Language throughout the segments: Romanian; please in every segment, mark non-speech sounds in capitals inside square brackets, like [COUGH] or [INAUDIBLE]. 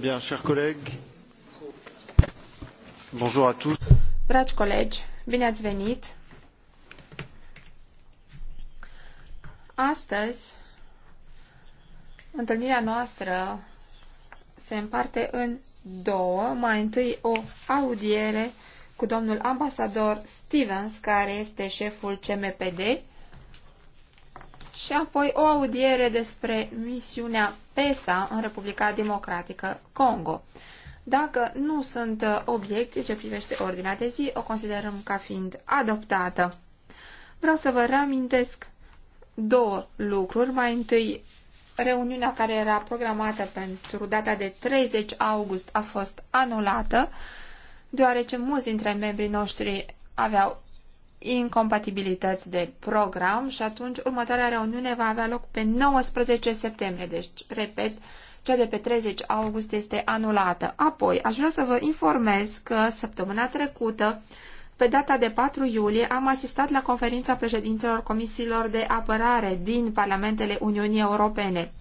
Bien, chers collègues, bonjour à tous. Dragi colegi, bine ați venit. Astăzi, întâlnirea noastră se împarte în două. Mai întâi o audiere cu domnul ambasador Stevens, care este șeful CMPD, și apoi o audiere despre misiunea PESA în Republica Democratică Congo. Dacă nu sunt obiecte ce privește ordinea de zi, o considerăm ca fiind adoptată. Vreau să vă reamintesc două lucruri. Mai întâi, reuniunea care era programată pentru data de 30 august a fost anulată, deoarece mulți dintre membrii noștri aveau incompatibilități de program și atunci următoarea reuniune va avea loc pe 19 septembrie. Deci, repet, cea de pe 30 august este anulată. Apoi, aș vrea să vă informez că săptămâna trecută, pe data de 4 iulie, am asistat la conferința președinților comisiilor de apărare din Parlamentele Uniunii Europene.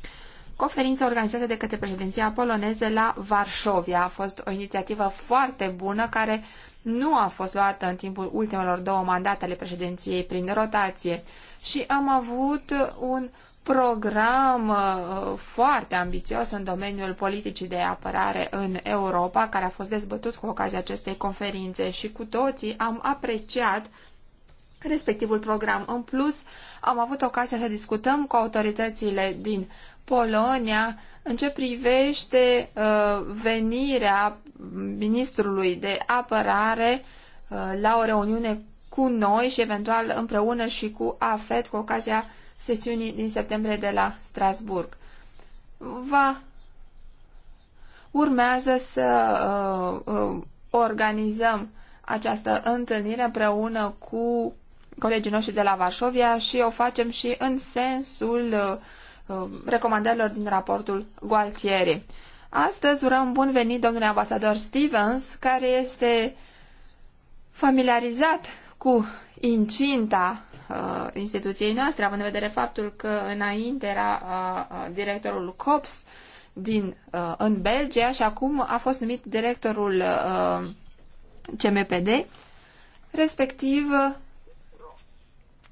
Conferința organizată de către președinția poloneză la Varșovia a fost o inițiativă foarte bună care nu a fost luată în timpul ultimelor două mandate ale președinției prin rotație și am avut un program uh, foarte ambițios în domeniul politicii de apărare în Europa, care a fost dezbătut cu ocazia acestei conferințe și cu toții am apreciat respectivul program. În plus, am avut ocazia să discutăm cu autoritățile din Polonia în ce privește uh, venirea ministrului de apărare uh, la o reuniune cu noi și eventual împreună și cu AFET cu ocazia sesiunii din septembrie de la Strasburg. Va urmează să uh, uh, organizăm această întâlnire împreună cu colegii noștri de la Varșovia și o facem și în sensul uh, Uh, recomandărilor din raportul Gualtieri. Astăzi urăm bun venit domnului ambasador Stevens, care este familiarizat cu incinta uh, instituției noastre, având în vedere faptul că înainte era uh, directorul COPS din, în Belgia și acum a fost numit directorul CMPD, respectiv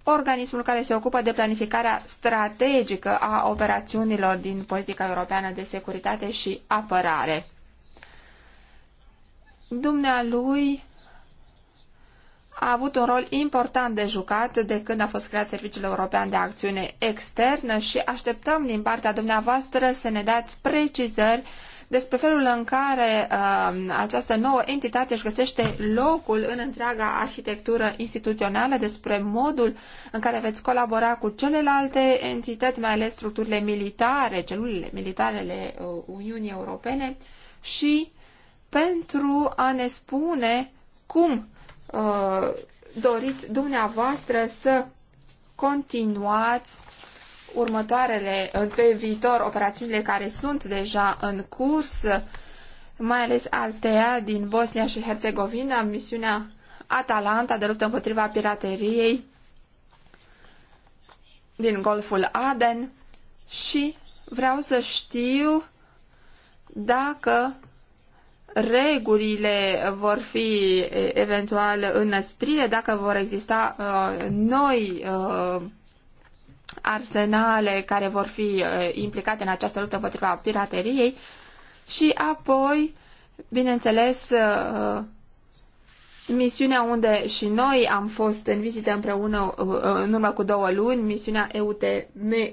organismul care se ocupă de planificarea strategică a operațiunilor din politica europeană de securitate și apărare. Dumnealui a avut un rol important de jucat de când a fost creat Serviciul European de Acțiune Externă și așteptăm din partea dumneavoastră să ne dați precizări despre felul în care uh, această nouă entitate își găsește locul în întreaga arhitectură instituțională, despre modul în care veți colabora cu celelalte entități, mai ales structurile militare, celulele militarele uh, Uniunii Europene și pentru a ne spune cum uh, doriți dumneavoastră să continuați următoarele, uh, pe viitor, operațiunile care sunt deja în curs, mai ales Altea din Bosnia și Herțegovina, misiunea Atalanta de luptă împotriva pirateriei din Golful Aden și vreau să știu dacă regulile vor fi eventual înăsprite, dacă vor exista uh, noi uh, arsenale care vor fi uh, implicate în această luptă împotriva pirateriei și apoi, bineînțeles, uh, misiunea unde și noi am fost în vizită împreună uh, în urmă cu două luni, misiunea EUTM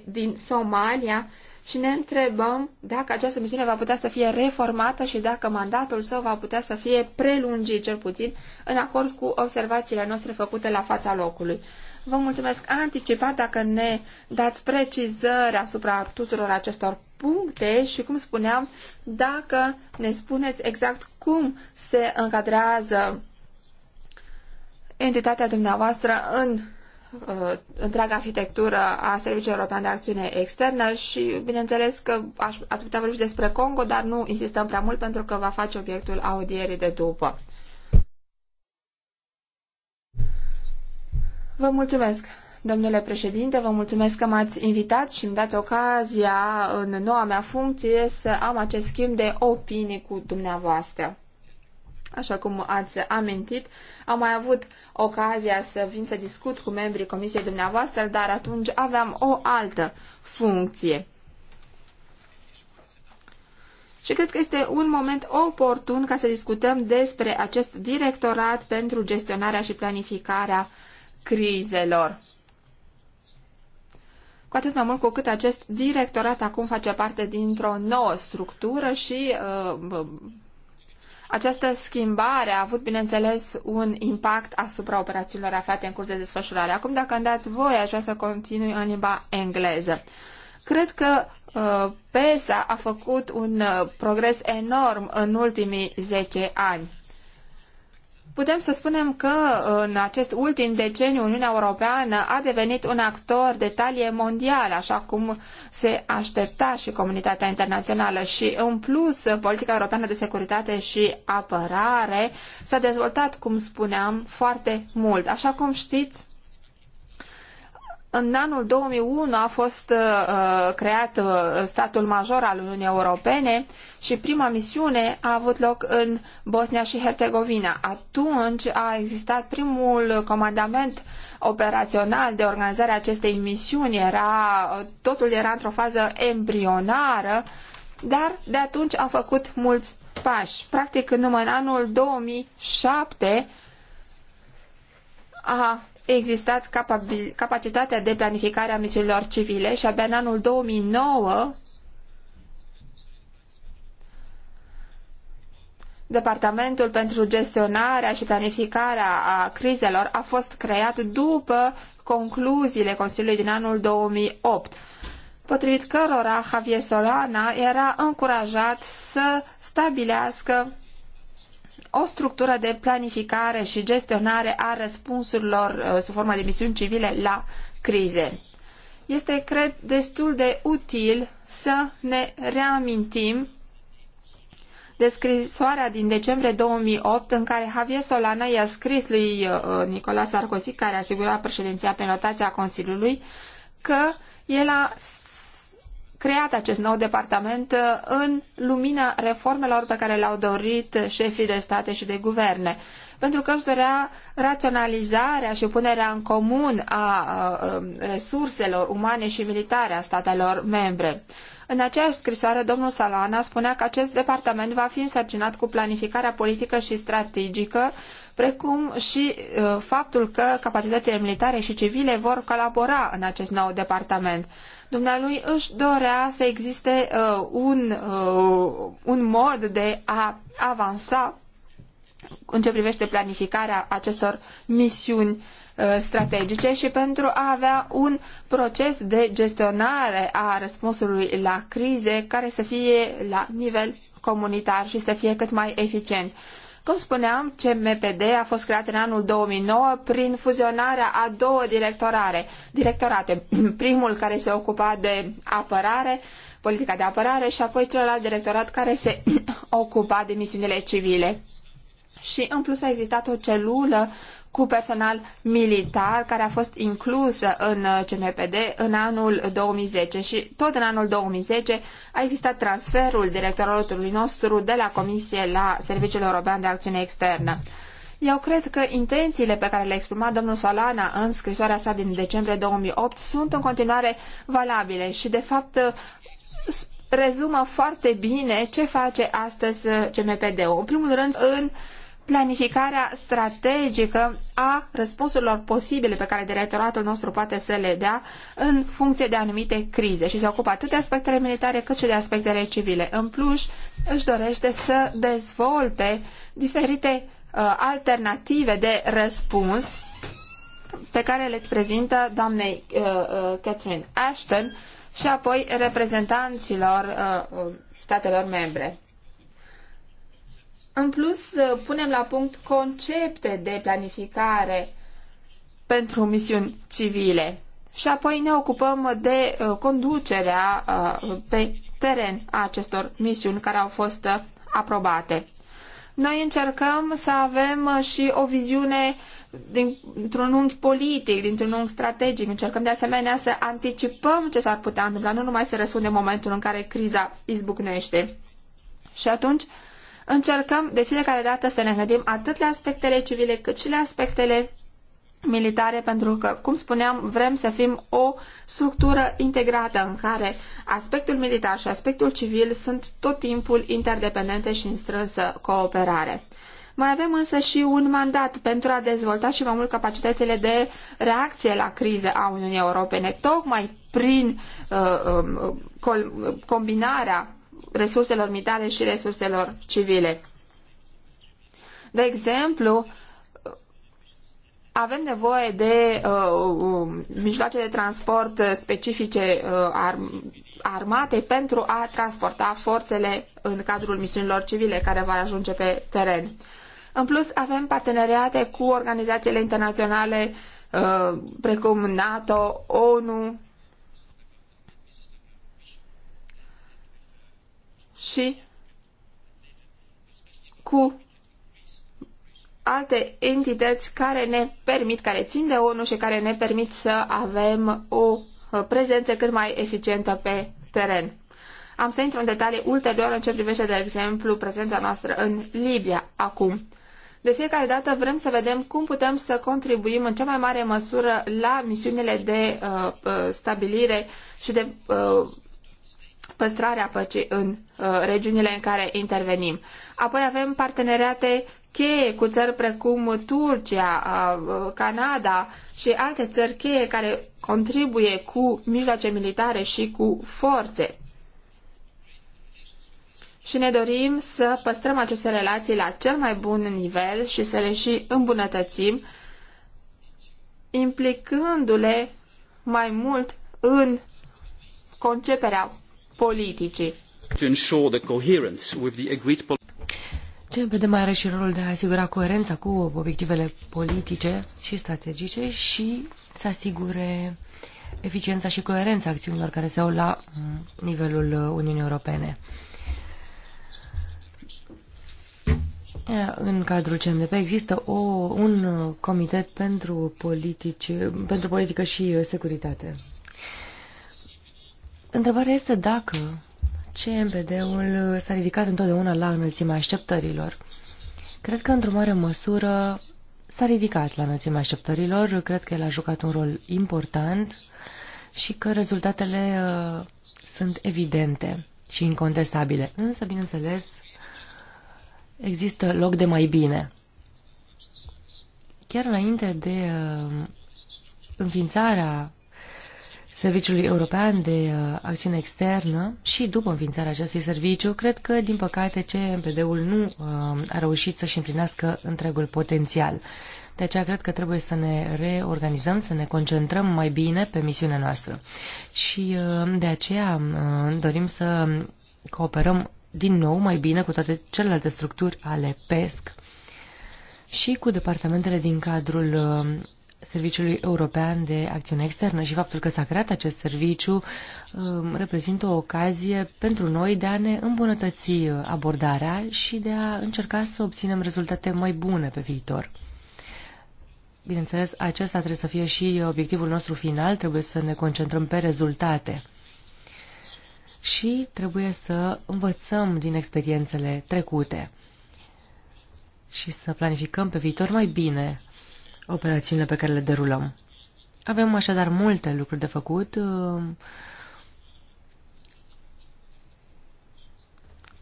din Somalia, și ne întrebăm dacă această misiune va putea să fie reformată și dacă mandatul său va putea să fie prelungit, cel puțin, în acord cu observațiile noastre făcute la fața locului. Vă mulțumesc anticipat dacă ne dați precizări asupra tuturor acestor puncte și, cum spuneam, dacă ne spuneți exact cum se încadrează entitatea dumneavoastră în uh, întreaga arhitectură a Serviciului European de Acțiune Externă și, bineînțeles, că aș, ați putea vorbi și despre Congo, dar nu insistăm prea mult pentru că va face obiectul audierii de după. Vă mulțumesc, domnule președinte, vă mulțumesc că m-ați invitat și îmi dați ocazia în noua mea funcție să am acest schimb de opinii cu dumneavoastră. Așa cum ați amintit, am mai avut ocazia să vin să discut cu membrii comisiei dumneavoastră, dar atunci aveam o altă funcție. Și cred că este un moment oportun ca să discutăm despre acest directorat pentru gestionarea și planificarea uh, crizelor. Cu atât mai mult cu cât acest directorat acum face parte dintr-o nouă structură și uh, uh, această schimbare a avut, bineînțeles, un impact asupra operațiunilor aflate în curs de desfășurare. Acum, dacă îmi dați voi, aș vrea să continui în limba engleză. Cred că uh, PESA a făcut un uh, progres enorm în ultimii 10 ani. Putem să spunem că în acest ultim deceniu Uniunea Europeană a devenit un actor de talie mondială, așa cum se aștepta și comunitatea internațională și în plus politica europeană de securitate și apărare s-a dezvoltat, cum spuneam, foarte mult. Așa cum știți, în anul 2001 a fost uh, uh, creat uh, statul major al Uniunii Europene și prima misiune a avut loc în Bosnia și Herțegovina. Atunci a existat primul comandament operațional de organizare a acestei misiuni. Era, totul era într-o fază embrionară, dar de atunci am făcut mulți pași. Practic, numai în anul 2007 a existat capacitatea de planificare a misiunilor civile și abia în anul 2009 Departamentul pentru gestionarea și planificarea a crizelor a fost creat după concluziile Consiliului din anul 2008, potrivit cărora Javier Solana era încurajat să stabilească o structură de planificare și gestionare a răspunsurilor uh, sub formă de misiuni civile la crize. Este, cred, destul de util să ne reamintim de scrisoarea din decembrie 2008 în care Javier Solana i-a scris lui uh, Nicolas Sarkozy, care asigura președinția pe notația Consiliului, că el a creat acest nou departament uh, în lumina reformelor pe care le-au dorit șefii de state și de guverne, pentru că își dorea raționalizarea și punerea în comun a uh, um, resurselor umane și militare a statelor membre. În aceeași scrisoare, domnul Salana spunea că acest departament va fi însărcinat cu planificarea politică și strategică, precum și uh, faptul că capacitățile militare și civile vor colabora în acest nou departament. Dumnealui își dorea să existe uh, un, uh, un mod de a avansa în ce privește planificarea acestor misiuni uh, strategice și pentru a avea un proces de gestionare a răspunsului la crize care să fie la nivel comunitar și să fie cât mai eficient. Cum spuneam, CMPD a fost creat în anul 2009 prin fuzionarea a două directorare, directorate. [CLEARS THROAT] Primul care se ocupa de apărare, politica de apărare și apoi celălalt directorat care se [CLEARS THROAT] ocupa de misiunile civile. Și în plus a existat o celulă cu personal militar care a fost inclusă în CMPD în anul 2010 și tot în anul 2010 a existat transferul directoratului nostru de la Comisie la Serviciul European de Acțiune Externă. Eu cred că intențiile pe care le-a exprimat domnul Solana în scrisoarea sa din decembrie 2008 sunt în continuare valabile și, de fapt, rezumă foarte bine ce face astăzi CMPD-ul. În primul rând, în planificarea strategică a răspunsurilor posibile pe care directoratul nostru poate să le dea în funcție de anumite crize și se ocupă atât de aspectele militare cât și de aspectele civile. În plus, își dorește să dezvolte diferite uh, alternative de răspuns pe care le prezintă doamnei uh, uh, Catherine Ashton și apoi reprezentanților uh, uh statelor membre. În plus, uh, punem la punct concepte de planificare pentru misiuni civile și apoi ne ocupăm de uh, conducerea uh, pe teren a acestor misiuni care au fost aprobate. Noi încercăm să avem și o viziune dintr-un unghi politic, dintr-un unghi strategic. Încercăm de asemenea să anticipăm ce s-ar putea întâmpla, nu numai să răspundem momentul în care criza izbucnește. Și atunci, încercăm de fiecare dată să ne gândim atât la aspectele civile cât și la aspectele militare, pentru că, cum spuneam, vrem să fim o structură integrată în care aspectul militar și aspectul civil sunt tot timpul interdependente și în strânsă cooperare. Mai avem însă și un mandat pentru a dezvolta și mai mult capacitățile de reacție la crize a Uniunii Europene, tocmai prin uh, uh, combinarea resurselor militare și resurselor civile. De exemplu, avem nevoie de uh, um, mijloace de transport specifice uh, arm armate pentru a transporta forțele în cadrul misiunilor civile care vor ajunge pe teren. În plus, avem parteneriate cu organizațiile internaționale uh, precum NATO, ONU și cu alte entități care ne permit, care țin de ONU și care ne permit să avem o prezență cât mai eficientă pe teren. Am să intru în detalii ulterior în ce privește, de exemplu, prezența noastră în Libia acum. De fiecare dată vrem să vedem cum putem să contribuim în cea mai mare măsură la misiunile de uh, uh stabilire și de uh, păstrarea păcii în uh, regiunile în care intervenim. Apoi avem parteneriate cheie cu țări precum Turcia, uh, Canada și alte țări cheie care contribuie cu mijloace militare și cu forțe. Și ne dorim să păstrăm aceste relații la cel mai bun nivel și să le și îmbunătățim, implicându-le mai mult în conceperea politicii. CNPD mai are și rolul de a asigura coerența cu obiectivele politice și strategice și să asigure eficiența și coerența acțiunilor care se au la nivelul Uniunii Europene. În cadrul CMDP există o, un comitet pentru, politici, pentru politică și securitate. Întrebarea este dacă CMPD-ul s-a ridicat întotdeauna la înălțimea așteptărilor. Cred că, într-o mare măsură, s-a ridicat la înălțimea așteptărilor, cred că el a jucat un rol important și că rezultatele uh, sunt evidente și incontestabile. Însă, bineînțeles, există loc de mai bine. Chiar înainte de uh, înființarea Serviciului European de uh, Acțiune Externă și după înființarea acestui serviciu, cred că, din păcate, CMPD-ul nu uh, a reușit să-și împlinească întregul potențial. De aceea cred că trebuie să ne reorganizăm, să ne concentrăm mai bine pe misiunea noastră. Și uh, de aceea dorim să cooperăm din nou mai bine cu toate celelalte structuri ale PESC și cu departamentele din cadrul Serviciului European de Acțiune Externă și faptul că s-a creat acest serviciu um, reprezintă o ocazie pentru noi de a ne îmbunătăți uh, abordarea și de a încerca să obținem rezultate mai bune pe viitor. Bineînțeles, acesta trebuie să fie și obiectivul nostru final, trebuie să ne concentrăm pe rezultate. Și trebuie să învățăm din experiențele trecute și să planificăm pe viitor mai bine operațiunile pe care le derulăm. Avem așadar multe lucruri de făcut uh,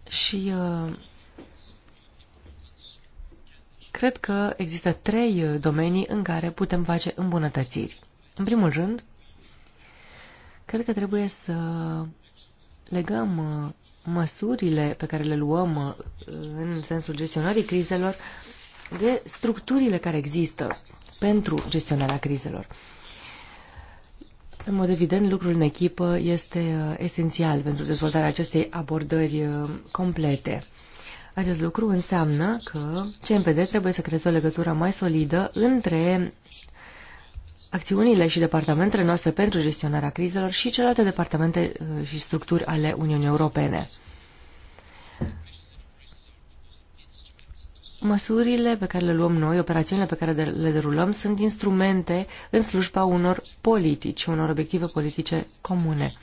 și uh, cred că există trei domenii în care putem face îmbunătățiri. În primul rând, cred că trebuie să legăm uh, măsurile pe care le luăm în sensul gestionării crizelor de structurile care există pentru gestionarea crizelor. În mod evident, lucrul în echipă este uh, esențial pentru dezvoltarea acestei abordări uh, complete. Acest lucru înseamnă că CMPD trebuie să creeze o legătură mai solidă între acțiunile și departamentele noastre pentru gestionarea crizelor și celelalte departamente uh, și structuri ale Uniunii Europene. Măsurile pe care le luăm noi, operațiunile pe care le derulăm, sunt instrumente în slujba unor politici, unor obiective politice comune.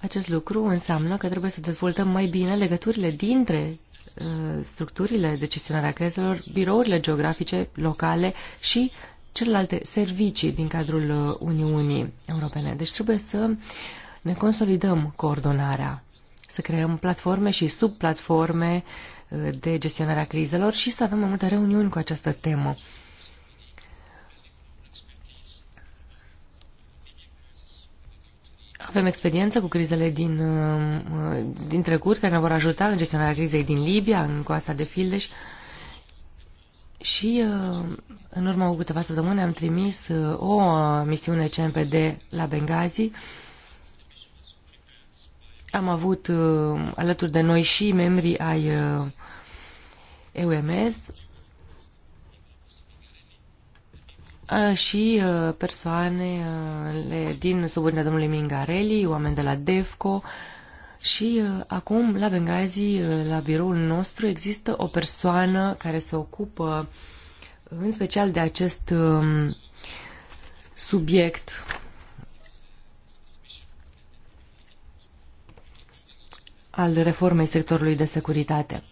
Acest lucru înseamnă că trebuie să dezvoltăm mai bine legăturile dintre uh, structurile de gestionare a crezelor, birourile geografice, locale și celelalte servicii din cadrul uh, Uniunii Europene. Deci trebuie să ne consolidăm coordonarea, să creăm platforme și subplatforme uh, de gestionarea crizelor și să avem mai multe reuniuni cu această temă. Avem experiență cu crizele din, uh, din trecut care ne vor ajuta în gestionarea crizei din Libia, în coasta de Fildeș. Și uh, în urmă cu câteva săptămâni am trimis uh, o misiune CMPD la Benghazi am avut uh, alături de noi și membrii ai uh, EUMS uh, și uh, persoanele uh, din subordinea domnului Mingarelli, oameni de la DEFCO și uh, acum la Benghazi, uh, la biroul nostru, există o persoană care se ocupă în special de acest uh, subiect al reformei sectorului de securitate.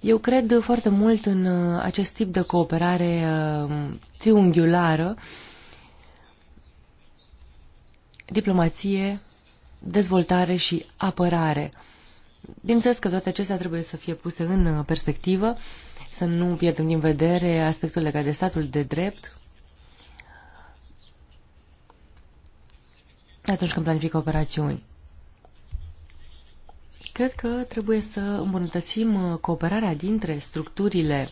Eu cred foarte mult în uh, acest tip de cooperare uh, triunghiulară, diplomație, dezvoltare și apărare. Bineînțeles că toate acestea trebuie să fie puse în uh, perspectivă, să nu pierdem din vedere aspectul legat de statul de drept, atunci când planifică operațiuni. Cred că trebuie să îmbunătățim uh, cooperarea dintre structurile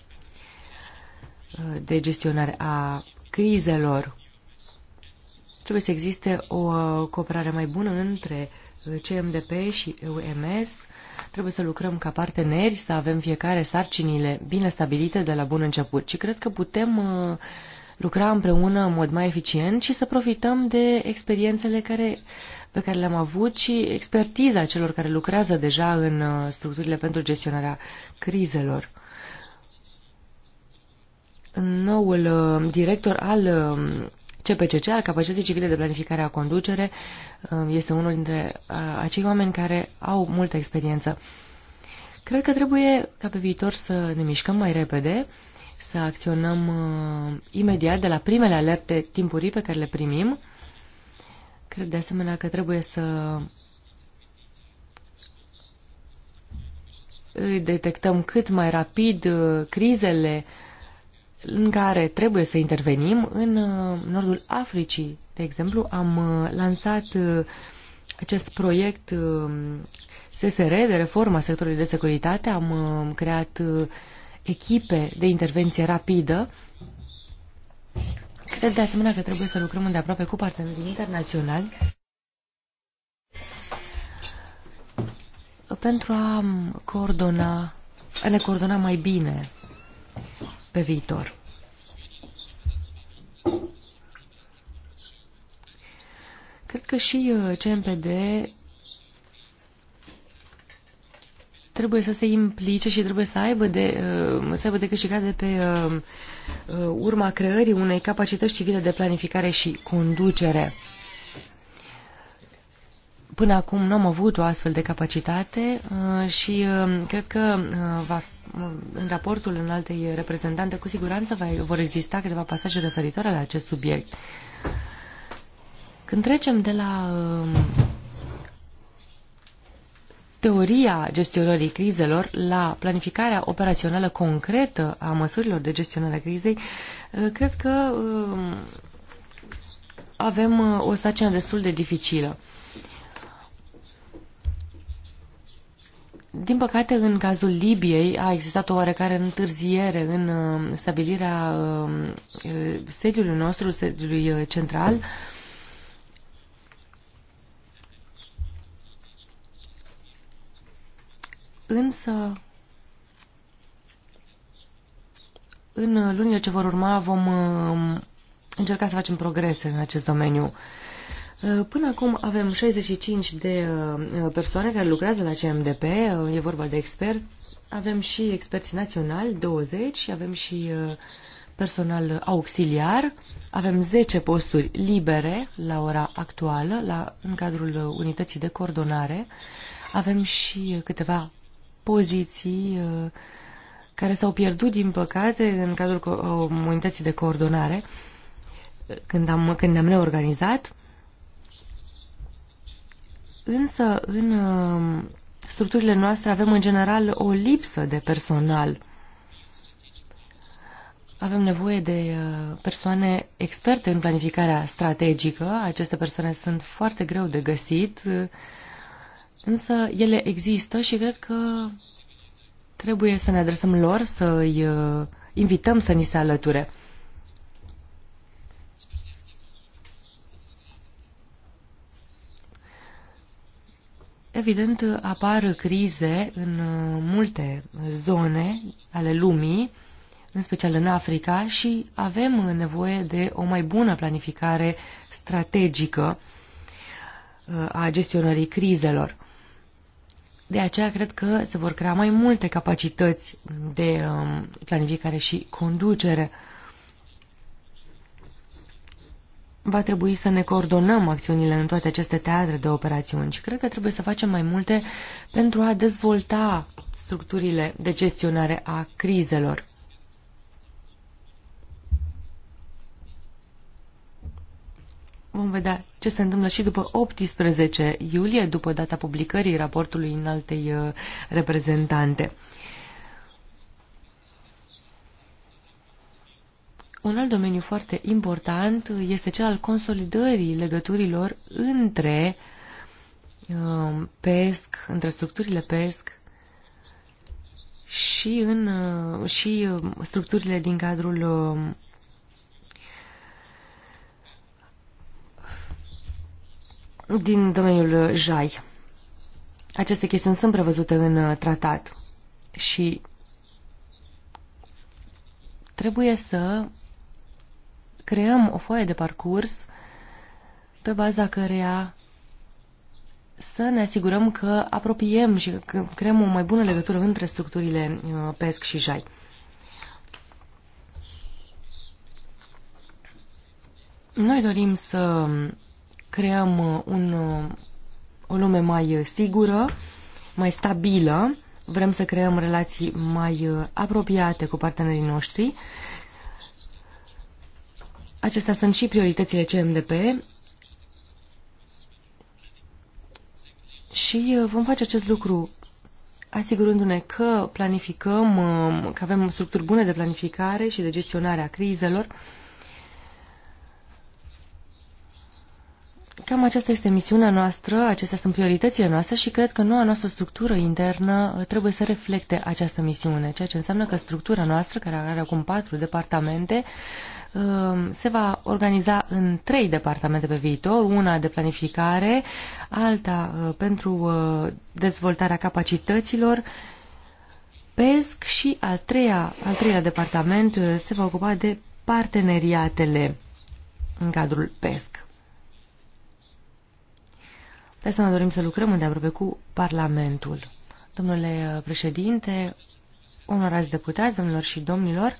uh, de gestionare a crizelor. Trebuie să existe o uh, cooperare mai bună între CMDP și EUMS. Trebuie să lucrăm ca parteneri, să avem fiecare sarcinile bine stabilite de la bun început. Și cred că putem lucra împreună în mod mai eficient și să profităm de experiențele care pe care le-am avut și expertiza celor care lucrează deja în uh, structurile pentru gestionarea crizelor. Noul uh, director al CPCC, uh, al Capacității Civile de Planificare a Conducere, este unul dintre acei oameni care au multă experiență. Cred că trebuie ca pe viitor să ne mișcăm mai repede, să acționăm uh, imediat de la primele alerte timpurii pe care le primim Cred de asemenea că trebuie să detectăm cât mai rapid uh, crizele în care trebuie să intervenim. În uh, nordul Africii, de exemplu, am uh, lansat acest proiect SSR de a sectorului de securitate. Am creat echipe de intervenție rapidă Cred de asemenea că trebuie să lucrăm îndeaproape cu partenerii internaționali pentru a coordona, a ne coordona mai bine pe viitor. Cred că și uh, CMPD trebuie să se implice și trebuie să aibă de, uh, să aibă de câștigat de pe uh, Uh, urma creării unei capacități civile de planificare și conducere. Până acum nu am avut o astfel de capacitate uh, și uh, cred că va, în raportul în altei reprezentante cu siguranță va, vor exista câteva pasaje referitoare la acest subiect. Când trecem de la teoria gestionării crizelor la planificarea operațională concretă a măsurilor de gestionare a crizei, uh, cred că uh, avem uh, o sarcină destul de dificilă. Din păcate, în cazul Libiei a existat o oarecare întârziere în stabilirea sediului nostru, sediului central, Însă, în lunile ce vor urma vom uh, încerca să facem progrese în acest domeniu. Uh, până acum avem 65 de uh, persoane care lucrează la CMDP, e vorba de experți, avem și experți naționali, 20, și avem și personal auxiliar, avem 10 posturi libere la ora actuală, la, în cadrul unității de coordonare, avem și câteva poziții uh, care s-au pierdut, din păcate, în cadrul uh, comunității de coordonare, uh, când, am, când ne-am reorganizat. Însă, în structurile noastre avem, în general, o lipsă de personal. Avem nevoie de persoane experte în planificarea strategică. Aceste persoane sunt foarte greu de găsit. Însă ele există și cred că trebuie să ne adresăm lor, să îi uh, invităm să ni se alăture. Evident, apar crize în uh, multe zone ale lumii, în special în Africa, și avem uh, nevoie de o mai bună planificare strategică a gestionării crizelor. De aceea cred că se vor crea mai multe capacități de um, planificare și conducere. Va trebui să ne coordonăm acțiunile în toate aceste teatre de operațiuni și cred că trebuie să facem mai multe pentru a dezvolta structurile de gestionare a crizelor. Vom vedea ce se întâmplă și după 18 iulie, după data publicării raportului în altei uh, reprezentante. Un alt domeniu foarte important este cel al consolidării legăturilor între uh, PESC, între structurile PESC și, în, uh, și structurile din cadrul din domeniul JAI. Aceste chestiuni sunt prevăzute în uh, tratat și trebuie să creăm o foaie de parcurs pe baza căreia să ne asigurăm că apropiem și că creăm o mai bună legătură între structurile uh, PESC și JAI. Noi dorim să creăm uh, un, uh, o lume mai uh, sigură, mai stabilă, vrem să creăm relații mai apropiate cu partenerii noștri. Acestea sunt și prioritățile CMDP și vom face acest lucru asigurându-ne că planificăm, că avem structuri bune de planificare și de gestionare a crizelor, Cam aceasta este misiunea noastră, acestea sunt prioritățile noastre și cred că noua noastră structură internă uh, trebuie să reflecte această misiune, ceea ce înseamnă că structura noastră, care are acum patru departamente, uh, se va organiza în trei departamente pe viitor, una de planificare, alta uh, pentru dezvoltarea capacităților, PESC și al, treia, al treilea departament se va ocupa de parteneriatele în cadrul PESC. De asemenea, dorim să lucrăm îndeaproape cu Parlamentul. Domnule președinte, onorați deputați, domnilor și domnilor,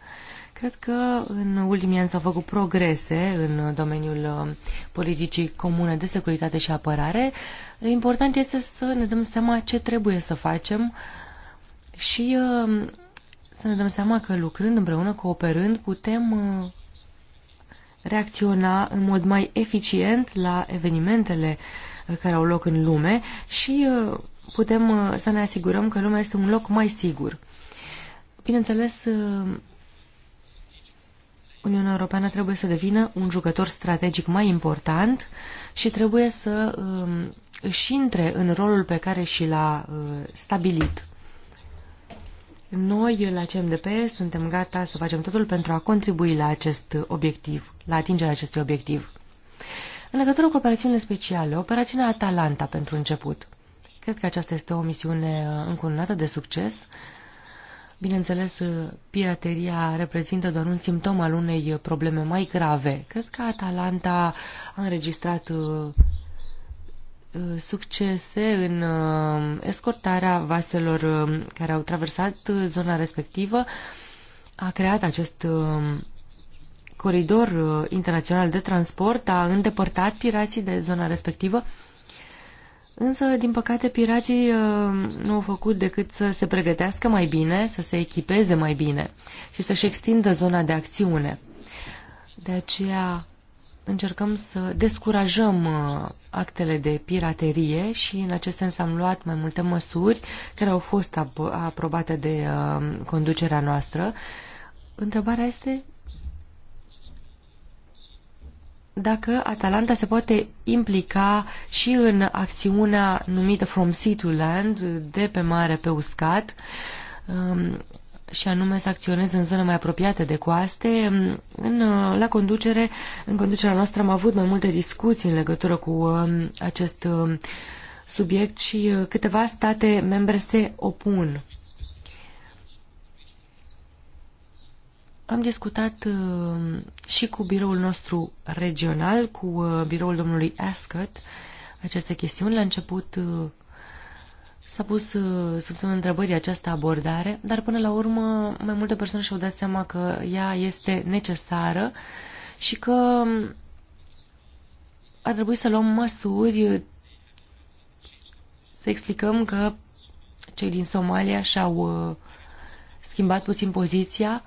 cred că în ultimii ani s-au făcut progrese în domeniul uh, politicii comune de securitate și apărare. Important este să ne dăm seama ce trebuie să facem și uh, să ne dăm seama că lucrând împreună, cooperând, putem uh, reacționa în mod mai eficient la evenimentele uh, care au loc în lume și uh, putem uh, să ne asigurăm că lumea este un loc mai sigur. Bineînțeles, uh, Uniunea Europeană trebuie să devină un jucător strategic mai important și trebuie să um, își intre în rolul pe care și l-a stabilit. Noi, la CMDP, suntem gata să facem totul pentru a contribui la acest obiectiv, la atingerea acestui obiectiv. În legătură cu operațiunile speciale, operațiunea Atalanta pentru început. Cred că aceasta este o misiune uh, încununată de succes. Bineînțeles, uh, pirateria reprezintă doar un simptom al unei uh, probleme mai grave. Cred că Atalanta a înregistrat succese în escortarea vaselor care au traversat zona respectivă, a creat acest coridor uh, internațional de transport a îndepărtat pirații de zona respectivă, însă, din păcate, pirații uh, nu au făcut decât să se pregătească mai bine, să se echipeze mai bine și să-și extindă zona de acțiune. De aceea încercăm să descurajăm uh, actele de piraterie și în acest sens am luat mai multe măsuri care au fost aprobate de conducerea noastră. Întrebarea este dacă Atalanta se poate implica și în acțiunea numită From Sea to Land, de pe mare pe uscat, um, și anume să acționeze în zone mai apropiate de coaste. Um, în, uh, la conducere, în conducerea noastră am avut mai multe discuții în legătură cu um, acest subiect și uh, câteva state membre se opun Am discutat uh, și cu biroul nostru regional, cu uh, biroul domnului Ascot, aceste chestiuni. La început uh, s-a pus uh, sub semnul întrebării această abordare, dar până la urmă mai multe persoane și-au dat seama că ea este necesară și că um, ar trebui să luăm măsuri, să explicăm că cei din Somalia și-au uh, schimbat puțin poziția,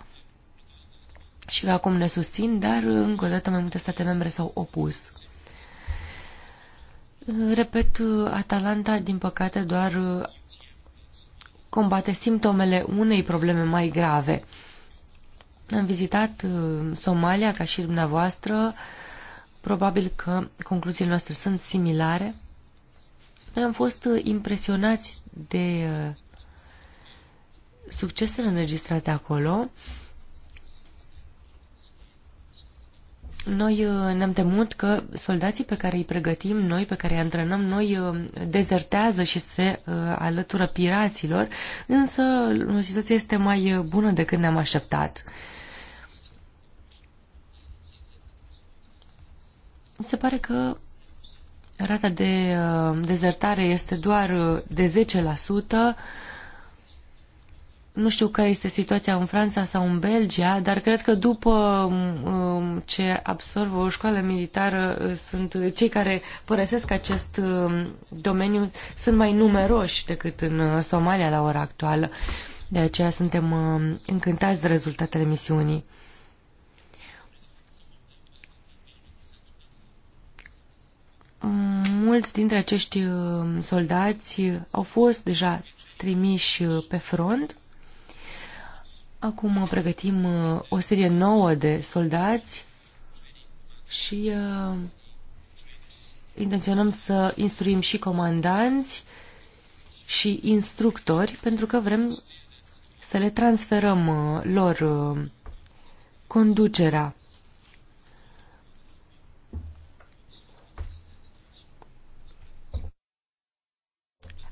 și acum ne susțin, dar încă o dată mai multe state membre s-au opus. Repet, Atalanta, din păcate, doar uh, combate simptomele unei probleme mai grave. Am vizitat uh, Somalia, ca și dumneavoastră. Probabil că concluziile noastre sunt similare. Noi am fost uh, impresionați de succesele înregistrate acolo. Noi uh, ne-am temut că soldații pe care îi pregătim noi, pe care îi antrenăm noi, uh, dezertează și se uh, alătură piraților, însă situația este mai bună decât ne-am așteptat. Se pare că rata de dezertare este doar de 10%, nu știu care este situația în Franța sau în Belgia, dar cred că după um, ce absolvă o școală militară, uh, sunt cei care părăsesc acest um, domeniu sunt mai numeroși decât în uh, Somalia la ora actuală. De aceea suntem um, încântați de rezultatele misiunii. Mulți dintre acești um, soldați au fost deja trimiși uh, pe front Acum pregătim uh, o serie nouă de soldați și uh, intenționăm să instruim și comandanți și instructori pentru că vrem să le transferăm uh, lor uh, conducerea.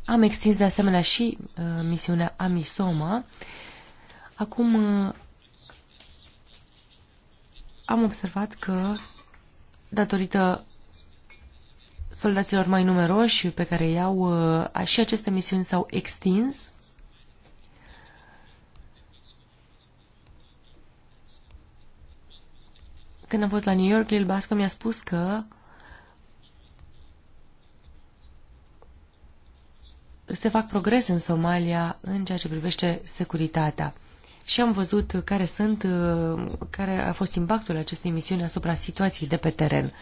Am extins de asemenea și uh, misiunea Amisoma, uh, Acum uh, am observat că, datorită soldaților mai numeroși pe care i-au, uh, și aceste misiuni s-au extins. Când am fost la New York, Lil Basca mi-a spus că se fac progrese în Somalia în ceea ce privește securitatea și am văzut care sunt, care a fost impactul acestei misiuni asupra situației de pe teren.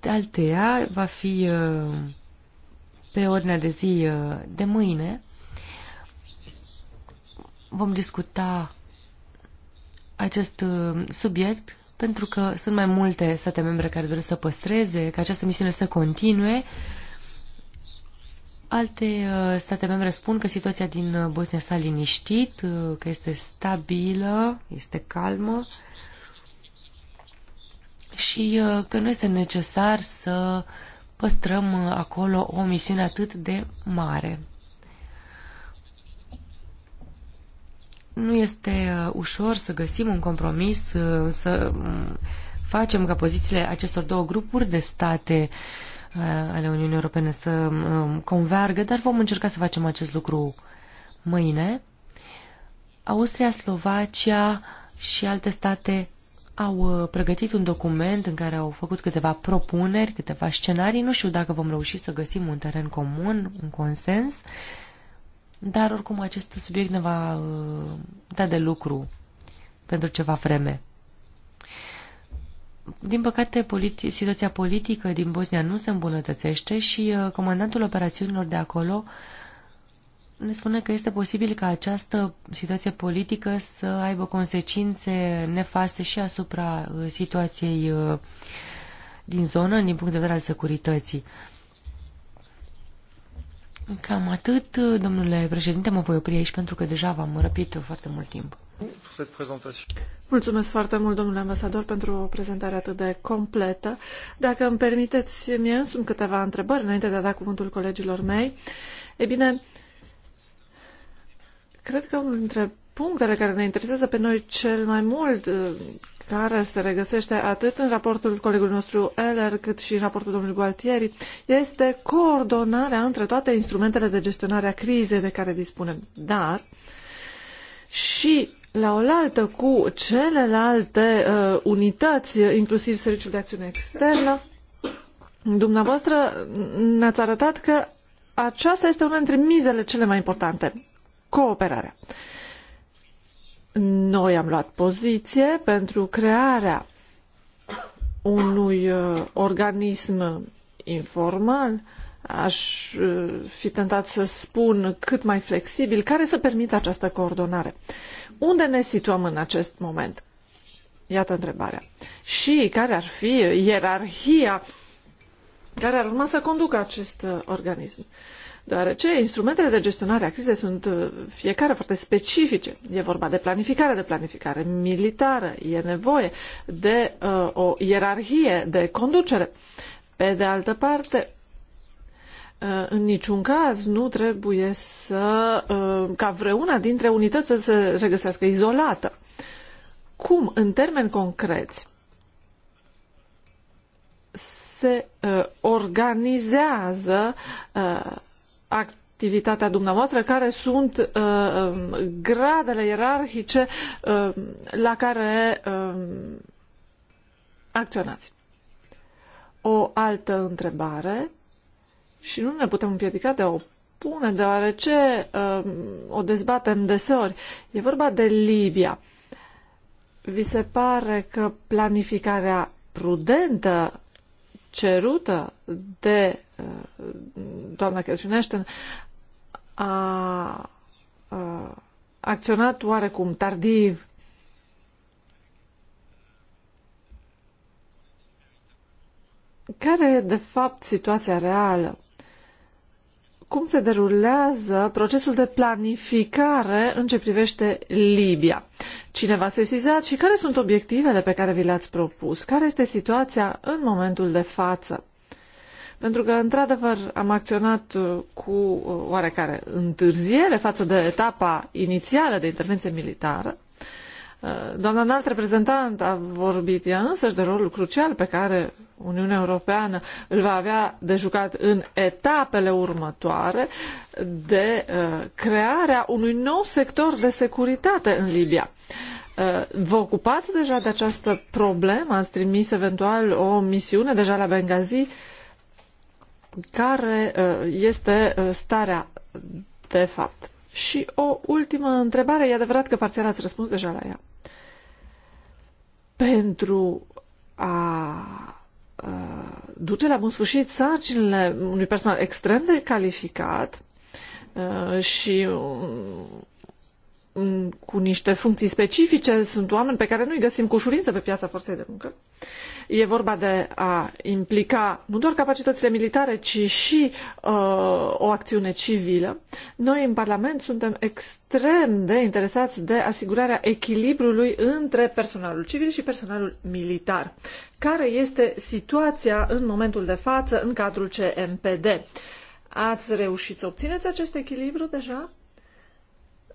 Altea va fi uh, pe ordinea de zi uh, de mâine. Vom discuta acest uh, subiect pentru că sunt mai multe state membre care doresc să păstreze, ca această misiune să continue. Alte uh, state membre spun că situația din uh, Bosnia s-a liniștit, uh, că este stabilă, este calmă și că nu este necesar să păstrăm acolo o misiune atât de mare. Nu este ușor să găsim un compromis, să mm, facem ca pozițiile acestor două grupuri de state uh, ale Uniunii Europene să um, convergă, dar vom încerca să facem acest lucru mâine. Austria, Slovacia și alte state au uh, pregătit un document în care au făcut câteva propuneri, câteva scenarii. Nu știu dacă vom reuși să găsim un teren comun, un consens, dar oricum acest subiect ne va uh, da de lucru pentru ceva vreme. Din păcate, politi- situația politică din Bosnia nu se îmbunătățește și uh, comandantul operațiunilor de acolo ne spune că este posibil ca această situație politică să aibă consecințe nefaste și asupra uh, situației uh, din zonă, din punct de vedere al securității. Cam atât, uh, domnule președinte, mă voi opri aici pentru că deja v-am răpit foarte mult timp. Mulțumesc foarte mult, domnule ambasador, pentru o prezentare atât de completă. Dacă îmi permiteți, mie însumi câteva întrebări înainte de a da cuvântul colegilor mei. E bine, cred că unul dintre punctele care ne interesează pe noi cel mai mult, care se regăsește atât în raportul colegului nostru Eller, cât și în raportul domnului Gualtieri, este coordonarea între toate instrumentele de gestionare a crizei de care dispunem. Dar și la oaltă cu celelalte uh, unități, inclusiv Serviciul de Acțiune Externă, dumneavoastră ne-ați arătat că aceasta este una dintre mizele cele mai importante, cooperarea. Noi am luat poziție pentru crearea unui uh, organism informal, aș uh, fi tentat să spun cât mai flexibil, care să permită această coordonare. Uh, unde ne situăm în acest moment? Iată întrebarea. Și care ar fi ierarhia care ar urma să conducă acest uh, organism? Deoarece instrumentele de gestionare a crizei sunt uh, fiecare foarte specifice. E vorba de planificare, de planificare militară, e nevoie de uh, o ierarhie de conducere. Pe de altă parte, Uh, în niciun caz nu trebuie să, uh, ca vreuna dintre unități să se regăsească izolată. Cum, în termeni concreți, se uh, organizează activitatea dumneavoastră, care sunt gradele ierarhice la care acționați? O altă întrebare și nu ne putem împiedica de a o pune, deoarece uh, o dezbatem deseori. E vorba de Libia. Vi se pare că planificarea prudentă cerută de uh, doamna Kercineșten a a uh, acționat oarecum tardiv Care e, de fapt, situația reală? cum se derulează procesul de planificare în ce privește Libia. Cine va a sesizat și care sunt obiectivele pe care vi le-ați propus? Care este situația în momentul de față? Pentru că, într-adevăr, am acționat uh, cu uh, oarecare întârziere față de etapa inițială de intervenție militară, Uh, doamna înalt reprezentant a vorbit ea însăși de rolul crucial pe care Uniunea Europeană îl va avea de jucat în etapele următoare de uh, crearea unui nou sector de securitate în Libia. Uh, vă ocupați deja de această problemă? Ați trimis eventual o misiune deja la Benghazi? Care este starea de fapt? Și o ultimă întrebare, e adevărat că parțial ați răspuns deja la ea pentru a duce la bun sfârșit sarcinile unui personal extrem de calificat și cu niște funcții specifice, sunt oameni pe care nu îi găsim cu ușurință pe piața forței de muncă. E vorba de a implica nu doar capacitățile militare, ci și uh, o acțiune civilă. Noi în Parlament suntem extrem de interesați de asigurarea echilibrului între personalul civil și personalul militar. Care este situația în momentul de față în cadrul CMPD? Ați reușit să obțineți acest echilibru deja?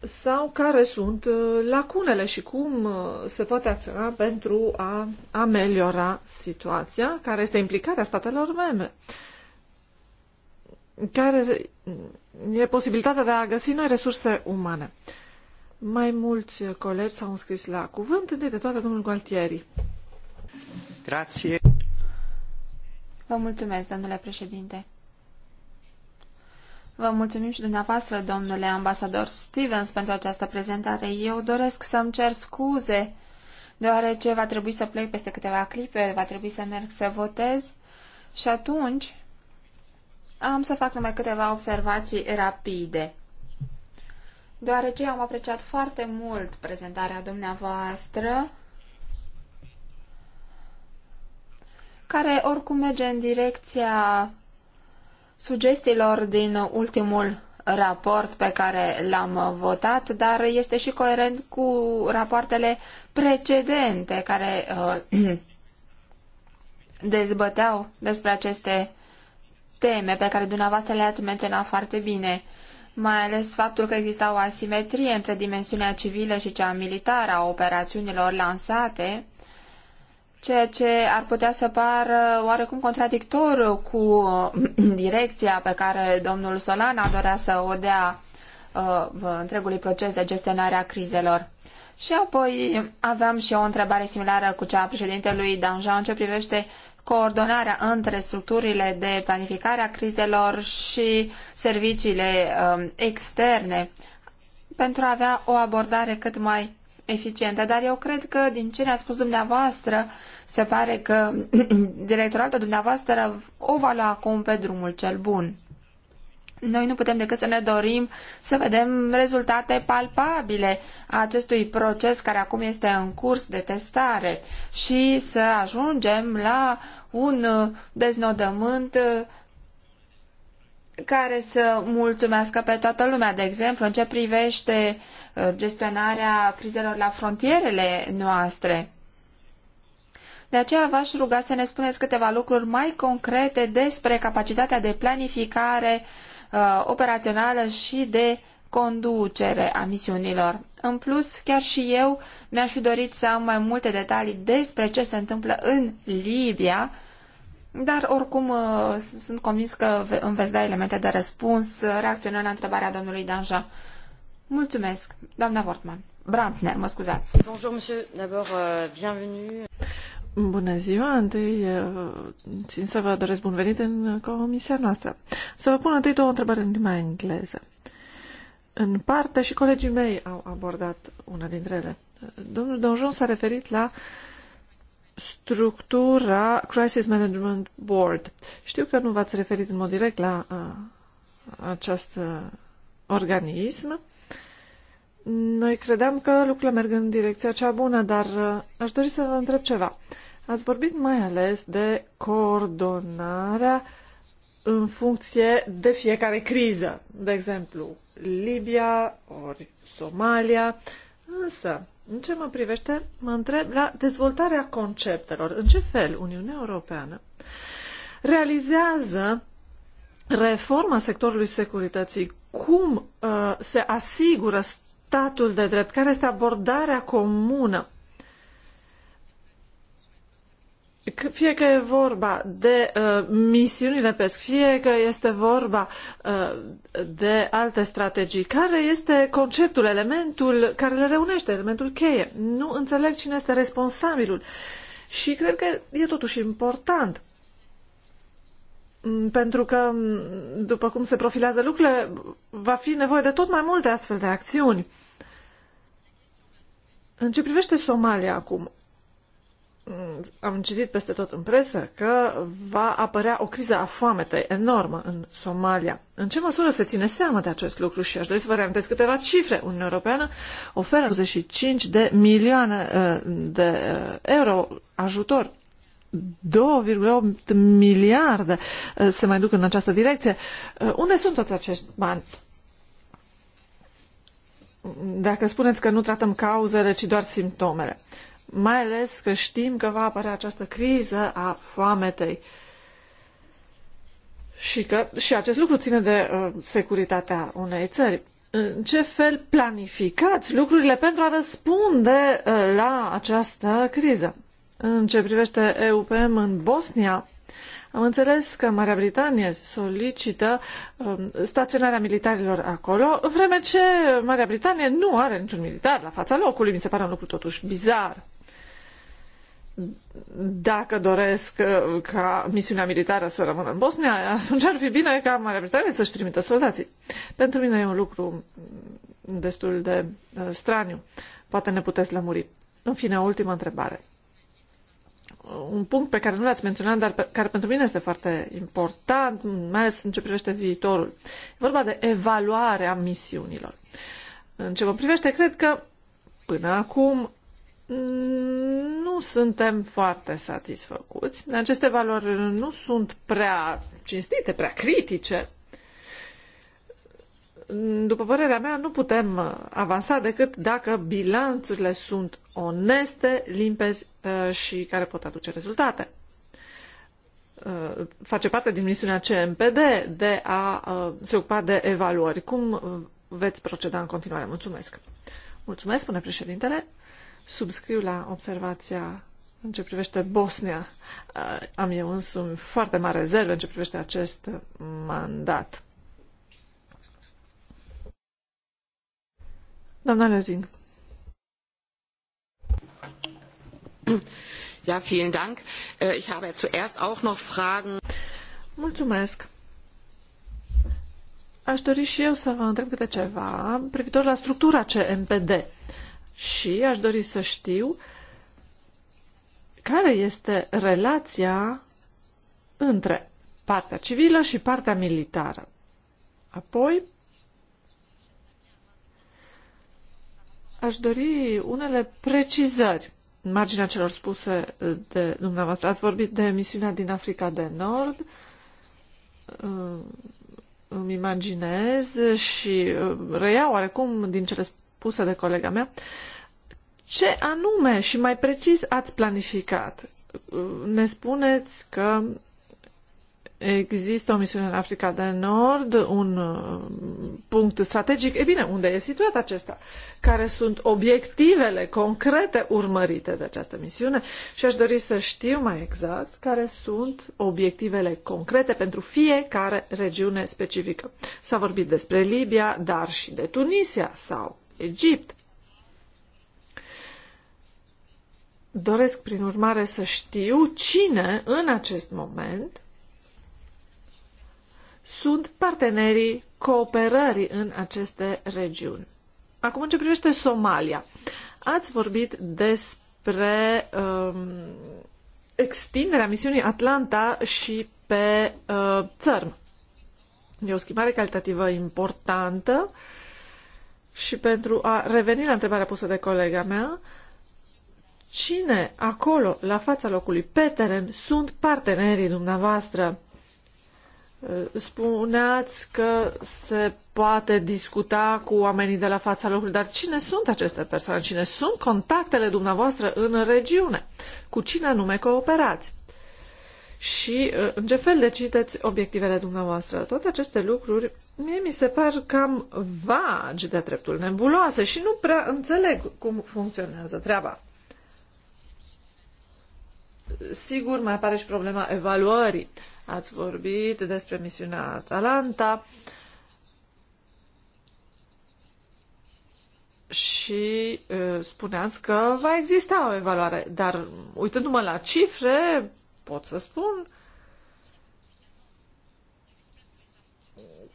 sau care sunt uh, lacunele și cum uh, se poate acționa pentru a ameliora situația, care este implicarea statelor membre, care e posibilitatea de a găsi noi resurse umane. Mai mulți colegi s-au înscris la cuvânt, întâi de toate domnul Gualtieri. Grație. Vă mulțumesc, domnule președinte. Vă mulțumim și dumneavoastră, domnule ambasador Stevens, pentru această prezentare. Eu doresc să-mi cer scuze, deoarece va trebui să plec peste câteva clipe, va trebui să merg să votez și atunci am să fac numai câteva observații rapide. Deoarece am apreciat foarte mult prezentarea dumneavoastră, care oricum merge în direcția sugestiilor din ultimul raport pe care l-am votat, dar este și coerent cu rapoartele precedente care uh, [CLEARS THROAT] dezbăteau despre aceste teme pe care dumneavoastră le-ați menționat foarte bine, mai ales faptul că exista o asimetrie între dimensiunea civilă și cea militară a operațiunilor lansate, uh, ceea ce ar putea să pară oarecum contradictor cu uh, [CLEARS THROAT] direcția pe care domnul Solana dorea să o dea uh, întregului proces de gestionare a crizelor. Și apoi aveam și o întrebare similară cu cea a președintelui Danjean ce privește coordonarea între structurile de planificare a crizelor și serviciile um, externe pentru a avea o abordare cât mai eficientă, dar eu cred că din ce ne-a spus dumneavoastră, se pare că [CLEARS THROAT] directoratul dumneavoastră o va lua acum pe drumul cel bun. Noi nu putem decât să ne dorim să vedem rezultate palpabile a acestui proces care acum este în curs de testare și să ajungem la un deznodământ care să mulțumească pe toată lumea. De exemplu, în ce privește uh, gestionarea crizelor la frontierele noastre. De aceea v-aș ruga să ne spuneți câteva lucruri mai concrete despre capacitatea de planificare uh, operațională și de conducere a misiunilor. În plus, chiar și eu mi-aș fi dorit să am mai multe detalii despre ce se întâmplă în Libia, uh, dar oricum uh, sunt convins că îmi veți da elemente de răspuns uh, reacționând la întrebarea domnului Danja. Mulțumesc, doamna Wortman. Brandner, mă scuzați. Bonjour, monsieur. D'abord, euh, bienvenue. Bună ziua! Întâi uh, țin să vă doresc bun venit în comisia noastră. Să vă pun întâi două întrebări în limba engleză. În parte și colegii mei au abordat una dintre ele. Domnul Donjon s-a referit la uh, structura Crisis Management Board. Știu că nu v-ați referit în mod direct la a, acest organism. Noi credeam că lucrurile merg în direcția cea bună, dar aș dori să vă întreb ceva. Ați vorbit mai ales de coordonarea în funcție de fiecare criză, de exemplu Libia ori Somalia, însă în ce mă privește, mă întreb la dezvoltarea conceptelor. În ce fel Uniunea Europeană realizează reforma sectorului securității? Cum uh, se asigură statul de drept? Care este abordarea comună? fie că e vorba de uh, misiuni de pesc, fie că este vorba uh, de alte strategii, care este conceptul, elementul care le reunește, elementul cheie? Nu înțeleg cine este responsabilul. Și cred că e totuși important. Mm, pentru că, mm, după cum se profilează lucrurile, va fi nevoie de tot mai multe astfel de acțiuni. În ce privește Somalia acum, Mm, am citit peste tot în presă că va apărea o criză a foametei enormă în Somalia. În ce măsură se ține seama de acest lucru? Și aș dori să vă reamintesc câteva cifre. Uniunea Europeană oferă 25 de milioane uh, de uh, euro ajutor 2,8 miliarde uh, se mai duc în această direcție. Unde sunt toți acești bani? Dacă spuneți că nu tratăm cauzele, ci doar simptomele mai ales că știm că va apărea această criză a foametei. Și că și acest lucru ține de uh, securitatea unei țări. În ce fel planificați lucrurile pentru a răspunde uh, la această criză? În ce privește EUPM în Bosnia, am înțeles că Marea Britanie solicită uh, staționarea militarilor acolo, în vreme ce Marea Britanie nu are niciun militar la fața locului. Mi se pare un lucru totuși bizar dacă doresc uh, ca misiunea militară să rămână în Bosnia, atunci ar fi bine ca Marea Britanie să-și trimită soldații. Pentru mine e un lucru destul de uh, straniu. Poate ne puteți lămuri. În fine, o ultimă întrebare. Un punct pe care nu l-ați menționat, dar pe, care pentru mine este foarte important, mai ales în ce privește viitorul. E vorba de evaluarea misiunilor. În ce mă privește, cred că până acum Mm, nu suntem foarte satisfăcuți. Aceste valori nu sunt prea cinstite, prea critice. După părerea mea, nu putem uh, avansa decât dacă bilanțurile sunt oneste, limpezi uh, și care pot aduce rezultate. Uh, face parte din misiunea CMPD de a se ocupa de evaluări. Cum veți proceda în continuare? Mulțumesc! Mulțumesc, spune președintele subscriu la observația în ce privește Bosnia. Uh, am eu însumi foarte mare rezerve în ce privește acest mandat. Doamna Lezing. Ja, vielen Dank. Äh, ich habe zuerst auch noch Fragen. Mulțumesc. Aș dori și eu să vă întreb câte ceva privitor la structura CMPD și aș dori să știu care este relația între partea civilă și partea militară. Apoi, aș dori unele precizări în marginea celor spuse de dumneavoastră. Ați vorbit de misiunea din Africa de Nord, îmi imaginez și uh, reiau oarecum din cele pusă de colega mea. Ce anume și mai precis ați planificat? Ne spuneți că există o misiune în Africa de Nord, un uh, punct strategic. E bine, unde e situat acesta? Care sunt obiectivele concrete urmărite de această misiune? Și aș dori să știu mai exact care sunt obiectivele concrete pentru fiecare regiune specifică. S-a vorbit despre Libia, dar și de Tunisia sau Egipt. Doresc, prin urmare, să știu cine, în acest moment, sunt partenerii cooperării în aceste regiuni. Acum, în ce privește Somalia, ați vorbit despre um, extinderea misiunii Atlanta și pe uh, țărm. E o schimbare calitativă importantă uh, și pentru a reveni la întrebarea pusă de colega mea, cine acolo, la fața locului, pe teren, sunt partenerii dumneavoastră? Uh, spuneați că se poate discuta cu oamenii de la fața locului, dar cine sunt aceste persoane? Cine sunt contactele dumneavoastră în regiune? Cu cine anume cooperați? și uh, în ce fel decideți obiectivele dumneavoastră. Toate aceste lucruri mie mi se par cam vagi de dreptul nebuloase și nu prea înțeleg cum funcționează treaba. Sigur, mai apare și problema evaluării. Ați vorbit despre misiunea Atalanta și uh, spuneați că va exista o evaluare, dar uitându-mă la cifre, pot să spun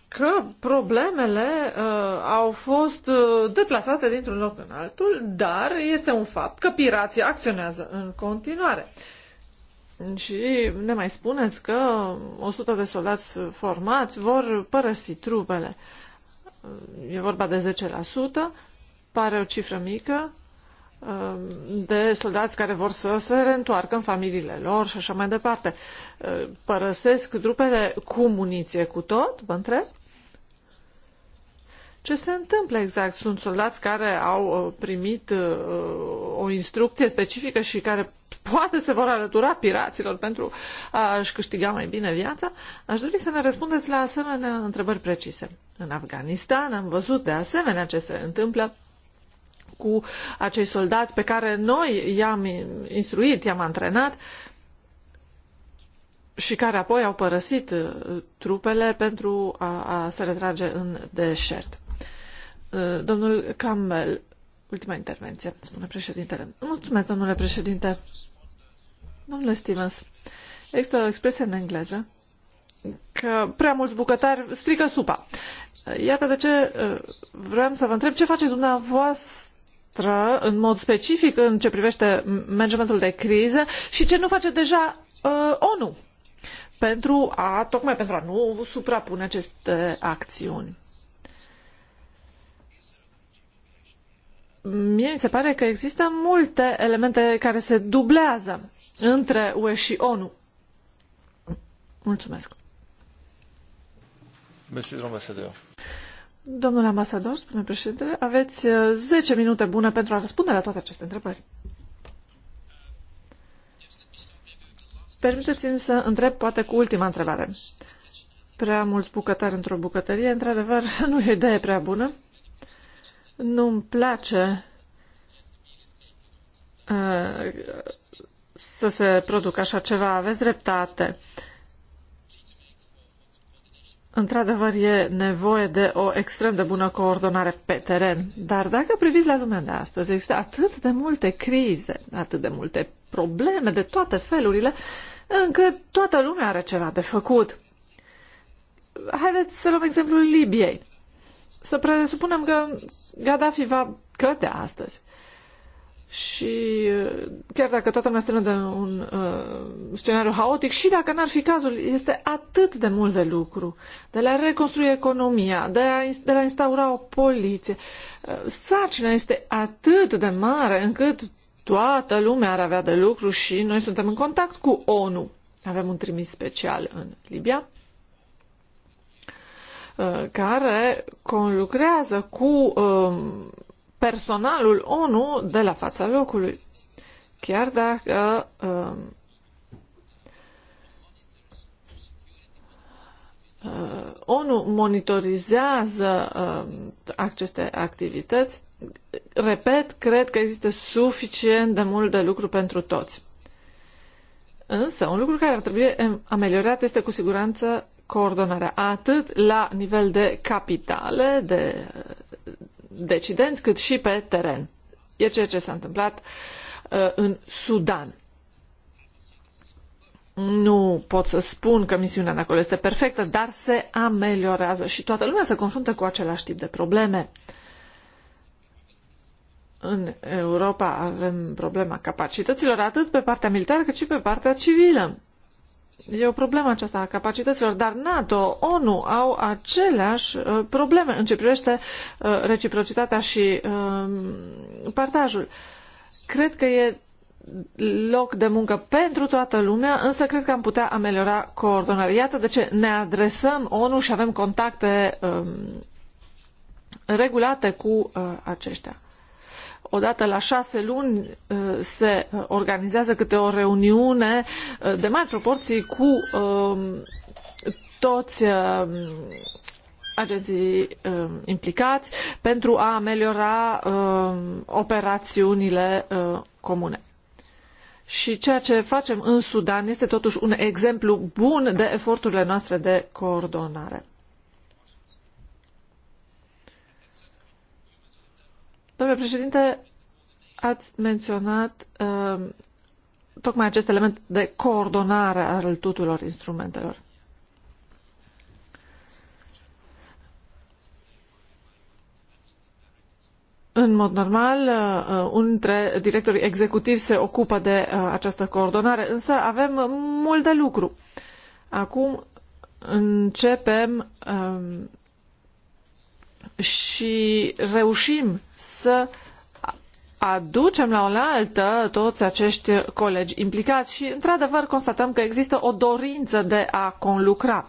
că problemele uh, au fost uh, deplasate dintr-un loc în altul, dar este un fapt că pirații acționează în continuare. Și ne mai spuneți că 100 de soldați formați vor părăsi trupele. E vorba de 10%, pare o cifră mică, Uh, de soldați care vor să se reîntoarcă în familiile lor și așa mai departe. Uh, părăsesc trupele cu muniție cu tot, vă întreb? Ce se întâmplă exact? Sunt soldați care au uh, primit o instrucție specifică și care poate se vor alătura piraților pentru a-și câștiga mai bine viața? Aș dori să ne răspundeți la asemenea întrebări precise. În Afganistan am văzut de asemenea ce se întâmplă cu acei soldați pe care noi i-am instruit, i-am antrenat și care apoi au părăsit uh, trupele pentru a, a se retrage în deșert. Uh, domnul Campbell, ultima intervenție, spune președintele. Mulțumesc, domnule președinte. Domnule Stevens, există o expresie în engleză că prea mulți bucătari strică supa. Iată de ce uh, vreau să vă întreb ce faceți dumneavoastră noastră, în mod specific în ce privește managementul de criză și ce nu face deja uh, ONU pentru a, tocmai pentru a nu suprapune aceste acțiuni. Mie mi se pare că există multe elemente care se dublează între UE și ONU. Mulțumesc. Monsieur l'ambassadeur. Domnule ambasador, spune președinte, aveți 10 uh, minute bune pentru a răspunde la toate aceste întrebări. Permiteți-mi să întreb poate cu ultima întrebare. Prea mulți bucătari într-o bucătărie, într-adevăr, [LAUGHS] nu e o idee prea bună. Nu-mi place uh, să se producă așa ceva. Aveți dreptate. Uh, Într-adevăr, e nevoie de o extrem de bună coordonare pe teren, dar dacă priviți la lumea de astăzi, există atât de multe crize, atât de multe probleme de toate felurile, încât toată lumea are ceva de făcut. Haideți să luăm exemplul Libiei. Să presupunem că Gaddafi va cădea astăzi. Și uh, chiar dacă toată lumea strână de un uh, scenariu haotic, și dacă n-ar fi cazul, este atât de mult de lucru. De la reconstrui economia, de, la, de la instaura o poliție. Uh, sarcina este atât de mare încât toată lumea ar avea de lucru și noi suntem în contact cu ONU. Avem un trimis special în Libia uh, care conlucrează cu uh, personalul ONU de la fața locului. Chiar dacă uh, uh, ONU monitorizează uh, aceste activități, repet, cred că există suficient de mult de lucru pentru toți. Însă, un lucru care ar trebui ameliorat este cu siguranță coordonarea atât la nivel de capitale, de decidenți, cât și pe teren. E ceea ce s-a întâmplat uh, în Sudan. Nu pot să spun că misiunea de acolo este perfectă, dar se ameliorează și toată lumea se confruntă cu același tip de probleme. În Europa avem problema capacităților atât pe partea militară cât și pe partea civilă. E o problemă aceasta a capacităților, dar NATO, ONU au aceleași uh, probleme în ce privește uh, reciprocitatea și um, partajul. Cred că e loc de muncă pentru toată lumea, însă cred că am putea ameliora coordonarea. Iată de ce ne adresăm ONU și avem contacte um, regulate cu uh, aceștia odată la șase luni uh, se uh, organizează câte o reuniune uh, de mari proporții cu um, toți um, agenții um, implicați pentru a ameliora operațiunile comune. Și ceea ce facem în Sudan este totuși un exemplu bun de eforturile noastre de coordonare. Domnule președinte, ați menționat uh, tocmai acest element de coordonare al tuturor instrumentelor. În mod normal, uh, unul dintre directorii executivi se ocupă de uh, această coordonare, însă avem mult de lucru. Acum începem um, și reușim să aducem la oaltă toți acești colegi implicați și, într-adevăr, constatăm că există o dorință de a conlucra.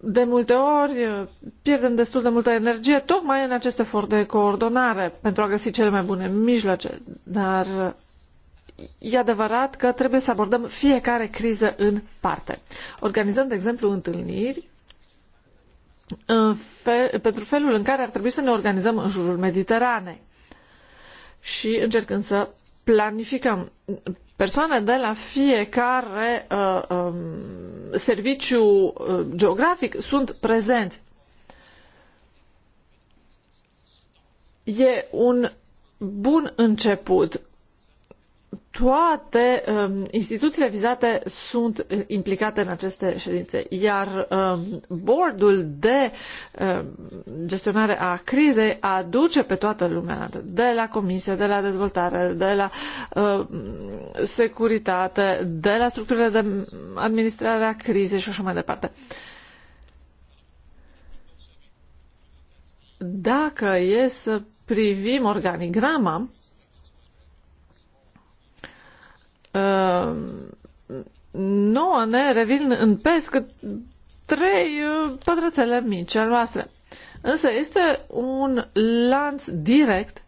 De multe ori pierdem destul de multă energie tocmai în acest efort de coordonare pentru a găsi cele mai bune mijloace, dar e adevărat că trebuie să abordăm fiecare criză în parte. Organizăm, de exemplu, întâlniri fe, pentru felul în care ar trebui să ne organizăm în jurul Mediteranei și încercând să planificăm persoane de la fiecare uh, um, serviciu uh, geografic sunt prezenți. E un bun început toate um, instituțiile vizate sunt uh, implicate în aceste ședințe, iar um, bordul de um, gestionare a crizei aduce pe toată lumea, de la comisie, de la dezvoltare, de la um, securitate, de la structurile de administrare a crizei și așa mai departe. Dacă e să privim organigrama, uh, nouă ne revin în pesc trei eh, pătrățele mici al noastre. Însă este un lanț direct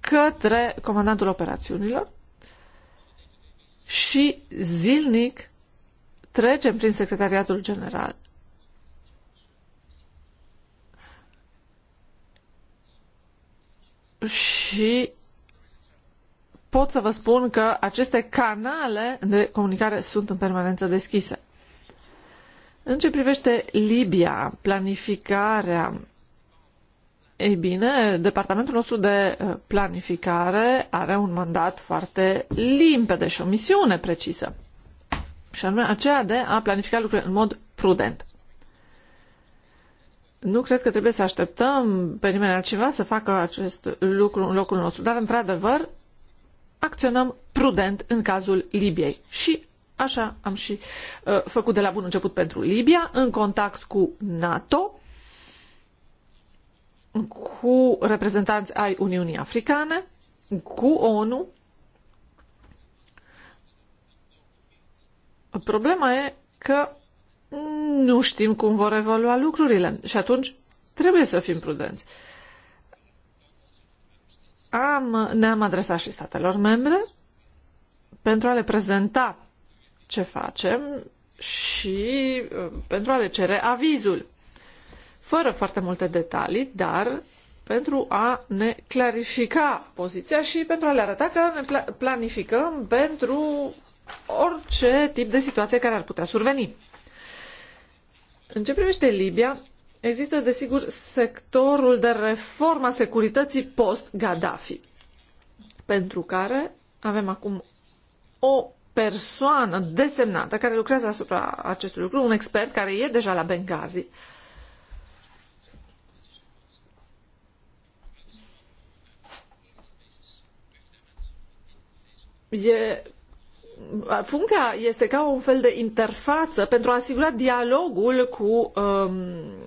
către comandantul operațiunilor și zilnic trecem prin secretariatul general. Și pot să vă spun că aceste canale de comunicare sunt în permanență deschise. În ce privește Libia, planificarea, ei bine, departamentul nostru de uh, planificare are un mandat foarte limpede și o misiune precisă, și anume aceea de a planifica lucrurile în mod prudent. Nu cred că trebuie să așteptăm pe nimeni altcineva să facă acest lucru în locul nostru, dar, într-adevăr, acționăm prudent în cazul Libiei. Și așa am și uh, făcut de la bun început pentru Libia, în contact cu NATO, cu reprezentanți ai Uniunii Africane, cu ONU. Problema e că nu știm cum vor evolua lucrurile și atunci trebuie să fim prudenți. Uh, am, ne-am adresat și statelor membre pentru a le prezenta ce facem și uh, pentru a le cere avizul. Fără foarte multe detalii, dar pentru a ne clarifica poziția și pentru a le arăta că ne planificăm pentru orice tip de situație care ar putea surveni. În ce privește Libia, Există, desigur, sectorul de reforma securității post-Gaddafi, pentru care avem acum o persoană desemnată care lucrează asupra acestui lucru, un expert care e deja la Benghazi. E, funcția este ca un fel de interfață pentru a asigura dialogul cu um,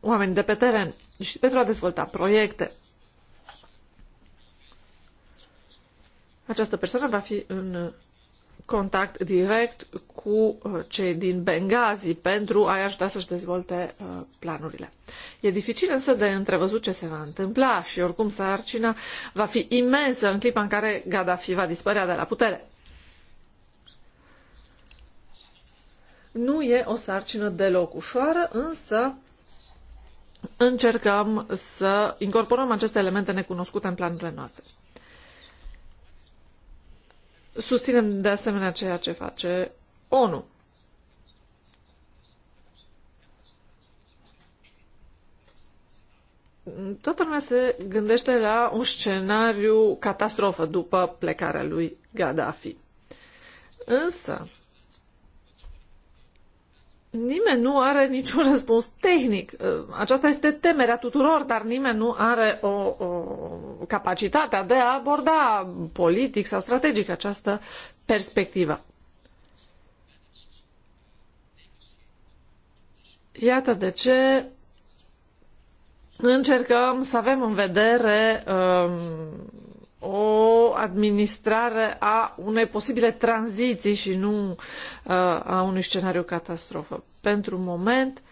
oameni de pe teren și pentru a dezvolta proiecte. Această persoană va fi în contact direct cu uh, cei din Benghazi pentru a-i ajuta să-și dezvolte uh, planurile. E dificil însă de întrevăzut ce se va întâmpla și oricum sarcina va fi imensă în clipa în care Gaddafi va dispărea de la putere. Nu e o sarcină deloc ușoară, însă încercăm să incorporăm aceste elemente necunoscute în planurile noastre. Susținem de asemenea ceea ce face ONU. Toată lumea se gândește la un scenariu catastrofă după plecarea lui Gaddafi. Însă, nimeni nu are niciun răspuns tehnic. Ă, aceasta este temerea tuturor, dar nimeni nu are o, o capacitatea de a aborda politic sau strategic această perspectivă. Iată de ce încercăm să avem în vedere um, o administrare a unei posibile tranziții și nu uh, a unui scenariu catastrofă. Pentru moment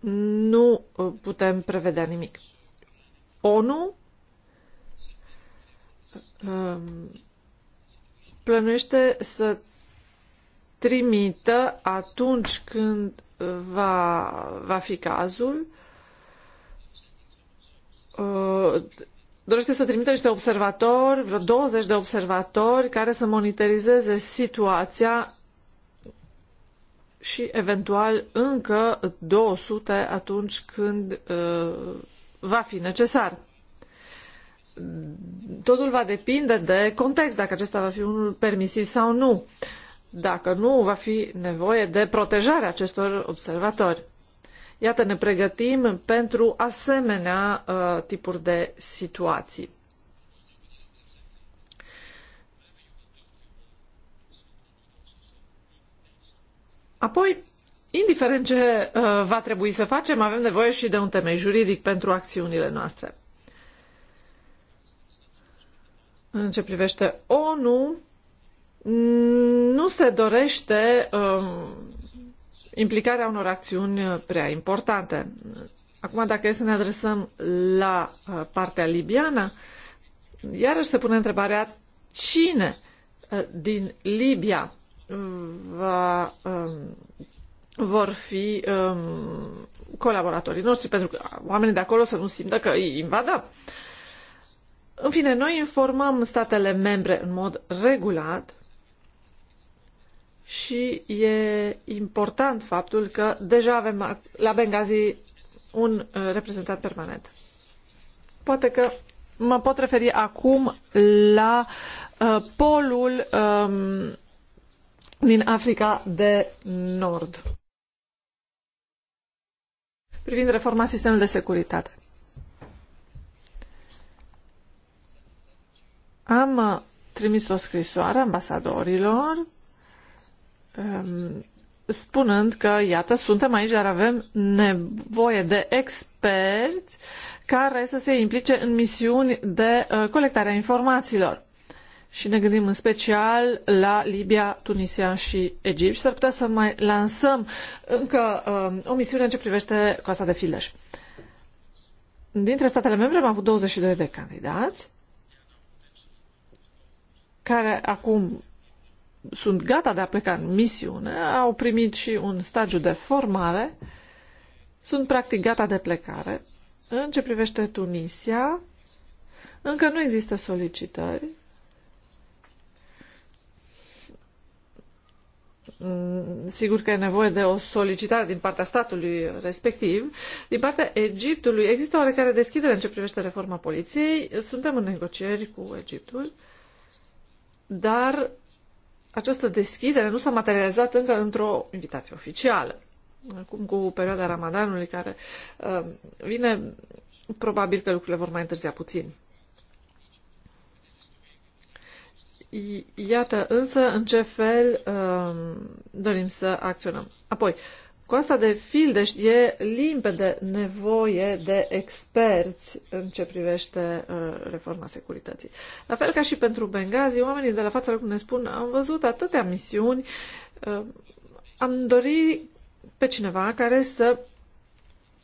nu uh, putem prevedea nimic. ONU um, plănuiește să trimită atunci când va, va fi cazul uh, dorește să trimită niște observatori, vreo 20 de observatori, care să monitorizeze situația și eventual încă 200 atunci când uh, va fi necesar. Totul va depinde de context, dacă acesta va fi unul permisiv sau nu. Dacă nu, va fi nevoie de protejarea acestor observatori. Iată, ne pregătim pentru asemenea uh, tipuri de situații. Apoi, indiferent ce uh, va trebui să facem, avem nevoie și de un temei juridic pentru acțiunile noastre. În ce privește ONU, nu se dorește um, implicarea unor acțiuni prea importante. Acum, dacă e să ne adresăm la uh, partea libiană, iarăși se pune întrebarea cine uh, din Libia va, um, vor fi um, colaboratorii noștri, pentru că oamenii de acolo să nu simtă că îi invadăm. În fine, noi informăm statele membre în mod regulat și e important faptul că deja avem la Benghazi un uh, reprezentant permanent. Poate că mă pot referi acum la uh, polul um, din Africa de Nord privind reforma sistemului de securitate. Am uh, trimis o scrisoare ambasadorilor Ehm, spunând că, iată, suntem aici, dar avem nevoie de experți care să se implice în misiuni de uh, colectare a informațiilor. Și ne gândim în special la Libia, Tunisia și Egipt și s-ar putea să mai lansăm încă uh, o misiune în ce privește Casa de Fildeș. Dintre statele membre am avut 22 de candidați care acum sunt gata de a pleca în misiune, au primit și un stagiu de formare, sunt practic gata de plecare. În ce privește Tunisia, încă nu există solicitări. Mm, sigur că e nevoie de o solicitare din partea statului respectiv. Din partea Egiptului există oarecare deschidere în ce privește reforma poliției. Suntem în negocieri cu Egiptul, dar această deschidere nu s-a materializat încă într-o invitație oficială. Acum, cu perioada Ramadanului care uh, vine, probabil că lucrurile vor mai întârzia puțin. Iată însă în ce fel uh, dorim să acționăm. Apoi, uh, Coasta de deci e limpede nevoie de experți în ce privește uh, reforma securității. La fel ca și pentru Benghazi, oamenii de la fața locului ne spun am văzut atâtea misiuni, uh, am dorit pe cineva care să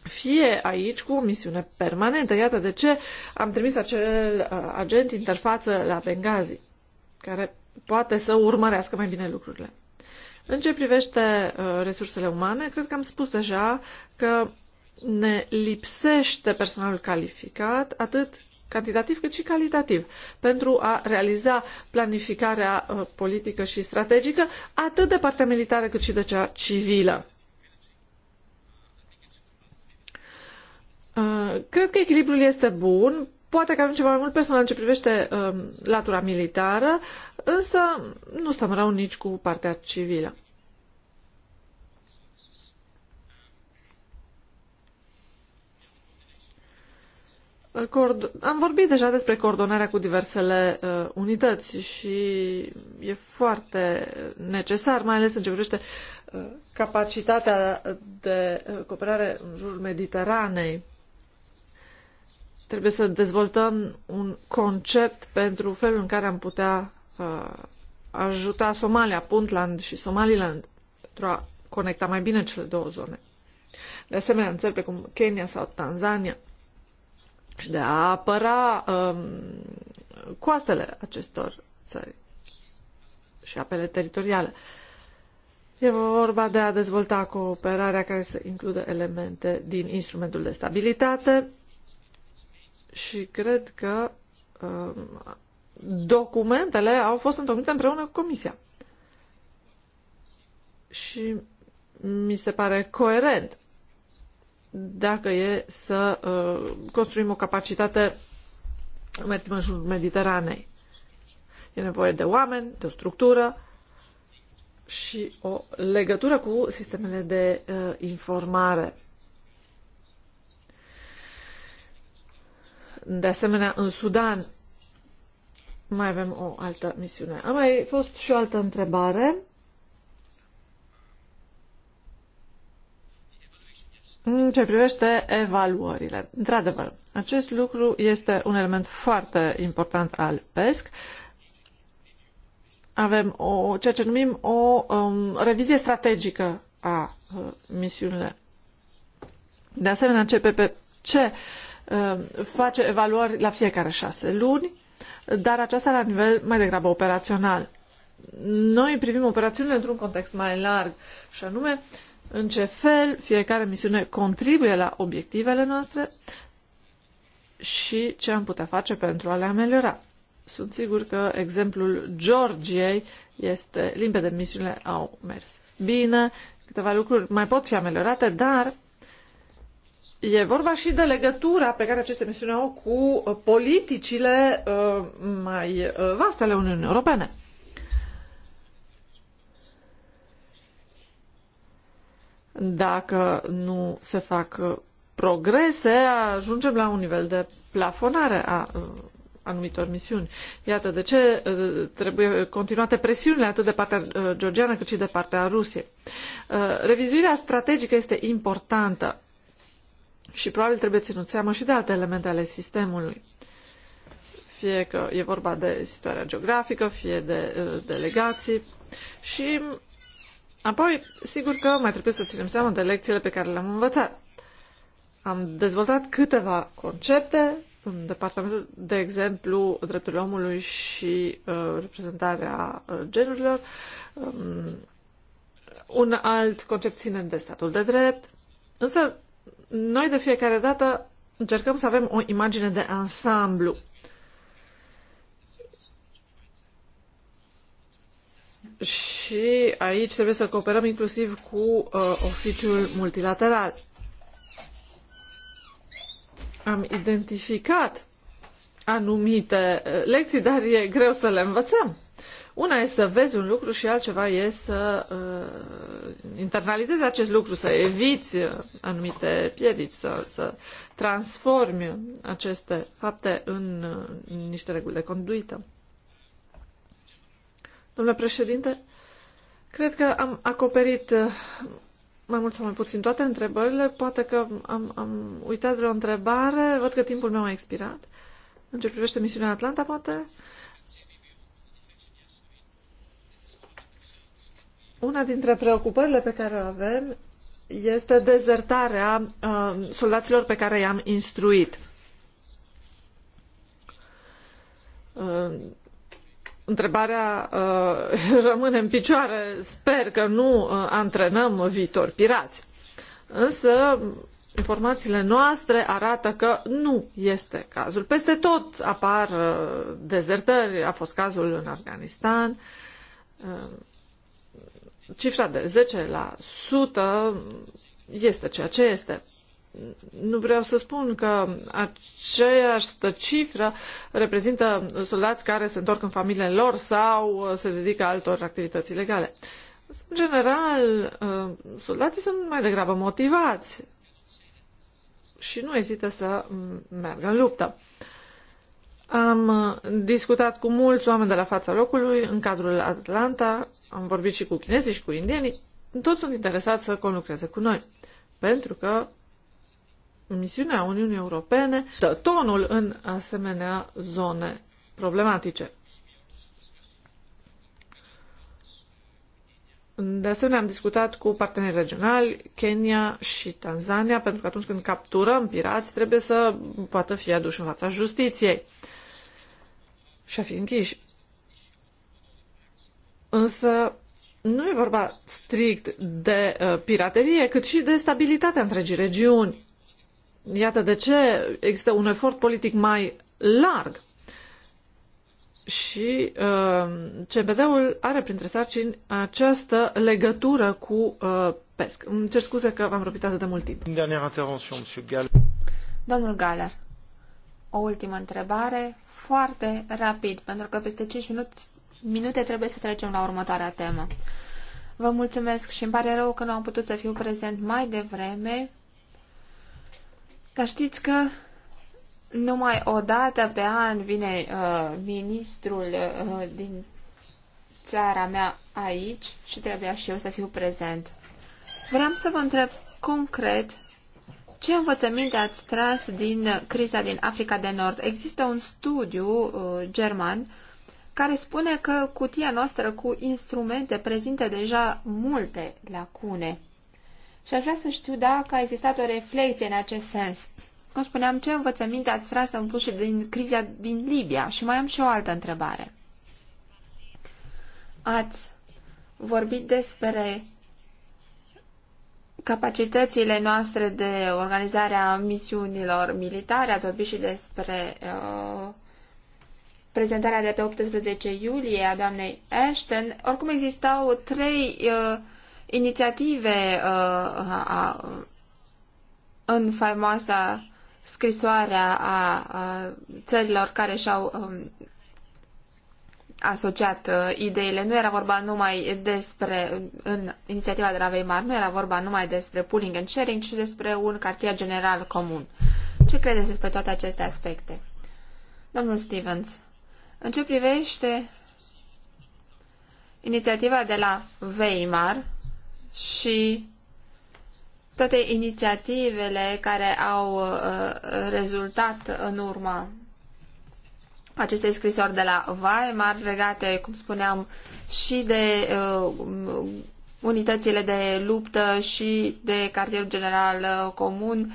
fie aici cu o misiune permanentă. Iată de ce am trimis acel uh, agent interfață la Benghazi, care poate să urmărească mai bine lucrurile. În ce privește uh, resursele umane, cred că am spus deja că ne lipsește personalul calificat, atât cantitativ cât și calitativ, pentru a realiza planificarea uh, politică și strategică, atât de partea militară cât și de cea civilă. Uh, cred că echilibrul este bun Poate că avem ceva mai mult personal în ce privește um, latura militară, însă nu stăm rău nici cu partea civilă. Am vorbit deja despre coordonarea cu diversele uh, unități și e foarte necesar, mai ales în ce privește uh, capacitatea de uh, cooperare în jurul Mediteranei. Trebuie să dezvoltăm un concept pentru felul în care am putea uh, ajuta Somalia, Puntland și Somaliland pentru a conecta mai bine cele două zone. De asemenea, în țări precum Kenya sau Tanzania și de a apăra um, coastele acestor țări și apele teritoriale. E vorba de a dezvolta cooperarea care să includă elemente din instrumentul de stabilitate și cred că um, documentele au fost întocmite împreună cu Comisia. Și mi se pare coerent dacă e să uh, construim o capacitate maritimă în jurul Mediteranei. E nevoie de oameni, de o structură și o legătură cu sistemele de uh, informare. De asemenea, în Sudan mai avem o altă misiune. A mai fost și o altă întrebare. În ce privește evaluările. Într-adevăr, acest lucru este un element foarte important al PESC. Avem o, ceea ce numim o um, revizie strategică a uh, misiunilor. De asemenea, CPPC Uh, face evaluări la fiecare șase luni, dar aceasta la nivel mai degrabă operațional. Noi privim operațiunile într-un context mai larg și anume în ce fel fiecare misiune contribuie la obiectivele noastre și ce am putea face pentru a le ameliora. Sunt sigur că exemplul Georgiei este limpede. Misiunile au mers bine, câteva lucruri mai pot fi ameliorate, dar E vorba și de legătura pe care aceste misiuni au cu uh, politicile uh, mai uh, vaste ale Uniunii Europene. Dacă nu se fac progrese, ajungem la un nivel de plafonare a anumitor misiuni. Iată de ce trebuie continuate presiunile atât de partea georgiană cât și de partea Rusiei. Revizuirea strategică este importantă și probabil trebuie ținut seama și de alte elemente ale sistemului. Fie că e vorba de situația geografică, fie de uh, delegații. Și apoi, sigur că mai trebuie să ținem seama de lecțiile pe care le-am învățat. Am dezvoltat câteva concepte în departamentul, de exemplu, drepturile omului și uh, reprezentarea uh, genurilor. Um, un alt concept ține de statul de drept, însă noi de fiecare dată încercăm să avem o imagine de ansamblu. Și aici trebuie să cooperăm inclusiv cu uh, oficiul multilateral. Am identificat anumite uh, lecții, dar e greu să le învățăm. Uh, una e să vezi un lucru și altceva e să uh, internalizezi acest lucru, să eviți uh, anumite piedici, să, să transformi aceste fapte în, uh, niște reguli de conduită. Domnule președinte, cred că am acoperit uh, mai mult sau mai puțin toate întrebările. Poate că am, am uitat vreo întrebare. Văd că timpul meu a expirat. În ce privește misiunea Atlanta, poate? Uh, Una dintre preocupările pe care o avem este dezertarea uh, soldaților pe care i-am instruit. Uh, întrebarea uh, [LAUGHS] rămâne în picioare. Sper că nu uh, antrenăm viitori pirați. Însă, informațiile noastre arată că nu este cazul. Peste tot apar uh, dezertări. A fost cazul în Afganistan. Uh, cifra de 10% este ceea ce este. Nu vreau să spun că această cifră reprezintă soldați care se întorc în familiile lor sau se dedică altor activități ilegale. În general, uh, soldații sunt mai degrabă motivați și nu ezită să meargă în luptă. Am uh, discutat cu mulți oameni de la fața locului în cadrul Atlanta, am vorbit și cu chinezii și cu indienii. Toți sunt interesați să conlucreze cu noi, pentru că misiunea Uniunii Europene dă tonul în asemenea zone problematice. De asemenea, am discutat cu parteneri regionali, Kenya și Tanzania, pentru că atunci când capturăm pirați, trebuie să poată fi aduși în fața justiției și a fi închiși. Însă nu e vorba strict de uh, piraterie, cât și de stabilitatea întregii regiuni. Iată de ce există un efort politic mai larg și uh, CPD-ul are printre sarcini această legătură cu uh, PESC. Îmi cer scuze că v-am răpit atât de mult timp. Domnul Galer o ultimă întrebare, foarte rapid, pentru că peste 5 minute, minute trebuie să trecem la următoarea temă. Vă mulțumesc și îmi pare rău că nu am putut să fiu prezent mai devreme, dar știți că numai o dată pe an vine uh, ministrul uh, din țara mea aici și trebuia și eu să fiu prezent. Vreau să vă întreb concret ce învățăminte ați tras din criza din Africa de Nord? Există un studiu uh, german care spune că cutia noastră cu instrumente prezintă deja multe lacune. Și aș vrea să știu dacă a existat o reflexie în acest sens. Cum spuneam, ce învățăminte ați tras în plus și din criza din Libia? Și mai am și o altă întrebare. Ați vorbit despre capacitățile noastre de organizare a misiunilor militare. Ați vorbit și despre uh, prezentarea de pe 18 iulie a doamnei Ashton. Oricum existau trei uh, inițiative uh, a, în faimoasa scrisoarea a, a țărilor care și-au um, asociat uh, ideile. Nu era vorba numai despre, în inițiativa de la Weimar, nu era vorba numai despre pooling and sharing, ci despre un cartier general comun. Ce credeți despre toate aceste aspecte? Domnul Stevens, în ce privește inițiativa de la Weimar și toate inițiativele care au uh, rezultat în urma aceste scrisori de la Weimar legate, cum spuneam, și de uh, unitățile de luptă și de cartierul general uh, comun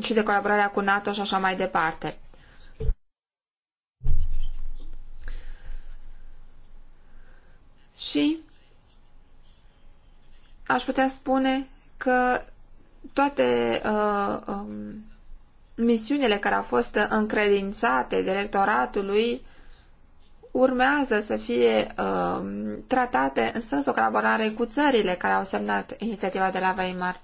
și de colaborarea cu NATO și așa mai departe. Și aș putea spune că toate uh, um, misiunile care au fost încredințate directoratului urmează să fie uh, tratate în sens o colaborare cu țările care au semnat inițiativa de la Weimar.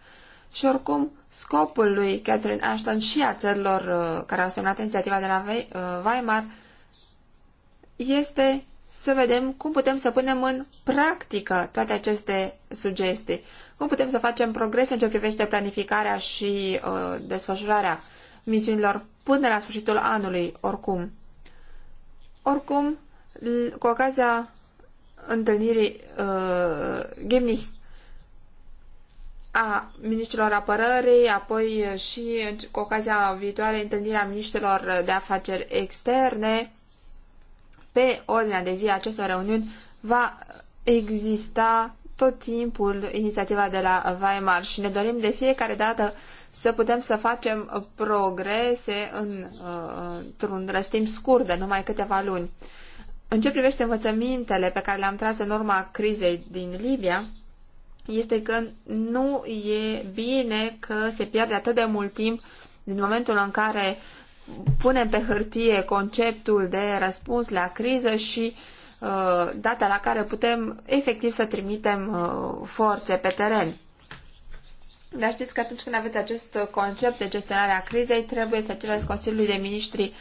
Și oricum, scopul lui Catherine Ashton și a țărilor uh, care au semnat inițiativa de la uh, Weimar este să vedem cum putem să punem în practică toate aceste sugestii, cum putem să facem progrese în ce privește planificarea și uh, desfășurarea misiunilor până la sfârșitul anului, oricum. Oricum, cu ocazia întâlnirii uh, Gimnich a ministrilor apărării, apoi uh, și uh, cu ocazia viitoarei întâlniri a ministrilor de afaceri externe, pe ordinea de zi a acestor reuniuni va exista tot timpul inițiativa de la Weimar și ne dorim de fiecare dată să putem să facem uh, progrese în, uh, într-un răstim scurt de numai câteva luni. În ce privește învățămintele pe care le-am tras în urma crizei din Libia, este că nu e bine că se pierde atât de mult timp din momentul în care punem pe hârtie conceptul de răspuns la criză și uh, data la care putem efectiv să trimitem uh, forțe pe teren. Dar știți că atunci când aveți acest concept de gestionare a crizei, trebuie să cereți Consiliului de Ministri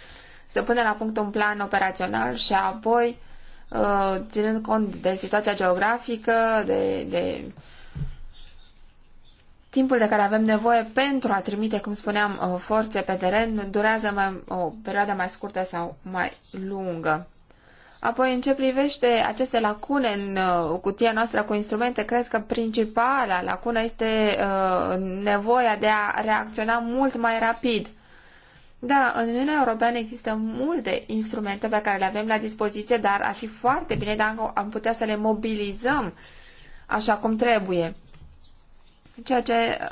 să pună la punct un plan operațional și apoi, uh, ținând cont de situația geografică, de, de timpul de care avem nevoie pentru a trimite, cum spuneam, uh, forțe pe teren, durează mai, o perioadă mai scurtă sau mai lungă. Apoi, în ce privește aceste lacune în uh, cutia noastră cu instrumente, cred că principala lacună este uh, nevoia de a reacționa mult mai rapid. Da, în Uniunea Europeană există multe instrumente pe care le avem la dispoziție, dar ar fi foarte bine dacă am putea să le mobilizăm așa cum trebuie. Ceea ce uh,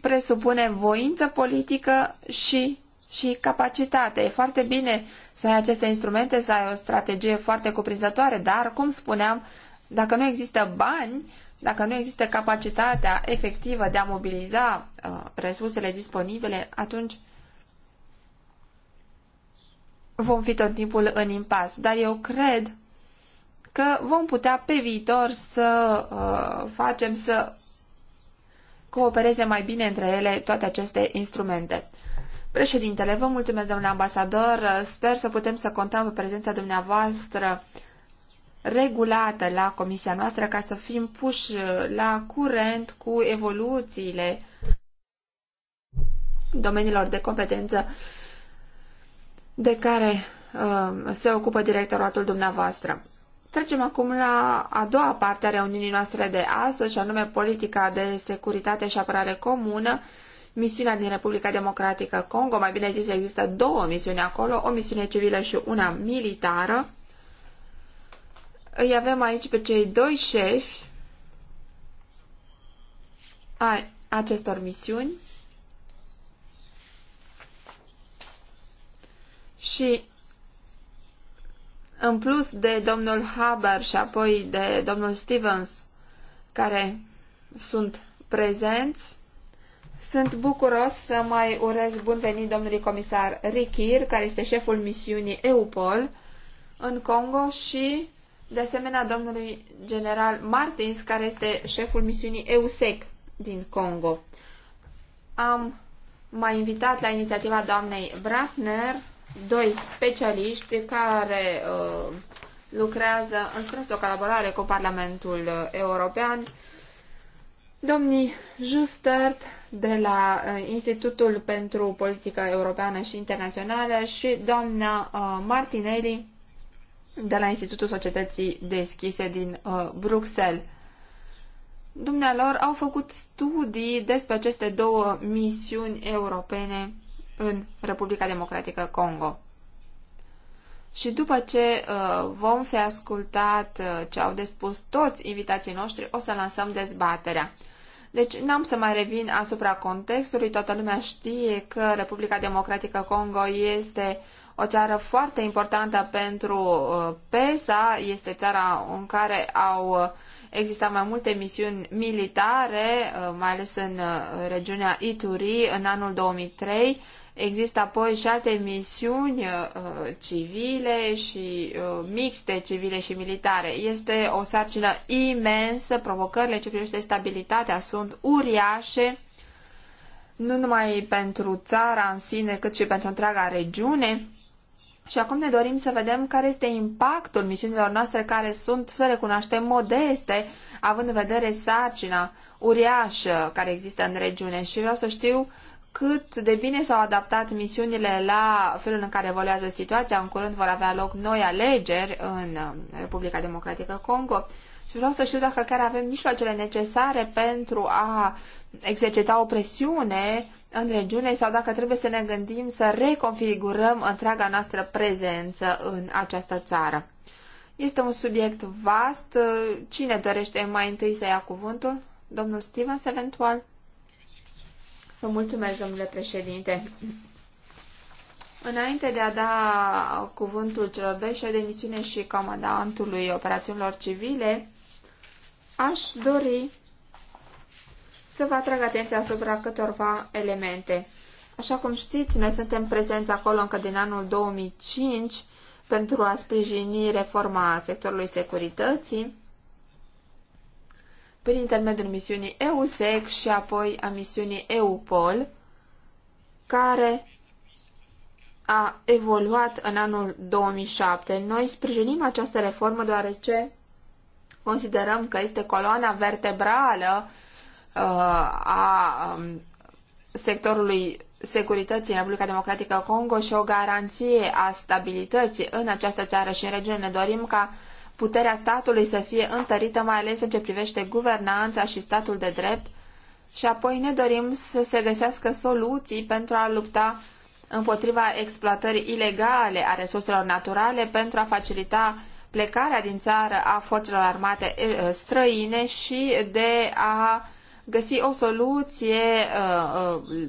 presupune voință politică și și capacitate. E foarte bine să ai aceste instrumente, să ai o strategie foarte cuprinzătoare, dar, cum spuneam, dacă nu există bani, dacă nu există capacitatea efectivă de a mobiliza uh, resursele disponibile, atunci vom fi tot timpul în impas. Dar eu cred că vom putea pe viitor să uh, facem să coopereze mai bine între ele toate aceste instrumente. Președintele, vă mulțumesc, domnule ambasador. Sper să putem să contăm pe prezența dumneavoastră regulată la comisia noastră ca să fim puși la curent cu evoluțiile domeniilor de competență de care uh, se ocupă directoratul dumneavoastră. Trecem acum la a doua parte a reuniunii noastre de astăzi, și anume politica de securitate și apărare comună. Uh, misiunea din Republica Democratică Congo, mai bine zis există două misiuni acolo, o misiune civilă și una militară. Îi avem aici pe cei doi șefi a acestor misiuni și în plus de domnul Haber și apoi de domnul Stevens care sunt prezenți, sunt bucuros să mai urez bun venit domnului comisar Rikir, care este șeful misiunii EUPOL în Congo și, de asemenea, domnului general Martins, care este șeful misiunii EUSEC din Congo. Am mai invitat la inițiativa doamnei Bratner doi specialiști care uh, lucrează în strânsă colaborare cu Parlamentul European Domnii Justert de la uh, Institutul pentru Politică Europeană și Internațională și doamna uh, Martinelli de la Institutul Societății Deschise din uh, Bruxelles. Dumnealor au făcut studii despre aceste două misiuni europene în Republica Democratică Congo. Și după ce uh, vom fi ascultat uh, ce au de spus toți invitații noștri, o să lansăm dezbaterea. Deci n-am să mai revin asupra contextului. Toată lumea știe că Republica Democratică Congo este o țară foarte importantă pentru uh, PESA, este țara în care au uh, existat mai multe misiuni militare, uh, mai ales în regiunea Ituri în anul 2003. Există apoi și alte misiuni uh, civile și uh, mixte civile și militare. Este o sarcină imensă, provocările ce privește stabilitatea sunt uriașe, nu numai pentru țara în sine, cât și pentru întreaga regiune. Și acum ne dorim să vedem care este impactul misiunilor noastre care sunt, să recunoaștem, modeste, având în vedere sarcina uriașă care există în regiune. Și vreau să știu cât de bine s-au adaptat misiunile la felul în care evoluează situația. În curând vor avea loc noi alegeri în um, Republica Democratică Congo și vreau să știu dacă chiar avem mijloacele necesare pentru a exerceta o presiune în regiune sau dacă trebuie să ne gândim să reconfigurăm întreaga noastră prezență în această țară. Este un subiect vast. Cine dorește mai întâi să ia cuvântul? Domnul Stevens, eventual? Vă mulțumesc, domnule președinte. Înainte de a da cuvântul celor doi șefi de misiune și comandantului operațiunilor civile, aș dori să vă atrag atenția asupra câtorva elemente. Așa cum știți, noi suntem prezenți acolo încă din anul 2005 pentru a sprijini reforma sectorului securității prin intermediul misiunii EUSEC și apoi a misiunii EUPOL, care a evoluat în anul 2007. Noi sprijinim această reformă deoarece considerăm că este coloana vertebrală uh, a um, sectorului securității în Republica Democratică Congo și o garanție a stabilității în această țară și în regiune. Ne dorim ca puterea statului să fie întărită, mai ales în ce privește guvernanța și statul de drept, și apoi ne dorim să se găsească soluții pentru a lupta împotriva exploatării ilegale a resurselor naturale, pentru a facilita plecarea din țară a forțelor armate străine și de a găsi o soluție uh, uh,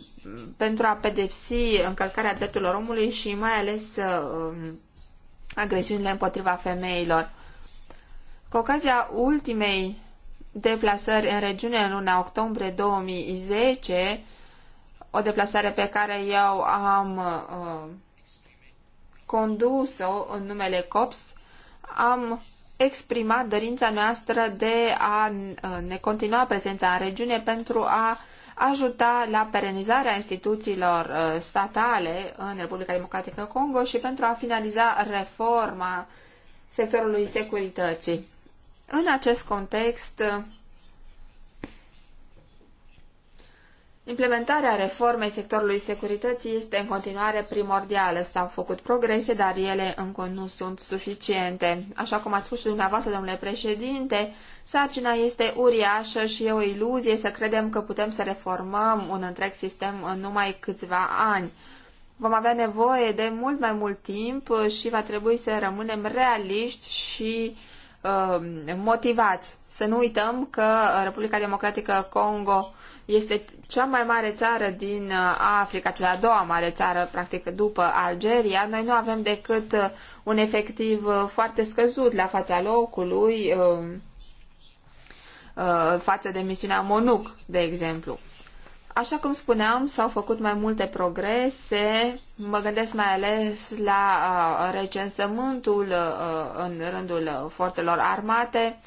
pentru a pedepsi încălcarea drepturilor omului și mai ales uh, agresiunile împotriva femeilor. Cu ocazia ultimei deplasări în regiune în luna octombrie 2010, o deplasare pe care eu am uh, condus-o în numele COPS, am exprimat dorința noastră de a uh, ne continua prezența în regiune pentru a ajuta la perenizarea instituțiilor uh, statale în Republica Democratică Congo și pentru a finaliza reforma sectorului securității. În acest context, Implementarea reformei sectorului securității este în continuare primordială. S-au făcut progrese, dar ele încă nu sunt suficiente. Așa cum ați spus și dumneavoastră, domnule președinte, sarcina este uriașă și e o iluzie să credem că putem să reformăm un întreg sistem în numai câțiva ani. Vom avea nevoie de mult mai mult timp și va trebui să rămânem realiști și uh, Um, motivați. Să nu uităm că uh, Republica Democratică Congo este cea mai mare țară din uh, Africa, cea a doua mare țară, practic, după Algeria. Noi nu avem decât uh, un efectiv foarte scăzut la fața locului um, față de misiunea MONUC, de exemplu. Așa cum spuneam, s-au făcut mai multe progrese, mă gândesc mai ales la uh, recensământul uh, în rândul forțelor armate,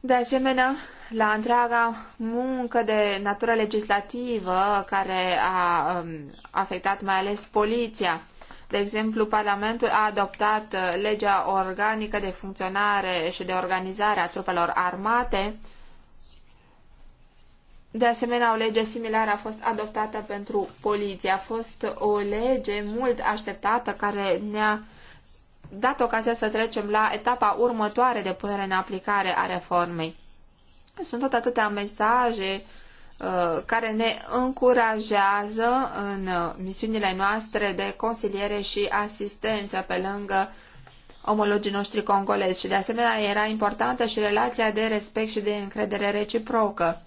de asemenea, la întreaga muncă de natură legislativă care a um, afectat mai ales poliția. De exemplu, Parlamentul a adoptat uh, legea organică de funcționare și de organizare a trupelor armate, de asemenea, o lege similară a fost adoptată pentru poliție. A fost o lege mult așteptată care ne-a dat ocazia să trecem la etapa următoare de punere în aplicare a reformei. Sunt tot atâtea mesaje uh, care ne încurajează în uh, misiunile noastre de consiliere și asistență pe lângă omologii noștri congolezi și de asemenea era importantă și relația de respect și de încredere reciprocă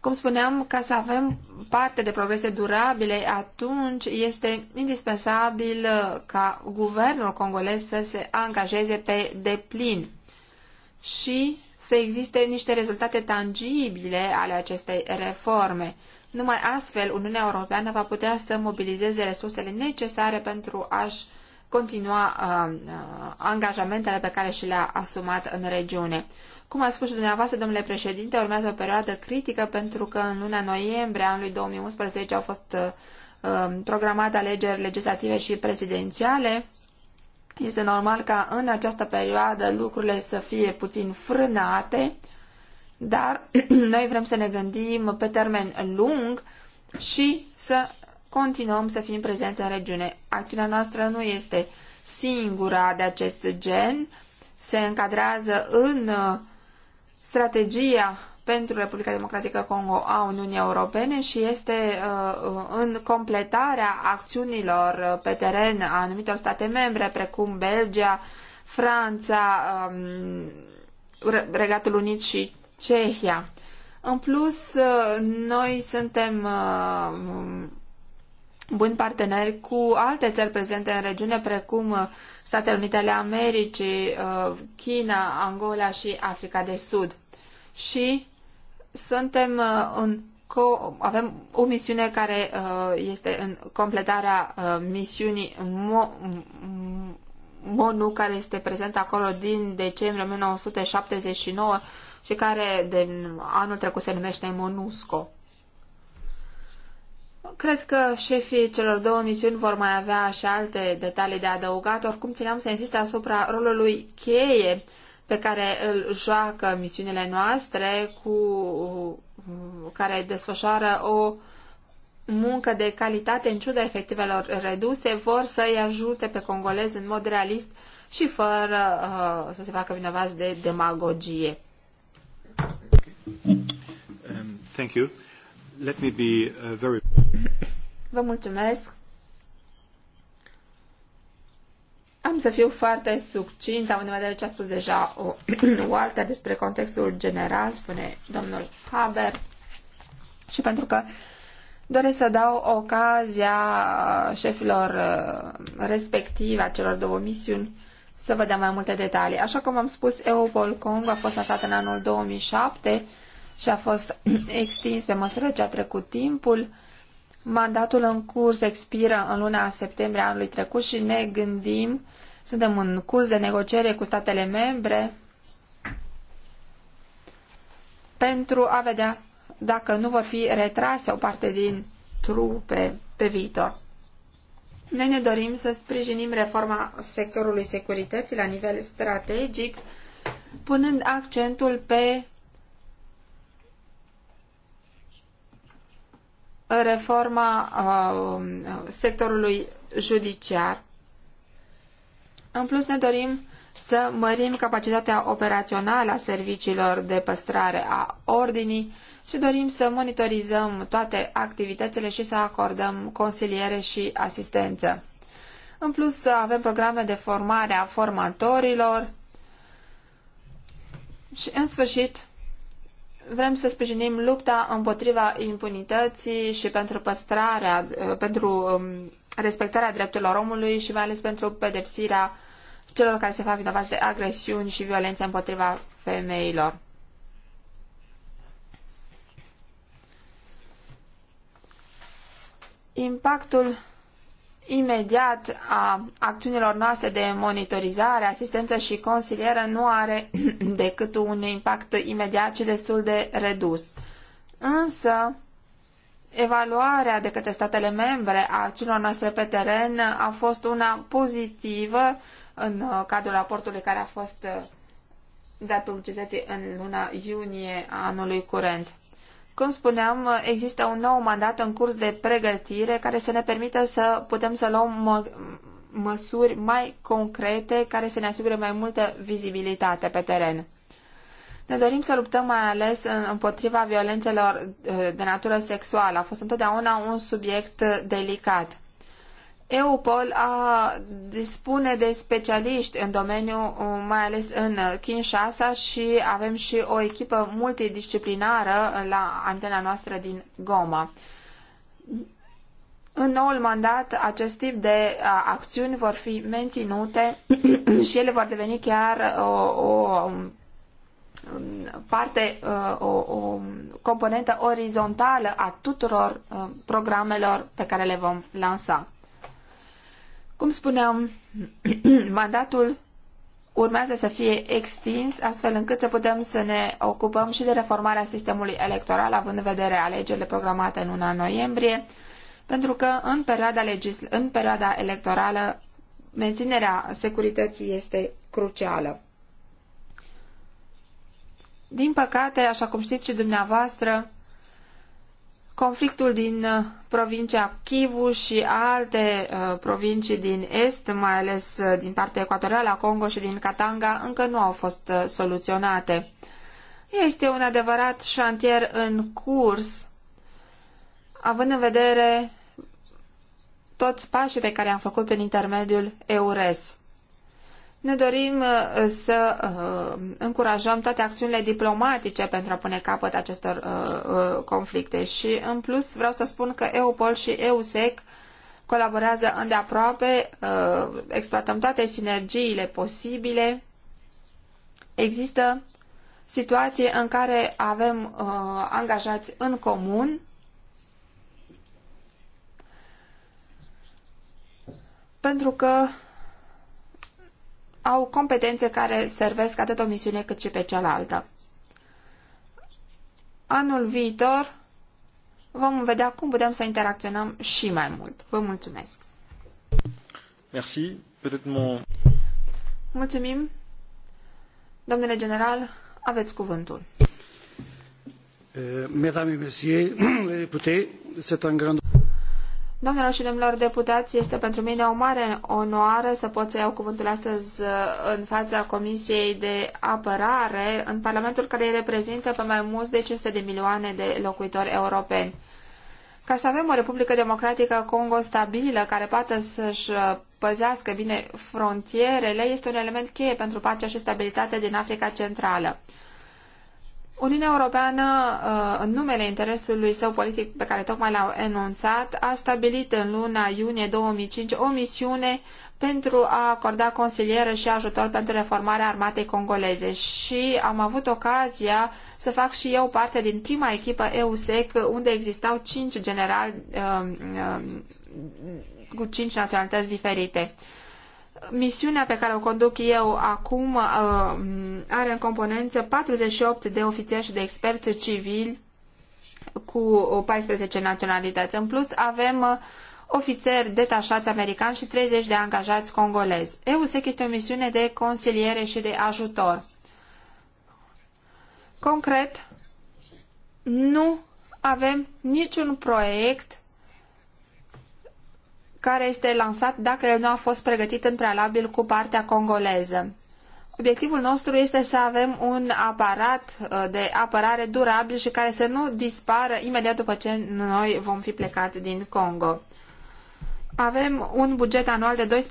cum spuneam, ca să avem parte de progrese durabile, atunci este indispensabil uh, ca guvernul congolez să se angajeze pe deplin și să existe niște rezultate tangibile ale acestei reforme. Numai astfel, Uniunea Europeană va putea să mobilizeze resursele necesare pentru a-și continua uh, uh angajamentele pe care și le-a asumat în regiune. Cum a spus și dumneavoastră, domnule președinte, urmează o perioadă critică pentru că în luna noiembrie anului 2011 au fost uh, um, programate alegeri legislative și prezidențiale. Este normal ca în această perioadă lucrurile să fie puțin frânate, dar [CLEARS THROAT] noi vrem să ne gândim pe termen lung și să continuăm să fim prezenți în regiune. Acțiunea noastră nu este singura de acest gen, se încadrează în uh, strategia pentru Republica Democratică Congo a Uniunii Europene și este uh, în completarea acțiunilor pe teren a anumitor state membre, precum Belgia, Franța, um, Regatul Unit și Cehia. În plus, uh, noi suntem uh, buni parteneri cu alte țări prezente în regiune, precum Statele Unite ale Americii, China, Angola și Africa de Sud și suntem uh, în avem o misiune care uh, este în completarea uh, misiunii MONU care este prezent acolo din decembrie 1979 și care de anul trecut se numește MONUSCO. Cred că șefii celor două misiuni vor mai avea și alte detalii de adăugat, oricum țineam să insist asupra rolului cheie pe care îl joacă misiunile noastre, cu, care desfășoară o muncă de calitate în ciuda efectivelor reduse, vor să-i ajute pe congolezi în mod realist și fără uh, să se facă vinovați de demagogie. Um, thank you. Let me be, uh, very... Vă mulțumesc. Am să fiu foarte succint, am în vedere ce a spus deja o, o [CLEARS THROAT] altă despre contextul general, spune domnul Haber, și pentru că doresc să dau ocazia șefilor uh, respective a celor două misiuni să vă dea mai multe detalii. Așa cum am spus, Eupol Kong a fost lansat în anul 2007 și a fost [CLEARS THROAT] extins pe măsură ce a trecut timpul. Mandatul în curs expiră în luna septembrie anului trecut și ne gândim, suntem în curs de negociere cu statele membre pentru a vedea dacă nu vor fi retrase o parte din trupe pe viitor. Noi ne dorim să sprijinim reforma sectorului securității la nivel strategic, punând accentul pe reforma uh, sectorului judiciar. În plus, ne dorim să mărim capacitatea operațională a serviciilor de păstrare a ordinii și dorim să monitorizăm toate activitățile și să acordăm consiliere și asistență. În plus, avem programe de formare a formatorilor și, în sfârșit, vrem să sprijinim lupta împotriva impunității și pentru păstrarea, pentru um, respectarea drepturilor omului și mai ales pentru pedepsirea celor care se fac vinovați de agresiuni și violențe împotriva femeilor. Impactul imediat a acțiunilor noastre de monitorizare, asistență și consilieră nu are [CLEARS THROAT] decât un impact imediat și destul de redus. Însă, evaluarea de către statele membre a acțiunilor noastre pe teren a fost una pozitivă în cadrul raportului care a fost dat publicității în luna iunie anului curent. Cum spuneam, există un nou mandat în curs de pregătire care să ne permită să putem să luăm mă măsuri mai concrete care să ne asigure mai multă vizibilitate pe teren. Ne dorim să luptăm mai ales împotriva violențelor uh, de natură sexuală. A fost întotdeauna un subiect uh, delicat. EUPOL a dispune de specialiști în domeniu, uh, mai ales în Kinshasa și avem și o echipă multidisciplinară la antena noastră din Goma. În noul mandat, acest tip de uh, acțiuni vor fi menținute [COUGHS] și ele vor deveni chiar uh, o, o um, parte, o, o componentă orizontală a tuturor programelor pe care le vom lansa. Cum spuneam, [CLEARS THROAT] mandatul urmează să fie extins astfel încât să putem să ne ocupăm și de reformarea sistemului electoral având în vedere alegerile programate în luna noiembrie, pentru că în perioada, legisl- în perioada electorală menținerea securității este crucială. Din păcate, așa cum știți și dumneavoastră, Conflictul din uh, provincia Kivu și alte uh, provincii din est, mai ales uh, din partea ecuatorială a Congo și din Katanga, încă nu au fost uh, soluționate. Este un adevărat șantier în curs, având în vedere toți pașii pe care am făcut prin intermediul EURES. Ne dorim uh, să uh, încurajăm toate acțiunile diplomatice pentru a pune capăt acestor uh, conflicte și, în plus, vreau să spun că EUPOL și EUSEC colaborează îndeaproape, exploatăm toate sinergiile posibile. Există situații în care avem angajați în comun pentru că au competențe care servesc atât o misiune cât și pe cealaltă. Anul viitor vom vedea cum putem să interacționăm și mai mult. Vă mulțumesc! Merci. Mon... Mulțumim! Domnule general, aveți cuvântul. Eh, mesdames et messieurs, les [CLEARS THROAT] députés, c'est un grand Doamnelor și domnilor deputați, este pentru mine o mare onoare să pot să iau cuvântul astăzi uh, în fața Comisiei de Apărare în Parlamentul care îi reprezintă pe mai mulți de 500 de milioane de locuitori europeni. Ca să avem o Republică Democratică Congo stabilă, care poate să-și uh, păzească bine frontierele, este un element cheie pentru pacea și stabilitatea din Africa Centrală. Uniunea Europeană, uh, în numele interesului său politic pe care tocmai l-au enunțat, a stabilit în luna iunie 2005 o misiune pentru a acorda consilieră și ajutor pentru reformarea armatei congoleze și am avut ocazia să fac și eu parte din prima echipă EUSEC unde existau cinci generali uh, uh, cu cinci naționalități diferite. Misiunea pe care o conduc eu acum uh, are în componență 48 de ofițeri și de experți civili cu 14 naționalități. În plus, avem uh, ofițeri detașați americani și 30 de angajați congolezi. EUSEC este o misiune de consiliere și de ajutor. Concret, nu avem niciun proiect care este lansat dacă el nu a fost pregătit în prealabil cu partea congoleză. Obiectivul nostru este să avem un aparat uh, de apărare durabil și care să nu dispară imediat după ce noi vom fi plecat din Congo. Avem un buget anual de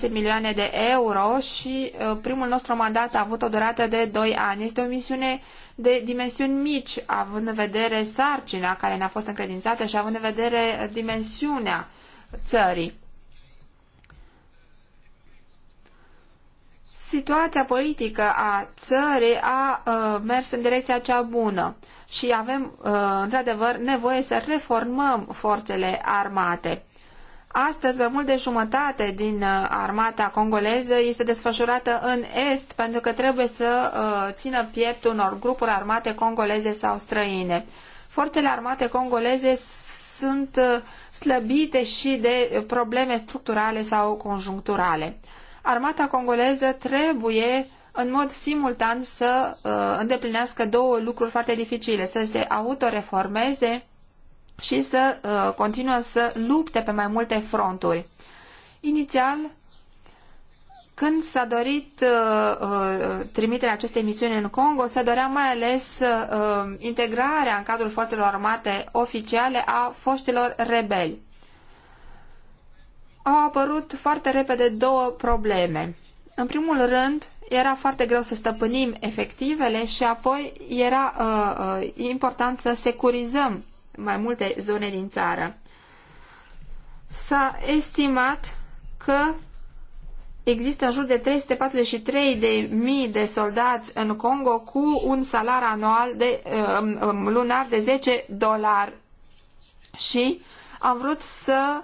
12,6 milioane de euro și uh, primul nostru mandat a avut o durată de 2 ani. Este o misiune de dimensiuni mici, având în vedere sarcina care ne-a fost încredințată și având în vedere dimensiunea țării. Situația politică a țării a uh, mers în direcția cea bună și avem, uh, într-adevăr, nevoie să reformăm forțele armate. Astăzi, mai mult de jumătate din uh, armata congoleză este desfășurată în est pentru că trebuie să uh, țină piept unor grupuri armate congoleze sau străine. Forțele armate congoleze sunt uh, slăbite și de probleme structurale sau conjuncturale. Armata congoleză trebuie în mod simultan să uh, îndeplinească două lucruri foarte dificile, să se autoreformeze și să uh, continuă să lupte pe mai multe fronturi. Inițial, când s-a dorit uh, uh, trimiterea acestei misiuni în Congo, se dorea mai ales uh, uh integrarea în cadrul forțelor armate oficiale a foștilor rebeli. Au apărut foarte repede două probleme. În primul rând, era foarte greu să stăpânim efectivele și apoi era uh, uh, important să securizăm mai multe zone din țară. S-a estimat că Există în jur de 343 de mii de soldați în Congo cu un salar anual de, um, um lunar de 10 dolari. Și am vrut să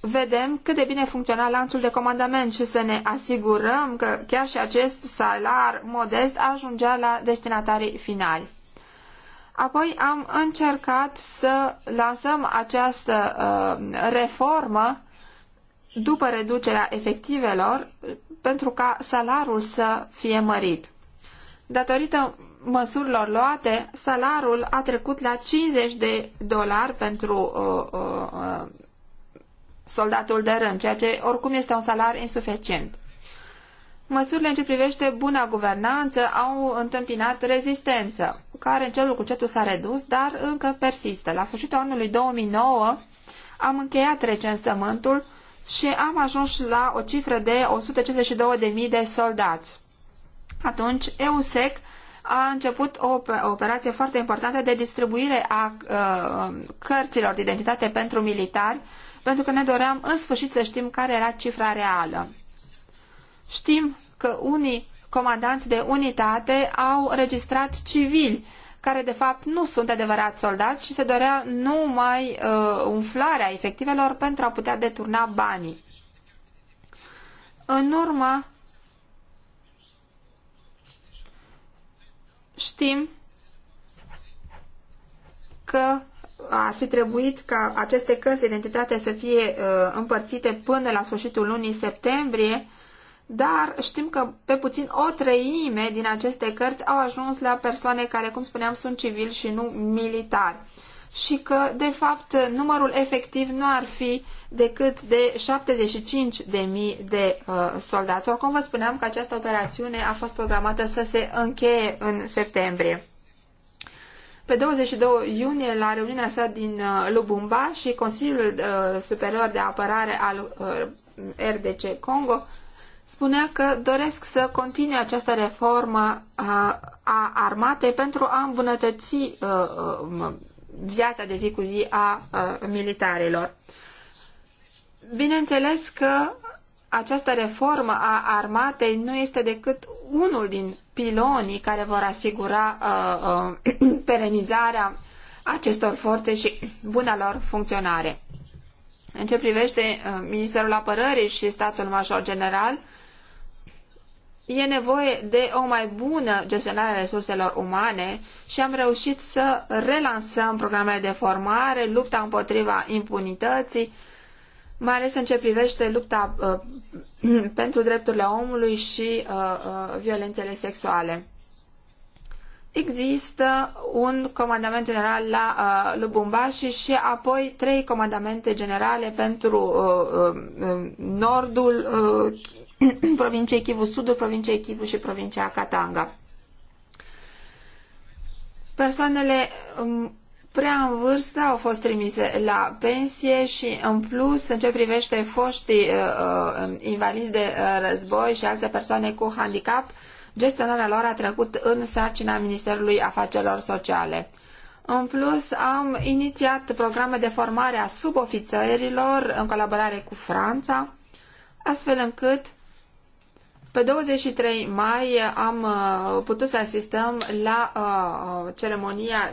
vedem cât de bine funcționa lanțul de comandament și să ne asigurăm că chiar și acest salar modest ajungea la destinatarii finali. Apoi am încercat să lansăm această uh, reformă după reducerea efectivelor pentru ca salarul să fie mărit. Datorită măsurilor luate, salarul a trecut la 50 de dolari pentru uh, uh, soldatul de rând, ceea ce oricum este un salar insuficient. Măsurile în ce privește buna guvernanță au întâmpinat rezistență, care în celul cu cetul s-a redus, dar încă persistă. La sfârșitul anului 2009 am încheiat recensământul și am ajuns la o cifră de 152.000 de soldați. Atunci, EUSEC a început o operație foarte importantă de distribuire a ă, cărților de identitate pentru militari, pentru că ne doream în sfârșit să știm care era cifra reală. Știm că unii comandanți de unitate au registrat civili care de fapt nu sunt adevărați soldați și se dorea numai uh, umflarea efectivelor pentru a putea deturna banii. În urmă, știm că ar fi trebuit ca aceste cărți de identitate să fie uh, împărțite până la sfârșitul lunii septembrie dar știm că pe puțin o treime din aceste cărți au ajuns la persoane care, cum spuneam, sunt civili și nu militari și că, de fapt, numărul efectiv nu ar fi decât de 75.000 de uh, soldați. Oricum vă spuneam că această operațiune a fost programată să se încheie în septembrie. Pe 22 iunie, la reuniunea sa din uh, Lubumba și Consiliul uh, Superior de Apărare al uh, RDC Congo, spunea că doresc să continue această reformă a, uh, a armatei pentru a îmbunătăți uh, uh, viața de zi cu zi a uh, militarilor. Bineînțeles că această reformă a armatei nu este decât unul din pilonii care vor asigura uh, uh, [CLEARS THROAT] perenizarea acestor forțe și buna lor funcționare. În ce privește Ministerul Apărării și statul major general, e nevoie de o mai bună gestionare a resurselor umane și am reușit să relansăm programele de formare, lupta împotriva impunității, mai ales în ce privește lupta uh, [CLEARS THROAT] pentru drepturile omului și uh, uh, violențele sexuale. Există un comandament general la uh, Lubumbashi și apoi trei comandamente generale pentru uh, uh, uh nordul, uh, [COUGHS] provinciei Kivu Sudul, provinciei Kivu și provincia Katanga. Persoanele um, prea în vârstă au fost trimise la pensie și în plus, în ce privește foștii uh, uh, invalizi de uh, război și alte persoane cu handicap, gestionarea lor a trecut în sarcina Ministerului Afacerilor Sociale. În plus, am inițiat programe de formare a subofițerilor în colaborare cu Franța, astfel încât pe 23 mai am uh, putut să asistăm la uh, uh, ceremonia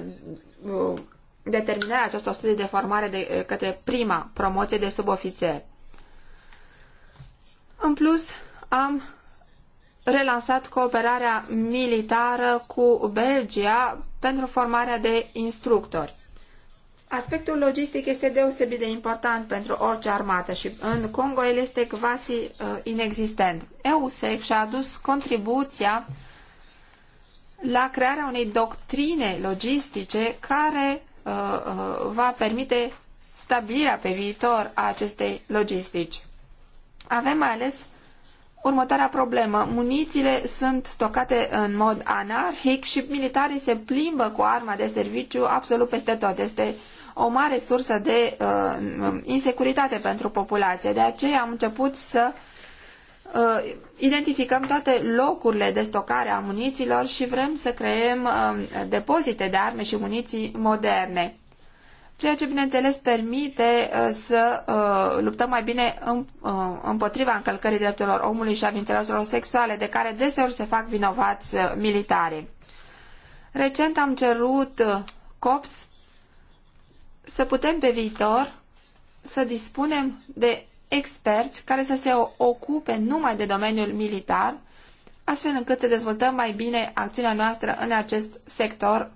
determinarea acestor studii de formare de către prima promoție de subofițeri. În plus, am relansat cooperarea militară cu Belgia pentru formarea de instructori. Aspectul logistic este deosebit de important pentru orice armată și în Congo el este quasi uh, inexistent. EUSEC și-a adus contribuția la crearea unei doctrine logistice care uh, uh, va permite stabilirea pe viitor a acestei logistici. Avem mai ales următoarea problemă. Munițiile sunt stocate în mod anarhic și militarii se plimbă cu arma de serviciu absolut peste tot. Este o mare sursă de uh, insecuritate pentru populație. De aceea am început să uh, identificăm toate locurile de stocare a munițiilor și vrem să creăm uh, depozite de arme și muniții moderne. Ceea ce, bineînțeles, permite uh, să uh, luptăm mai bine în, uh, împotriva încălcării drepturilor omului și a violențelor sexuale, de care deseori se fac vinovați uh, militari. Recent am cerut COPS să putem pe viitor să dispunem de experți care să se ocupe numai de domeniul militar, astfel încât să dezvoltăm mai bine acțiunea noastră în acest sector.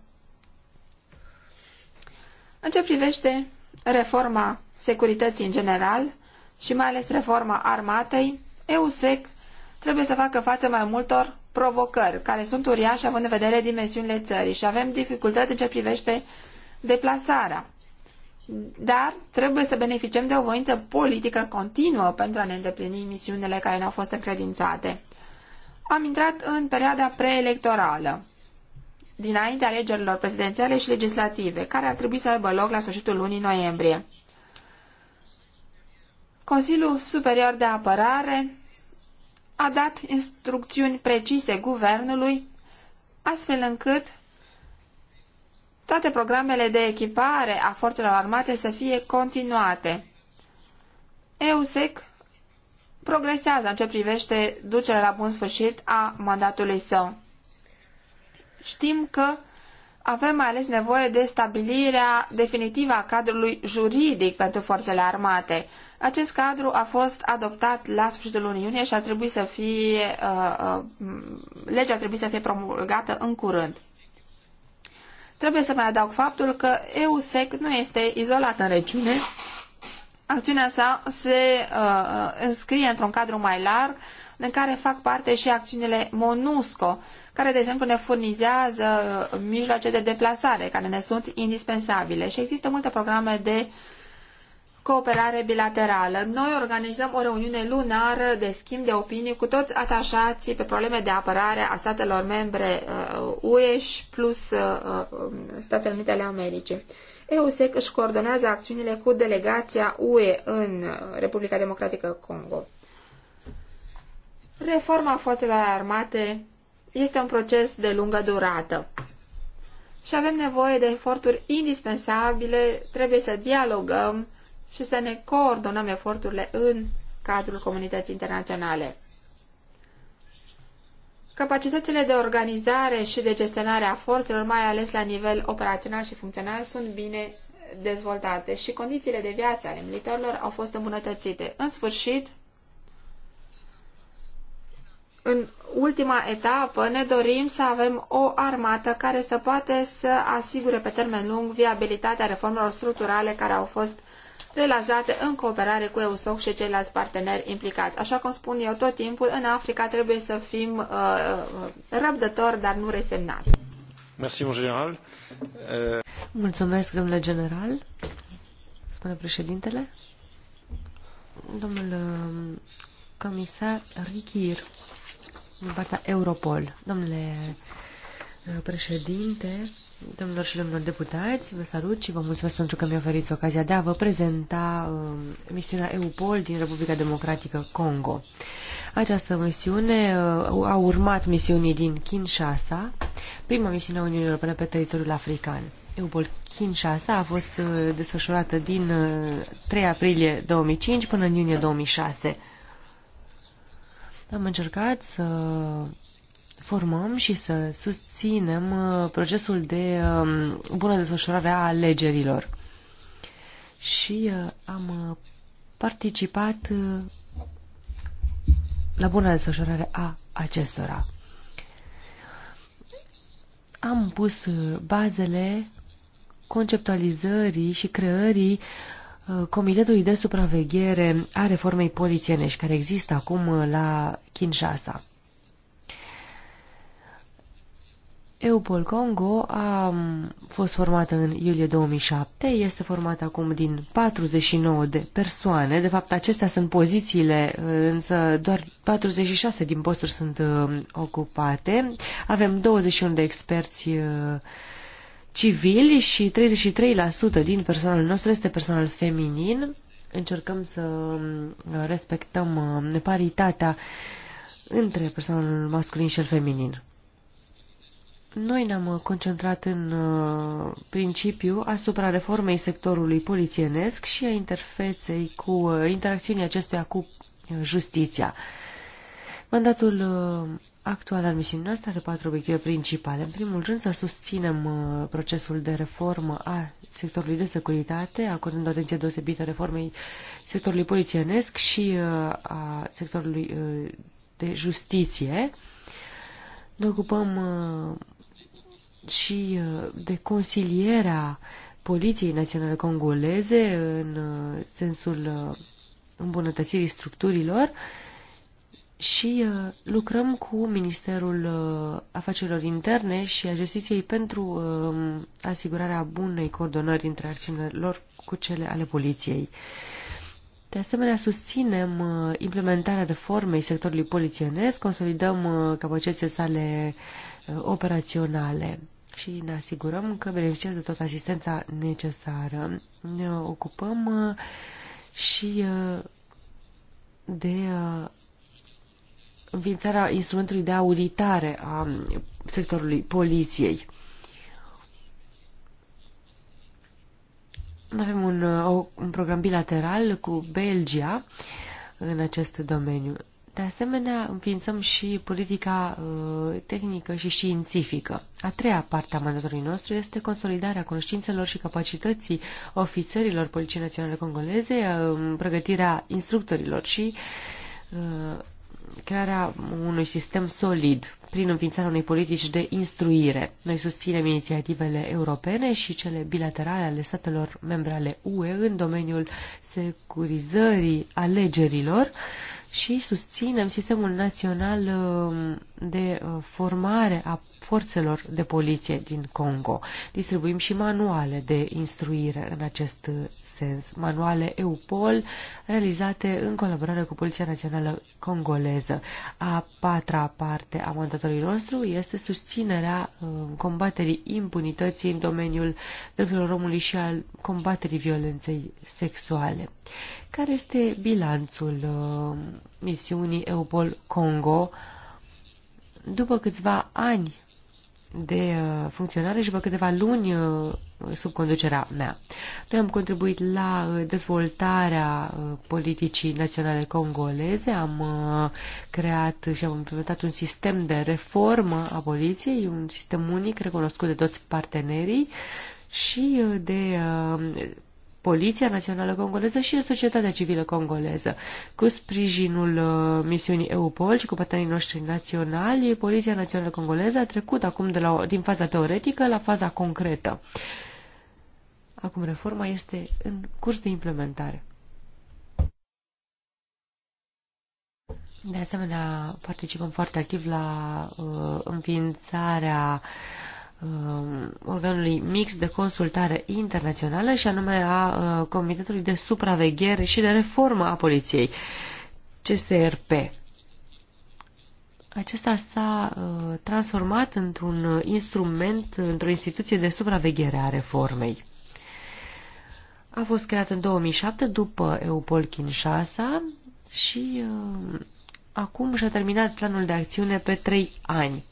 În ce privește reforma securității în general și mai ales reforma armatei, EUSEC trebuie să facă față mai multor provocări, care sunt uriașe având în vedere dimensiunile țării și avem dificultăți în ce privește deplasarea dar trebuie să beneficiem de o voință politică continuă pentru a ne îndeplini misiunile care ne-au fost încredințate. Am intrat în perioada preelectorală, dinainte alegerilor prezidențiale și legislative, care ar trebui să aibă loc la sfârșitul lunii noiembrie. Consiliul Superior de Apărare a dat instrucțiuni precise guvernului, astfel încât toate programele de echipare a forțelor armate să fie continuate. EUSEC progresează în ce privește ducerea la bun sfârșit a mandatului său. Știm că avem mai ales nevoie de stabilirea definitivă a cadrului juridic pentru forțele armate. Acest cadru a fost adoptat la sfârșitul lunii iunie și a trebuit să fie, uh, uh, legea a trebuit să fie promulgată în curând. Trebuie să mai adaug faptul că EUSEC nu este izolat în regiune. Acțiunea sa se uh, înscrie într-un cadru mai larg, în care fac parte și acțiunile MONUSCO, care, de exemplu, ne furnizează uh, mijloace de deplasare, care ne sunt indispensabile. Și există multe programe de uh, cooperare bilaterală. Noi organizăm o reuniune lunară de schimb de opinii cu toți atașații pe probleme de apărare a statelor membre UE uh, și plus uh, uh, Statele Unite ale Americii. EUSEC își coordonează acțiunile cu delegația UE în Republica Democratică Congo. Reforma forțelor armate este un proces de lungă durată și avem nevoie de eforturi indispensabile, trebuie să dialogăm și să ne coordonăm eforturile în cadrul comunității internaționale. Capacitățile de organizare și de gestionare a forțelor, mai ales la nivel operațional și funcțional, sunt bine dezvoltate și condițiile de viață ale militarilor au fost îmbunătățite. În sfârșit, în ultima etapă ne dorim să avem o armată care să poate să asigure pe termen lung viabilitatea reformelor structurale care au fost realizate în cooperare cu EUSOC și ceilalți parteneri implicați. Așa cum spun eu tot timpul, în Africa trebuie să fim uh, uh răbdători, dar nu resemnați. Mersi, mon general. Uh... Mulțumesc, domnule general. Spune președintele. Domnul uh, comisar Richir, din partea Europol. Domnule uh, președinte, Domnilor și domnilor deputați, vă salut și vă mulțumesc pentru că mi-a oferit ocazia de a vă prezenta uh, misiunea EUPOL din Republica Democratică Congo. Această misiune uh, a urmat misiunii din Kinshasa, prima misiune a Uniunii Europene pe teritoriul african. EUPOL Kinshasa a fost uh, desfășurată din uh, 3 aprilie 2005 până în iunie 2006. Am încercat să formăm și să susținem uh, procesul de um, bună desfășurare a alegerilor. Și uh, am uh, participat la bună desfășurare a acestora. Am pus bazele conceptualizării și creării Comitetului de Supraveghere a Reformei Polițienești, care există acum la Kinshasa. Eupol Congo a mm, fost formată în iulie 2007, este formată acum din 49 de persoane. De fapt, acestea sunt pozițiile, însă doar 46 din posturi sunt mm, ocupate. Avem 21 de experți mm, civili și 33% din personalul nostru este personal feminin. Încercăm să respectăm paritatea între personalul masculin și cel feminin. Noi ne-am concentrat în uh, principiu asupra reformei sectorului polițienesc și a interfeței cu uh, interacțiunii acestuia cu uh, justiția. Mandatul actual al misiunii noastre are patru obiective principale. În primul rând, să susținem procesul de reformă a sectorului de securitate, acordând o atenție deosebită reformei sectorului polițienesc și a sectorului de justiție. Ne ocupăm și uh, de consilierea Poliției Naționale Congoleze în uh, sensul uh, îmbunătățirii structurilor și lucrăm cu Ministerul Afacerilor Interne și a Justiției pentru um, asigurarea bunei coordonări între acțiunile lor cu cele ale poliției. De asemenea, susținem implementarea reformei sectorului polițienesc, consolidăm capacitățile sale operaționale și ne asigurăm că beneficiază de toată asistența necesară. Ne ocupăm uh, și uh, de uh, înființarea instrumentului de auditare a sectorului poliției. Avem un, un program bilateral cu Belgia în acest domeniu. De asemenea, înființăm și politica uh, tehnică și științifică. A treia parte a mandatului nostru este consolidarea conștiințelor și capacității ofițerilor Poliției Naționale Congoleze, uh, pregătirea instructorilor și uh, crearea unui sistem solid prin înființarea unei politici de instruire. Noi susținem inițiativele europene și cele bilaterale ale statelor membre ale UE în domeniul securizării alegerilor și susținem sistemul național um, de uh, formare a forțelor de poliție din Congo. Distribuim și manuale de instruire în acest uh, sens, manuale EUPOL realizate în colaborare cu Poliția Națională Congoleză. A patra parte a mandatului mandatului nostru este susținerea uh, combaterii impunității în domeniul drepturilor omului și al combaterii violenței sexuale. Care este bilanțul uh, misiunii EUPOL Congo după câțiva ani de uh, funcționare și după câteva luni uh, sub conducerea mea. Noi am contribuit la uh, dezvoltarea politicii naționale congoleze, am creat și am implementat un sistem de reformă a poliției, un sistem unic recunoscut de toți partenerii și de Poliția Națională Congoleză și societatea civilă congoleză. Cu sprijinul uh, misiunii EUPOL și cu partenerii noștri naționali, Poliția Națională Congoleză a trecut acum de la, din faza teoretică la faza concretă. Acum reforma este în curs de implementare. De asemenea, participăm foarte activ la uh, înființarea uh, Uh, organului mix de consultare internațională și anume a uh, Comitetului de Supraveghere și de Reformă a Poliției, CSRP. Acesta s-a uh, transformat într-un instrument, într-o instituție de supraveghere a reformei. A fost creat în 2007 după Eupol Kinshasa și acum și-a terminat planul de acțiune pe trei ani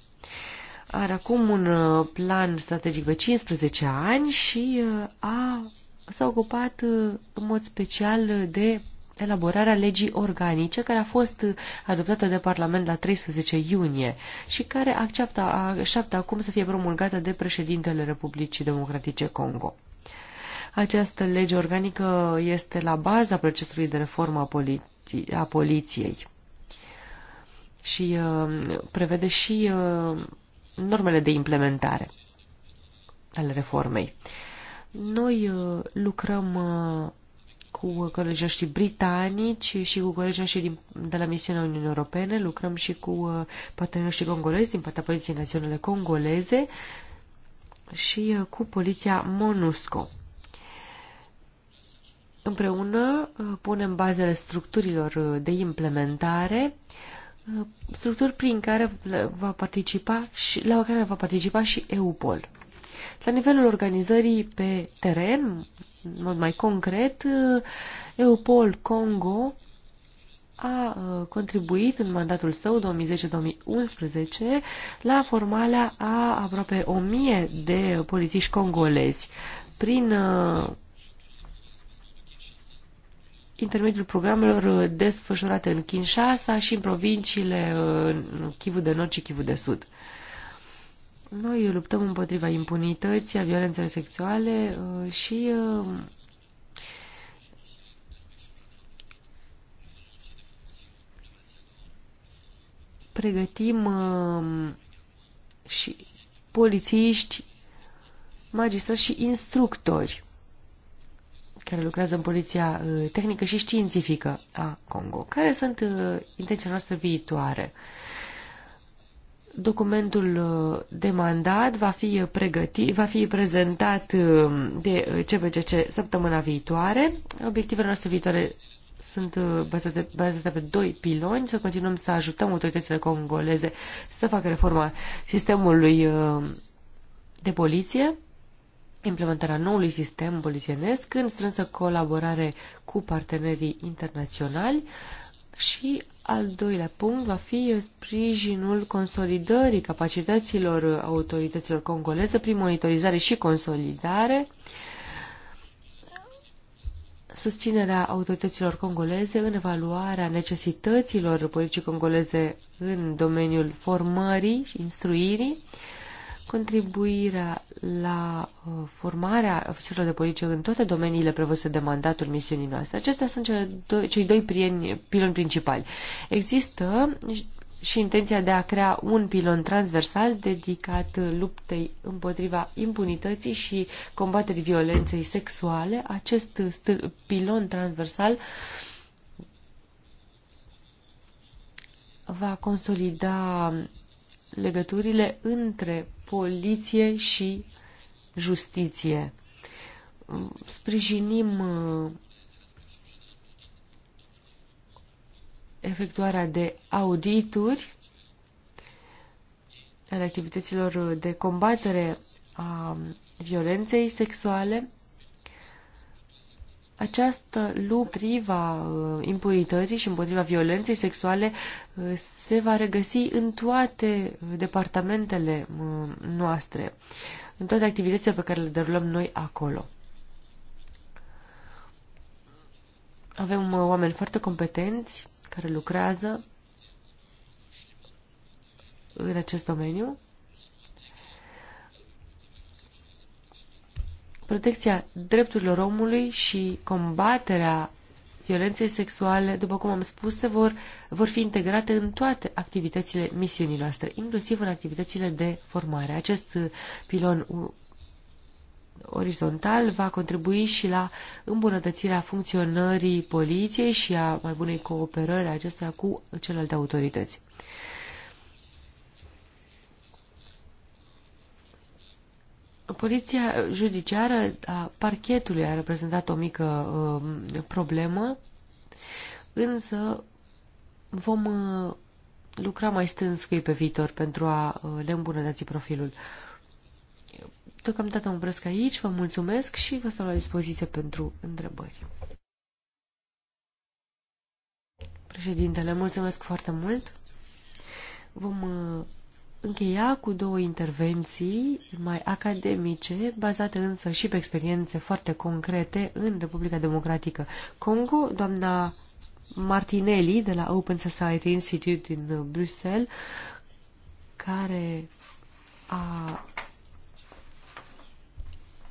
are acum un uh, plan strategic pe 15 ani și uh, a, s-a ocupat uh, în mod special de elaborarea legii organice care a fost adoptată de Parlament la 13 iunie și care acceptă, așteaptă acum să fie promulgată de președintele Republicii Democratice Congo. Această lege organică este la baza procesului de reformă a, poli- a poliției și uh, prevede și uh, normele de implementare ale reformei. Noi uh, lucrăm uh, cu colegii britanici și cu colegii din, de la misiunea Uniunii Europene, lucrăm și cu uh, partenerii congolezi din partea Poliției Naționale Congoleze și cu poliția MONUSCO. Împreună punem bazele structurilor de implementare uh, Uh, structuri prin care va participa și, la care va participa și EUPOL. La nivelul organizării pe teren, în mod mai concret, uh, EUPOL Congo a uh, contribuit în mandatul său 2010-2011 la formarea a aproape 1000 de polițiști congolezi prin intermediul programelor uh, desfășurate în Kinshasa și în provinciile Chivu uh, de Nord și Chivu de Sud. Noi luptăm împotriva impunității, a violențelor sexuale uh, și pregătim um, și polițiști, magistrați și instructori care lucrează în poliția uh, tehnică și științifică a Congo. Care sunt uh, intențiile noastre viitoare? Documentul uh, demandat va fi pregătit, va fi prezentat de CBCC săptămâna viitoare. Obiectivele noastre viitoare sunt bazate, bazate pe doi piloni, să continuăm să ajutăm autoritățile congoleze să facă reforma sistemului de poliție implementarea noului sistem polițienesc în strânsă colaborare cu partenerii internaționali și al doilea punct va fi sprijinul consolidării capacităților autorităților congoleze prin monitorizare și consolidare, susținerea autorităților congoleze în evaluarea necesităților politicii congoleze în domeniul formării și instruirii, contribuirea la uh, formarea ofițerilor de poliție în toate domeniile prevăzute de mandatul misiunii noastre. Acestea sunt cele doi, cei doi prieni, piloni principali. Există și intenția de a crea un pilon transversal dedicat luptei împotriva impunității și combaterii violenței sexuale. Acest pilon transversal va consolida legăturile între poliție și justiție. Sprijinim uh, efectuarea de audituri ale activităților de combatere a violenței sexuale această luptă împotriva uh, impunității și împotriva violenței sexuale uh, se va regăsi în toate departamentele uh, noastre, în toate activitățile pe care le derulăm noi acolo. Avem oameni foarte competenți care lucrează în acest domeniu protecția drepturilor omului și combaterea violenței sexuale, după cum am spus, se vor, vor fi integrate în toate activitățile misiunii noastre, inclusiv în activitățile de formare. Acest uh, pilon uh, orizontal va contribui și la îmbunătățirea funcționării poliției și a mai bunei cooperări acestea cu celelalte autorități. Poliția judiciară a parchetului a reprezentat o mică uh, problemă, însă vom uh, lucra mai stâns cu ei pe viitor pentru a uh, le îmbunătăți profilul. Deocamdată mă opresc aici, vă mulțumesc și vă stau la dispoziție pentru întrebări. Președintele, mulțumesc foarte mult. Vom uh, încheia cu două intervenții mai academice, bazate însă și pe experiențe foarte concrete în Republica Democratică Congo. Doamna Martinelli de la Open Society Institute din Bruxelles, care a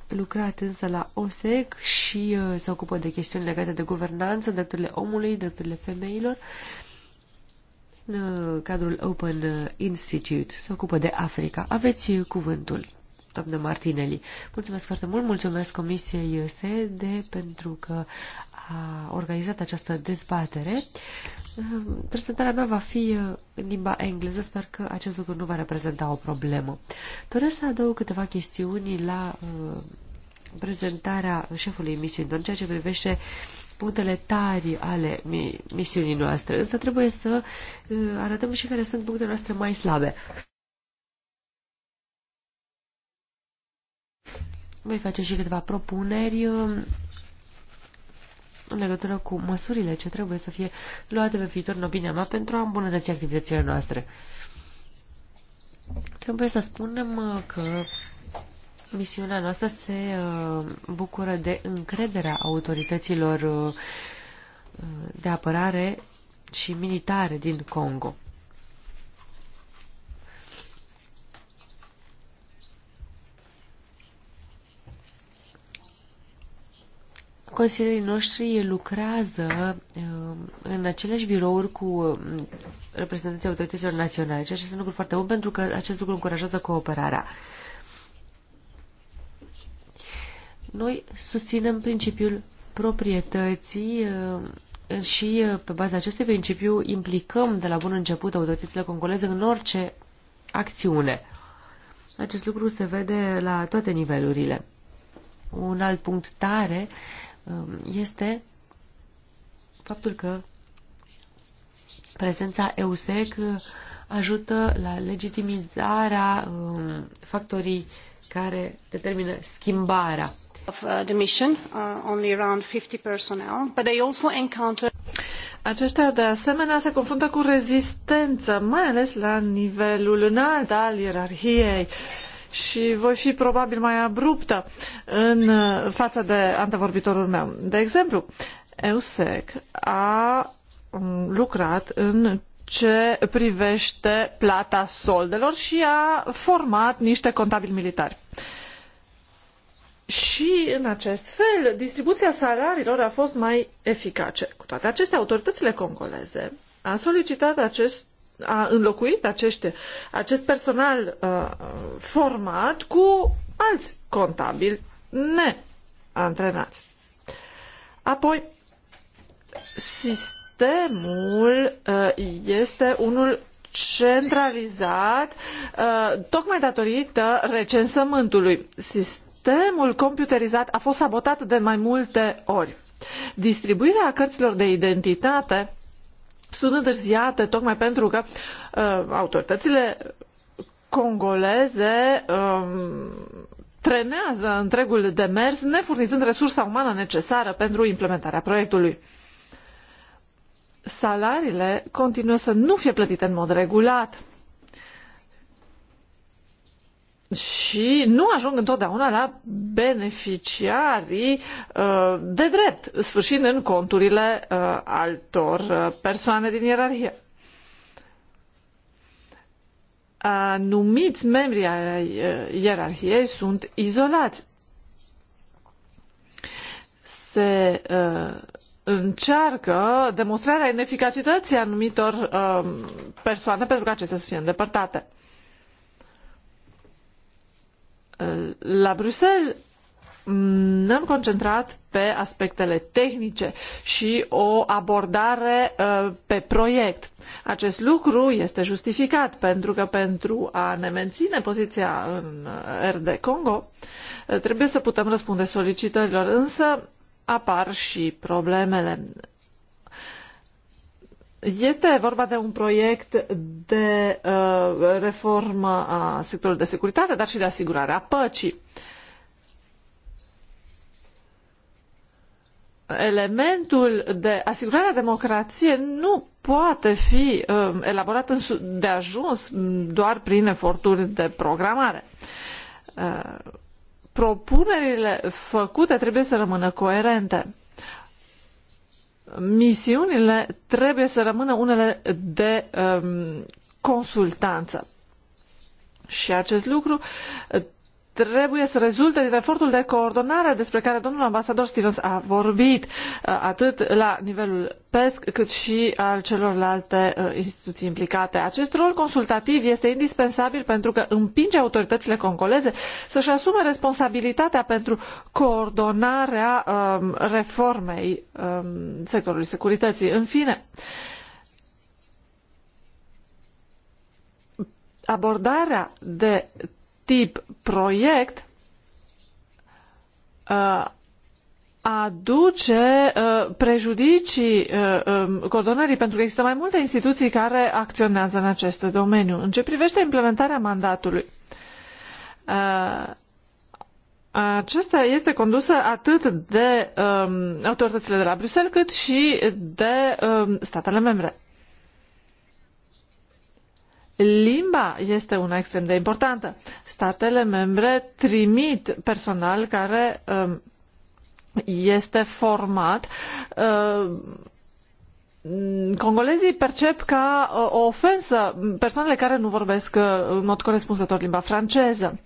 lucrat însă la OSEC și uh, se ocupă de chestiuni legate de guvernanță, drepturile omului, drepturile femeilor în uh, cadrul Open uh, Institute, se ocupă de Africa. Aveți uh, cuvântul, doamnă Martinelli. Mulțumesc foarte mult, mulțumesc Comisiei SED pentru că a organizat această dezbatere. Prezentarea mea va fi în limba engleză, sper că acest lucru nu va reprezenta o problemă. Doresc să adaug câteva chestiuni la prezentarea șefului misiunii, în ceea ce privește uh, punctele tari ale misiunii noastre, însă trebuie să uh, arătăm și care sunt punctele noastre mai slabe. Voi face și câteva propuneri uh, în legătură cu măsurile ce trebuie să fie luate pe viitor, în opinia mea, pentru a îmbunătăți activitățile noastre. Trebuie să spunem uh, că Misiunea noastră se uh, bucură de încrederea autorităților uh, uh, de apărare și militare din Congo. Consilierii noștri lucrează în aceleași birouri cu reprezentanții autorităților naționale, ceea ce este un lucru foarte bun pentru că acest lucru încurajează cooperarea. Noi susținem principiul proprietății uh, și uh, pe baza acestui principiu implicăm de la bun început autoritățile congoleze în orice acțiune. Acest lucru se vede la toate nivelurile. Un alt punct tare um, este faptul că prezența EUSEC ajută la legitimizarea um, factorii care determină schimbarea Of uh, the mission, uh, only around 50 personnel, but they also encounter aceștia, de asemenea, se confruntă cu rezistență, mai ales la nivelul înalt al ierarhiei și voi fi probabil mai abruptă în uh, față de antevorbitorul meu. De exemplu, EUSEC a um, lucrat în ce privește plata soldelor și a format niște contabili militari. Uh, și în acest fel, distribuția salariilor a fost mai eficace. Cu toate acestea, autoritățile congoleze a solicitat acest a înlocuit acești, acest personal uh, format cu alți contabili neantrenați. Apoi, sistemul uh, este unul centralizat uh, tocmai datorită recensământului. Sistemul sistemul computerizat a fost sabotat de mai multe ori. Distribuirea cărților de identitate sunt întârziate tocmai pentru că uh, autoritățile congoleze uh, trenează întregul demers, nefurnizând resursa umană necesară pentru implementarea proiectului. Salariile continuă să nu fie plătite în mod regulat și nu ajung întotdeauna la beneficiarii uh, de drept, sfârșind în conturile uh, altor uh, persoane din ierarhie. Anumiți membri ai ierarhiei sunt izolați. Se încearcă demonstrarea ineficacității anumitor persoane pentru ca acestea să fie îndepărtate la Bruxelles ne-am concentrat pe aspectele tehnice și o abordare uh, pe proiect. Acest lucru este justificat pentru că pentru a ne menține poziția în uh, RD Congo uh, trebuie să putem răspunde solicitărilor, însă apar și problemele. Este vorba de un proiect de uh, reformă a sectorului de securitate, dar și de asigurare a păcii. Elementul de asigurare a democrației nu poate fi uh, elaborat în, de ajuns doar prin eforturi de programare. Uh, propunerile făcute trebuie să rămână coerente misiunile trebuie să rămână unele de um, consultanță. Și acest lucru trebuie să rezulte din efortul de coordonare despre care domnul ambasador Stevens a vorbit uh, atât la nivelul PESC cât și al celorlalte uh, instituții implicate. Acest rol consultativ este indispensabil pentru că împinge autoritățile congoleze să-și asume responsabilitatea pentru coordonarea um, reformei um, sectorului securității. În fine, abordarea de tip proiect uh, aduce uh, prejudicii uh, um, coordonării, pentru că există mai multe instituții care acționează în acest domeniu. În ce privește implementarea mandatului, aceasta este condusă atât de um, autoritățile de la Bruxelles cât și de um, statele membre. Limba este una extrem de importantă. Statele membre trimit personal care um, este format um, congolezii percep ca uh, o ofensă persoanele care nu vorbesc uh, în mod corespunzător limba franceză.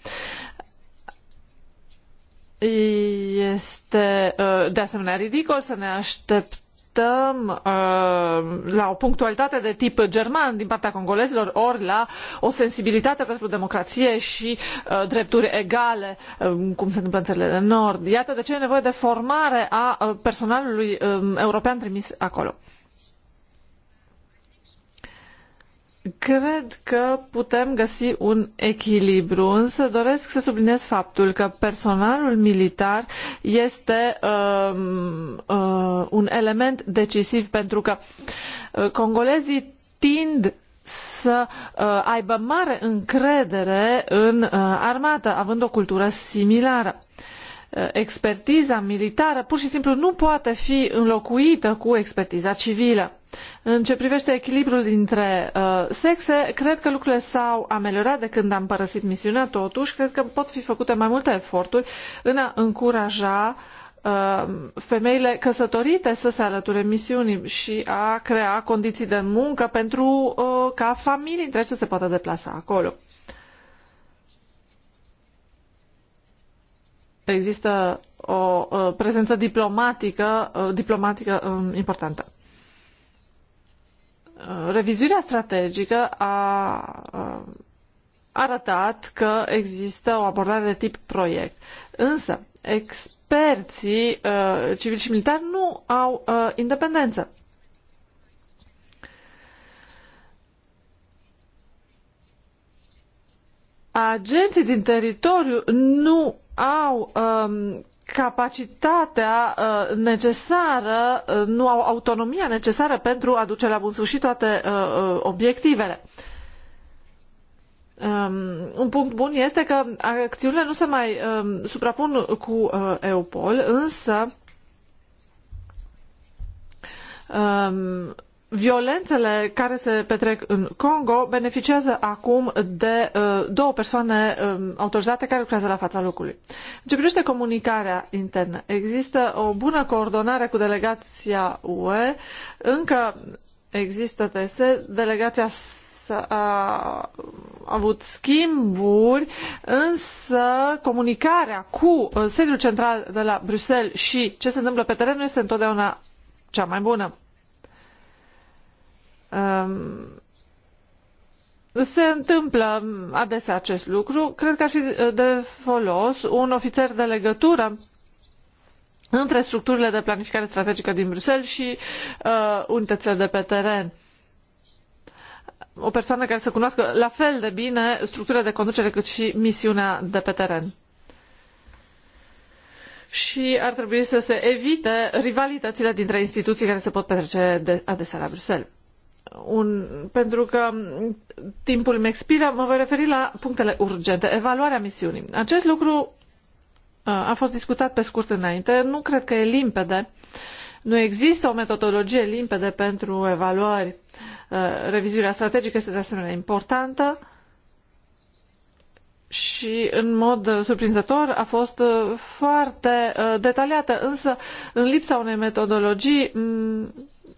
Este uh, de asemenea ridicol să ne așteptăm așteptăm uh, la o punctualitate de tip german din partea congolezilor, ori la o sensibilitate pentru democrație și uh, drepturi egale, uh, cum se întâmplă în țările de nord. Iată de ce e nevoie de formare a uh, personalului um, european trimis acolo. Cred că putem găsi un echilibru, însă doresc să subliniez faptul că personalul militar este um, uh, un element decisiv pentru că uh, congolezii tind să uh, aibă mare încredere în uh, armată, având o cultură similară. Uh, Uh, expertiza militară pur și simplu nu poate fi înlocuită cu expertiza civilă. În ce privește echilibrul dintre uh, sexe, cred că lucrurile s-au ameliorat de când am părăsit misiunea, totuși cred că pot fi făcute mai multe eforturi în a încuraja uh, femeile căsătorite să se alăture misiunii și a crea condiții de muncă pentru uh, ca familii întregi să se poată deplasa acolo. există o prezență diplomatică, diplomatică um, importantă. Revizuirea strategică a arătat că există o abordare de tip proiect. Însă, experții uh, civili și militari nu au uh, independență. agenții din teritoriu nu au um, capacitatea uh, necesară, uh, nu au autonomia necesară pentru a duce la bun sfârșit toate uh, uh, obiectivele. Um, un punct bun este că acțiunile nu se mai um, suprapun cu uh, EUPOL, însă um, violențele care se petrec în Congo beneficiază acum de uh, două persoane uh, autorizate care lucrează la fața locului. În ce privește comunicarea internă, există o bună coordonare cu delegația UE, încă există TS, delegația a avut schimburi, însă comunicarea cu uh, sediul central de la Bruxelles și ce se întâmplă pe teren nu este întotdeauna cea mai bună. Um, se întâmplă adesea acest lucru. Cred că ar fi de folos un ofițer de legătură între structurile de planificare strategică din Bruxelles și uh, unitățile de pe teren. O persoană care să cunoască la fel de bine structurile de conducere cât și misiunea de pe teren. Și ar trebui să se evite rivalitățile dintre instituții care se pot petrece de, adesea la Bruxelles un, pentru că timpul îmi expiră, mă voi referi la punctele urgente, evaluarea misiunii. Acest lucru uh, a fost discutat pe scurt înainte, nu cred că e limpede. Nu există o metodologie limpede pentru evaluări. Uh, revizuirea strategică este de asemenea importantă și în mod uh, surprinzător a fost foarte detaliată, însă în lipsa unei metodologii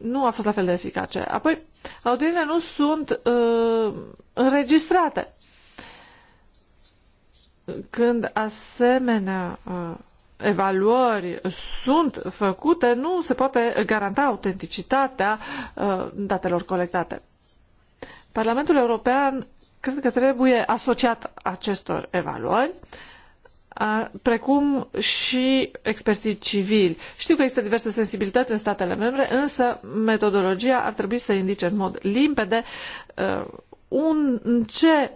nu a fost la fel de eficace. Apoi, audierile nu sunt uh, înregistrate. Când asemenea uh, evaluări sunt făcute, nu se poate garanta autenticitatea uh, datelor colectate. Parlamentul European cred că trebuie asociat acestor evaluări uh, precum și experții civili. Știu că există diverse sensibilități în statele membre, însă metodologia ar trebui să indice în mod limpede un, în ce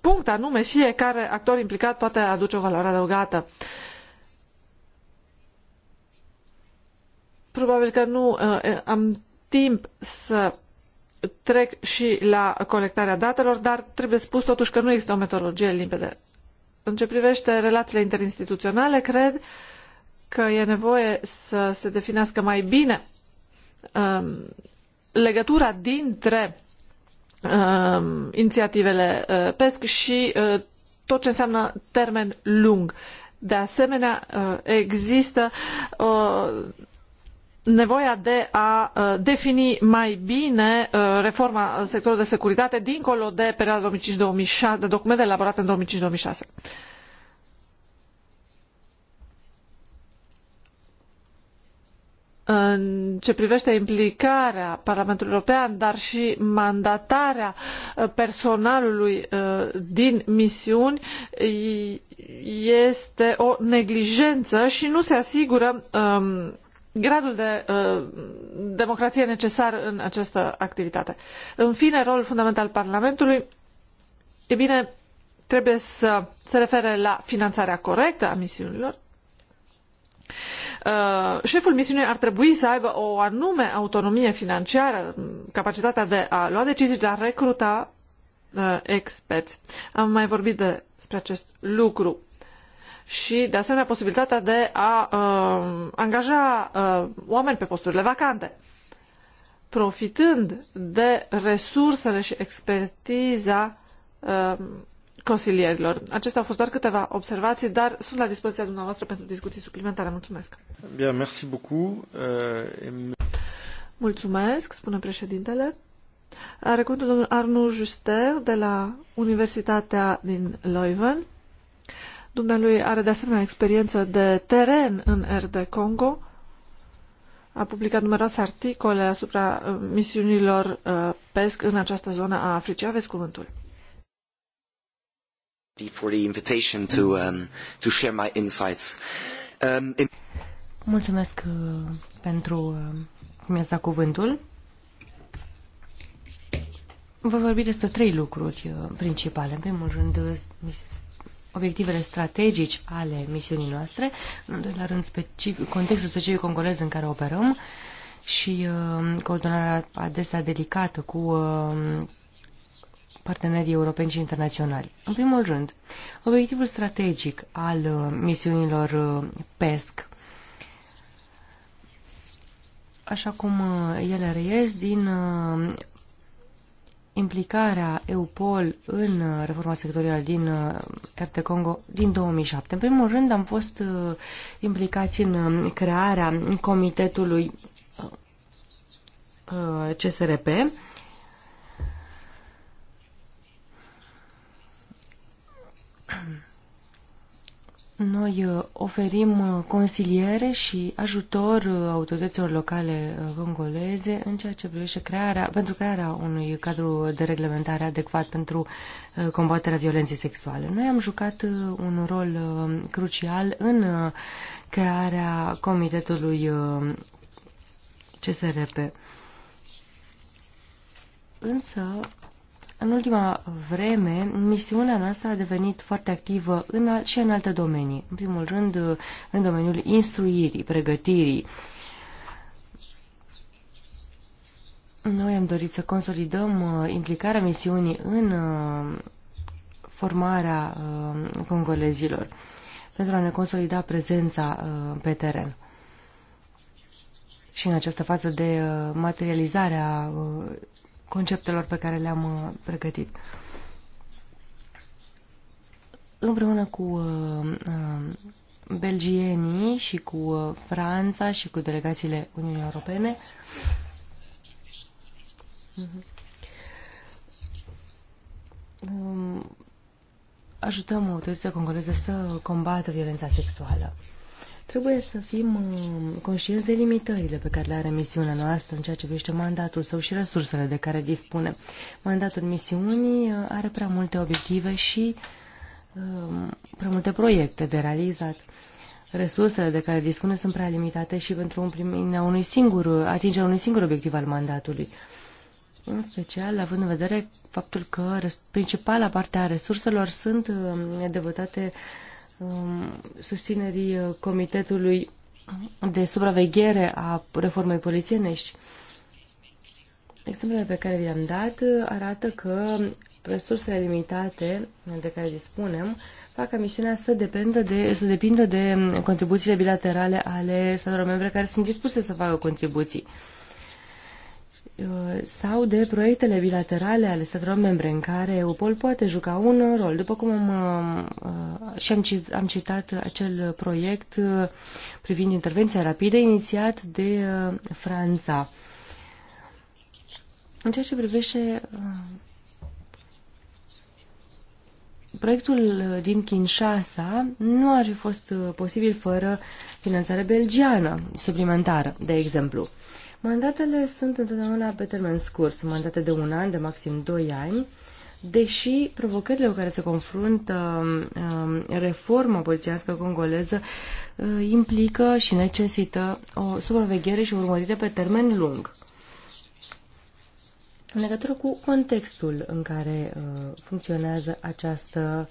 punct anume fiecare actor implicat poate aduce o valoare adăugată. Probabil că nu am timp să trec și la colectarea datelor, dar trebuie spus totuși că nu există o metodologie limpede în ce privește relațiile interinstituționale, cred că e nevoie să se definească mai bine um, legătura dintre um, inițiativele uh, PESC și uh, tot ce înseamnă termen lung. De asemenea, uh, există uh, nevoia de a uh, defini mai bine uh, reforma în sectorul de securitate dincolo de perioada 2005-2006, de documente elaborate în 2005-2006. în ce privește implicarea Parlamentului European, dar și mandatarea uh, personalului din misiuni, este o neglijență și nu se asigură um, gradul de uh, democrație necesar în această activitate. În fine, rolul fundamental al Parlamentului, e bine, trebuie să se refere la finanțarea corectă a misiunilor. Uh, șeful misiunii ar trebui să aibă o anume autonomie financiară, capacitatea de a lua decizii, de a recruta uh, experți. Am mai vorbit despre acest lucru și, de asemenea, posibilitatea de a uh, angaja uh, oameni pe posturile vacante. Profitând de resursele și expertiza uh, consilierilor. Acestea au fost doar câteva observații, dar sunt la dispoziția dumneavoastră pentru discuții suplimentare. Mulțumesc! Bien, merci beaucoup. Uh, Mulțumesc, spune președintele. Are cuvântul domnul Arnu Juster de la Universitatea din Leuven. Dumnealui are de asemenea experiență de teren în RD Congo. A publicat numeroase articole asupra uh, misiunilor uh, PESC în această zonă a Africii. Aveți cuvântul. For the invitation to, um, to share my insights. Um, in... Mulțumesc uh, pentru cum mi-ați dat cuvântul. Vă vorbi despre trei lucruri principale. În primul rând, obiectivele strategici ale misiunii noastre, în doilea rând specific, contextul specific congolez în care operăm și uh, coordonarea adesea delicată cu uh, partenerii europeni și internaționali. În primul rând, obiectivul strategic al uh, misiunilor uh, PESC, așa cum uh, ele reiesc din uh, implicarea EUPOL în uh, reforma sectorială din uh, RT Congo din 2007. În primul rând am fost uh, implicați în um, crearea comitetului CSRP, noi uh, oferim uh, consiliere și ajutor uh, autorităților locale congoleze în ceea ce privește crearea, pentru crearea unui cadru de reglementare adecvat pentru combaterea violenței sexuale. Noi am jucat un rol crucial în crearea comitetului CSRP. Însă, în ultima vreme, misiunea noastră a devenit foarte activă în al, și în alte domenii. În primul rând, în domeniul instruirii, pregătirii. Noi am dorit să consolidăm uh, implicarea misiunii în uh, formarea uh, congolezilor pentru a ne consolida prezența pe teren și în această fază de materializare a conceptelor pe care le-am uh, pregătit. Împreună cu uh, uh, belgienii și cu Franța și cu delegațiile Uniunii Europene, um, ajutăm autoritățile congoleze să combată violența sexuală. Trebuie să fim um, conștienți de limitările pe care le are misiunea noastră în ceea ce privește mandatul său și resursele de care dispune. Mandatul misiunii uh, are prea multe obiective și um, prea multe proiecte de realizat. Resursele de care dispune sunt prea limitate și pentru împlinirea unui singur, atingerea unui singur obiectiv al mandatului. În special, având în vedere faptul că principala parte a resurselor sunt um, devotate uh, Um, susținerii uh, Comitetului de Supraveghere a Reformei Polițienești. Exemplele pe care le-am dat uh, arată că resursele limitate de care dispunem fac ca misiunea să depindă de, să depindă de contribuțiile bilaterale ale statelor membre care sunt dispuse să facă contribuții. Uh, Uh, sau de proiectele bilaterale ale statelor membre în care EUPOL poate juca un rol. După cum am, uh, și am, am citat acel proiect uh, privind intervenția rapidă inițiat de Franța. În ceea ce privește proiectul din Kinshasa nu ar fi fost posibil fără finanțare belgiană suplimentară, de exemplu. Mandatele sunt întotdeauna pe termen scurt, mandate de un an, de maxim doi ani, deși provocările cu care se confruntă um, reforma polițiască congoleză uh, implică și necesită o supraveghere și urmărire pe termen lung. În legătură cu contextul în care uh, funcționează această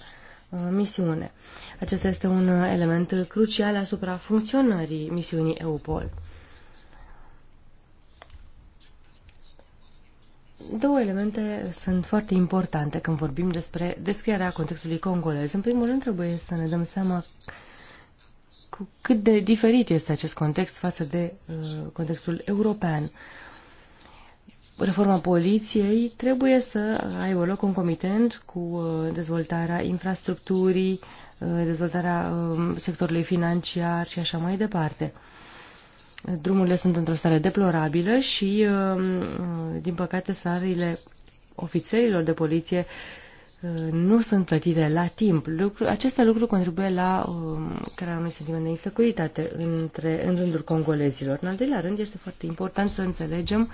uh, misiune. Acesta este un element crucial asupra funcționării misiunii EUPOL. Două elemente sunt foarte importante când vorbim despre descrierea contextului congolez. În primul rând trebuie să ne dăm seama cu cât de diferit este acest context față de uh, contextul european. Reforma poliției trebuie să aibă loc concomitent cu uh, dezvoltarea infrastructurii, uh, dezvoltarea uh, sectorului financiar și așa mai departe. Uh, drumurile sunt într-o stare deplorabilă și, um, uh, din păcate, salariile ofițerilor de poliție uh, nu sunt plătite la timp. Lucru, aceste lucruri contribuie la um, crearea unui sentiment de insecuritate între, în rândul congolezilor. În al doilea rând, este foarte important să înțelegem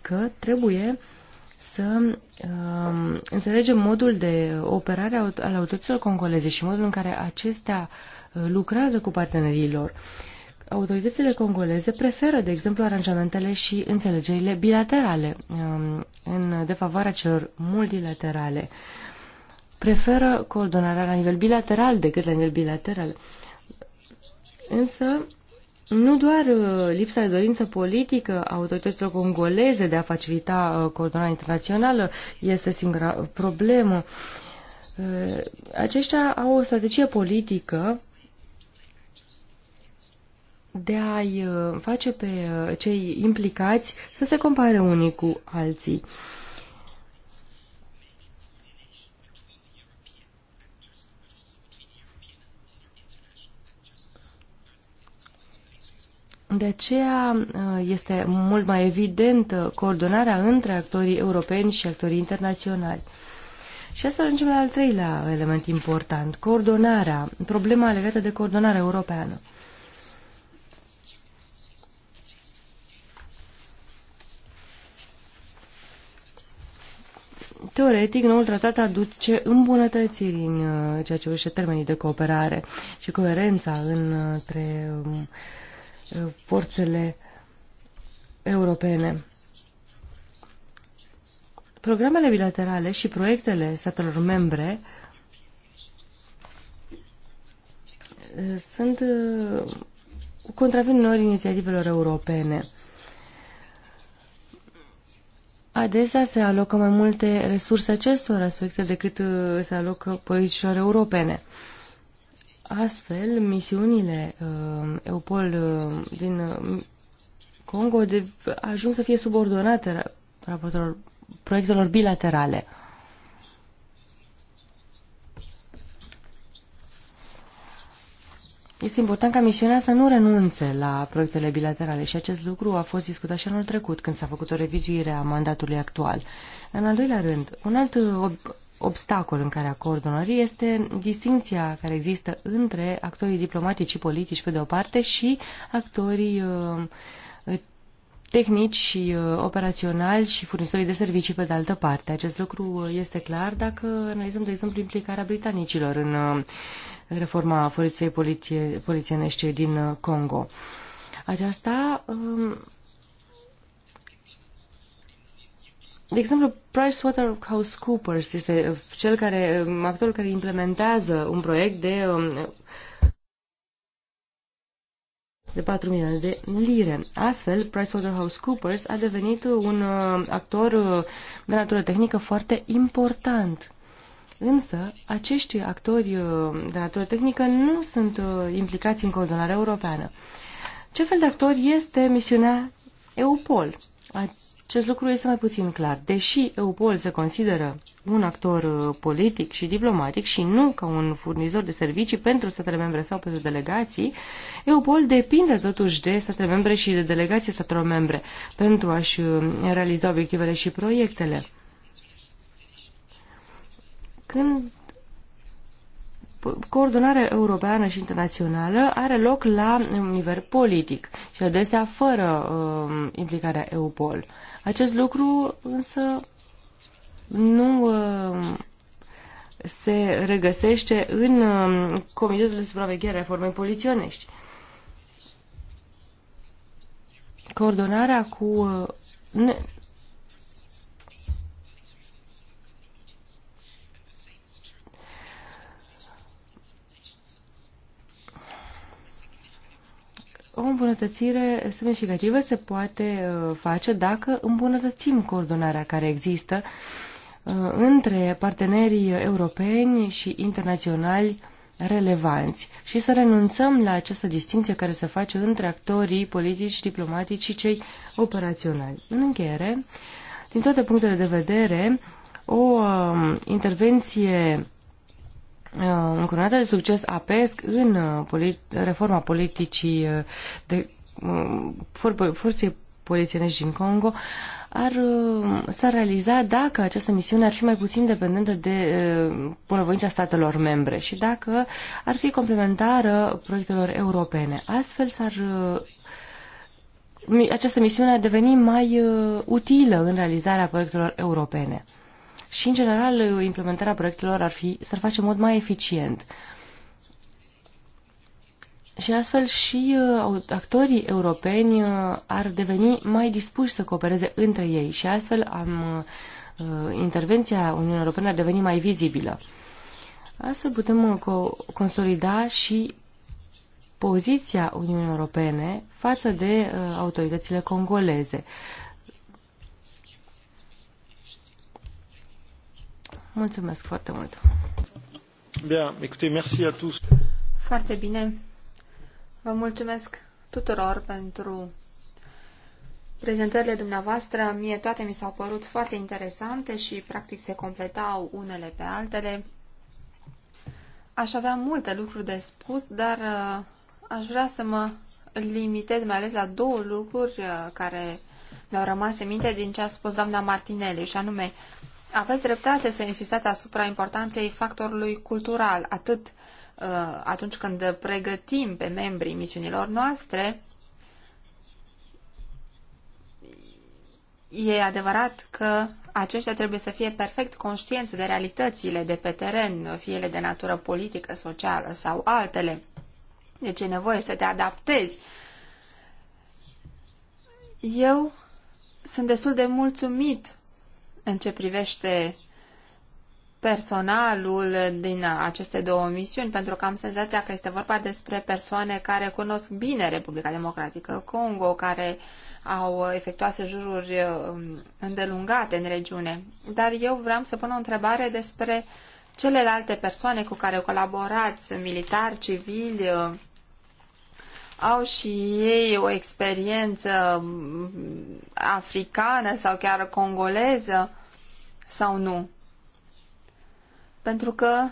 că trebuie să um, înțelegem modul de operare al autorităților congoleze și modul în care acestea uh, lucrează cu partenerii lor. Uh, autoritățile congoleze preferă, de exemplu, aranjamentele și înțelegerile bilaterale um, în defavoarea celor multilaterale. Preferă coordonarea la nivel bilateral decât la nivel bilateral. Însă, nu doar uh, lipsa de dorință politică a autorităților congoleze de a facilita uh, coordonarea internațională este singura problemă. Uh, aceștia au o strategie politică de a-i uh, face pe uh, cei implicați să se compare unii cu alții. De aceea uh, este mult mai evident coordonarea între actorii europeni și actorii internaționali. Și asta ajungem la al treilea element important, coordonarea, problema legată de coordonarea europeană. Teoretic, noul tratat aduce îmbunătățiri în uh, ceea ce privește termenii de cooperare și coerența între um, uh, forțele europene. Programele bilaterale și proiectele statelor membre uh, sunt contravin unor inițiativelor europene. Adesea se alocă mai multe resurse acestor aspecte decât uh, se alocă politicilor europene. Astfel, misiunile uh, EUPOL uh, din uh, Congo de, ajung să fie subordonate raportelor proiectelor bilaterale. Uh, Este important ca misiunea să nu renunțe la proiectele bilaterale și acest lucru a fost discutat și anul trecut când s-a făcut o revizuire a mandatului actual. În al doilea rând, un alt ob- obstacol în care acordă onorii este distinția care există între actorii diplomatici și politici pe de o parte și actorii uh, tehnici și uh, operaționali și furnizorii de servicii pe de altă parte. Acest lucru uh, este clar dacă analizăm, de exemplu, implicarea britanicilor în uh, reforma poliției poliție, polițienești din uh, Congo. Aceasta, um, de exemplu, PricewaterhouseCoopers este uh, cel care, um, actorul care implementează un proiect de um, de 4 milioane de lire. Astfel, PricewaterhouseCoopers a devenit un uh, actor de natură tehnică foarte important Însă, acești actori uh, de natură tehnică nu sunt uh, implicați în coordonarea europeană. Ce fel de actor este misiunea EUPOL? Acest lucru este mai puțin clar. Deși EUPOL se consideră un actor uh, politic și diplomatic și nu ca un furnizor de servicii pentru statele membre sau pentru delegații, EUPOL depinde totuși de statele membre și de delegații statelor membre pentru a-și realiza obiectivele și proiectele când coordonarea europeană și internațională are loc la nivel politic și adesea fără uh, implicarea EUPOL. Acest lucru însă nu uh, se regăsește în uh, Comitetul de Supraveghere a Reformei Poliționești. Coordonarea cu uh, o îmbunătățire semnificativă se poate uh, face dacă îmbunătățim coordonarea care există uh, între partenerii europeni și internaționali relevanți și să renunțăm la această distinție care se face între actorii politici, diplomatici și cei operaționali. În încheiere, din toate punctele de vedere, o um, intervenție Uh, încurunată de succes a PESC în uh, polit reforma politicii uh, de for forței polițienești din Congo ar s-ar realiza dacă această misiune ar fi mai puțin dependentă de bunăvoința statelor membre și dacă ar fi complementară proiectelor europene. Astfel s-ar această misiune a deveni mai utilă în realizarea proiectelor europene și, în general, implementarea proiectelor ar fi, să l face în mod mai eficient. Și astfel și uh, actorii europeni uh, ar deveni mai dispuși să coopereze între ei și astfel am, uh, intervenția Uniunii Europene ar deveni mai vizibilă. Astfel putem uh, co- consolida și poziția Uniunii Europene față de uh, autoritățile congoleze. Uh, Mulțumesc foarte mult. Bien, écoutez, merci à tous. Foarte bine. Vă mulțumesc tuturor pentru prezentările dumneavoastră. Mie toate mi s-au părut foarte interesante și practic se completau unele pe altele. Aș avea multe lucruri de spus, dar uh, aș vrea să mă limitez mai ales la două lucruri uh, care mi-au rămas în minte din ce a spus doamna Martinelli, și anume aveți dreptate să insistați asupra importanței factorului cultural, atât uh, atunci când pregătim pe membrii misiunilor noastre. E adevărat că aceștia trebuie să fie perfect conștienți de realitățile de pe teren, fie ele de natură politică, socială sau altele. Deci e nevoie să te adaptezi. Eu sunt destul de mulțumit în ce privește personalul din aceste două misiuni, pentru că am senzația că este vorba despre persoane care cunosc bine Republica Democratică Congo, care au efectuat sejururi um, îndelungate în regiune. Dar eu vreau să pun o întrebare despre celelalte persoane cu care colaborați, militari, civili, uh, au și ei o experiență mm, africană sau chiar congoleză sau nu. Pentru că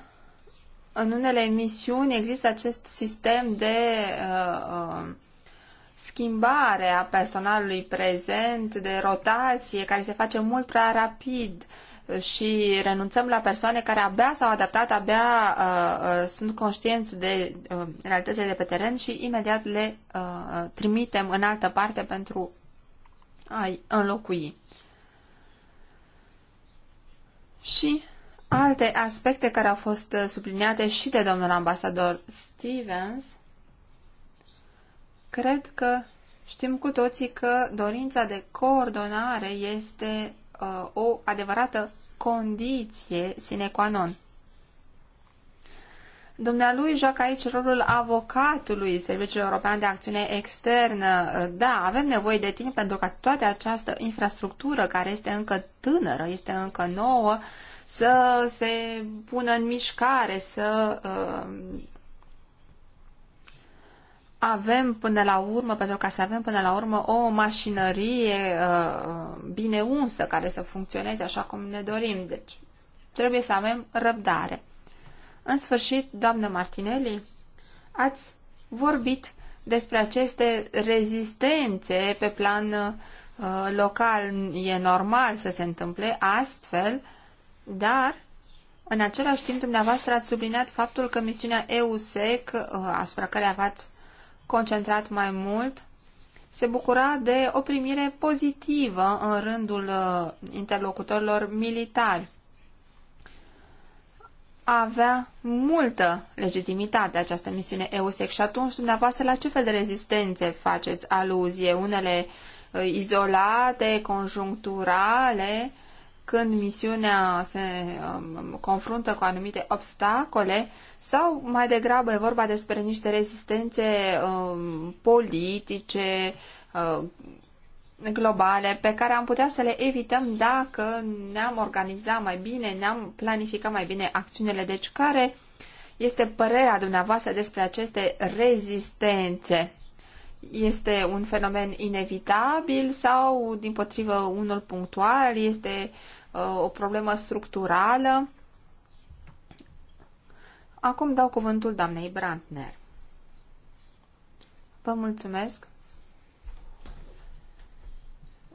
în unele misiuni există acest sistem de uh, uh schimbare a personalului prezent, de rotație, care se face mult prea rapid și renunțăm la persoane care abia s-au adaptat, abia uh, uh, sunt conștienți de uh, realitățile de pe teren și imediat le uh, uh trimitem în altă parte pentru a-i înlocui. Și alte aspecte care au fost uh, subliniate și de domnul ambasador Stevens, cred că știm cu toții că dorința de coordonare este uh, o adevărată condiție sine qua non. Dumnealui joacă aici rolul avocatului Serviciului European de Acțiune Externă. Da, avem nevoie de timp pentru ca toată această infrastructură care este încă tânără, este încă nouă, să se pună în mișcare, să uh, avem până la urmă, pentru ca să avem până la urmă o mașinărie uh, bine unsă care să funcționeze așa cum ne dorim. Deci trebuie să avem răbdare. În sfârșit, doamnă Martinelli, ați vorbit despre aceste rezistențe pe plan uh, local. E normal să se întâmple astfel, dar în același timp dumneavoastră ați subliniat faptul că misiunea EUSEC, uh, asupra care v-ați concentrat mai mult, se bucura de o primire pozitivă în rândul uh, interlocutorilor militari. Avea multă legitimitate această misiune EUSEC și atunci dumneavoastră la ce fel de rezistențe faceți aluzie? Unele uh, izolate, conjuncturale, uh, când misiunea se um, confruntă cu anumite obstacole sau mai degrabă e vorba despre niște rezistențe um, politice, uh, globale pe care am putea să le evităm dacă ne-am organizat mai bine, ne-am planificat mai bine acțiunile. Deci care este părerea dumneavoastră despre aceste rezistențe? Este un fenomen inevitabil sau, din potrivă, unul punctual? Este uh, o problemă structurală. Acum dau cuvântul doamnei Brandner. Vă mulțumesc.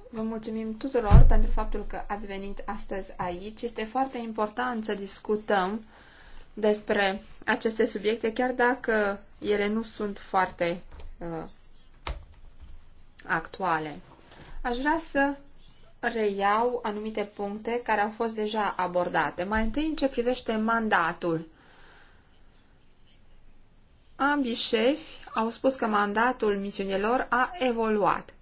Vă mulțumim tuturor pentru faptul că ați venit astăzi aici. Este foarte important să discutăm despre aceste subiecte, chiar dacă ele nu sunt foarte uh, actuale. Aș vrea să reiau anumite puncte care au fost deja abordate. Mai întâi, în ce privește mandatul. Ambii șefi au spus că mandatul misiunilor a evoluat.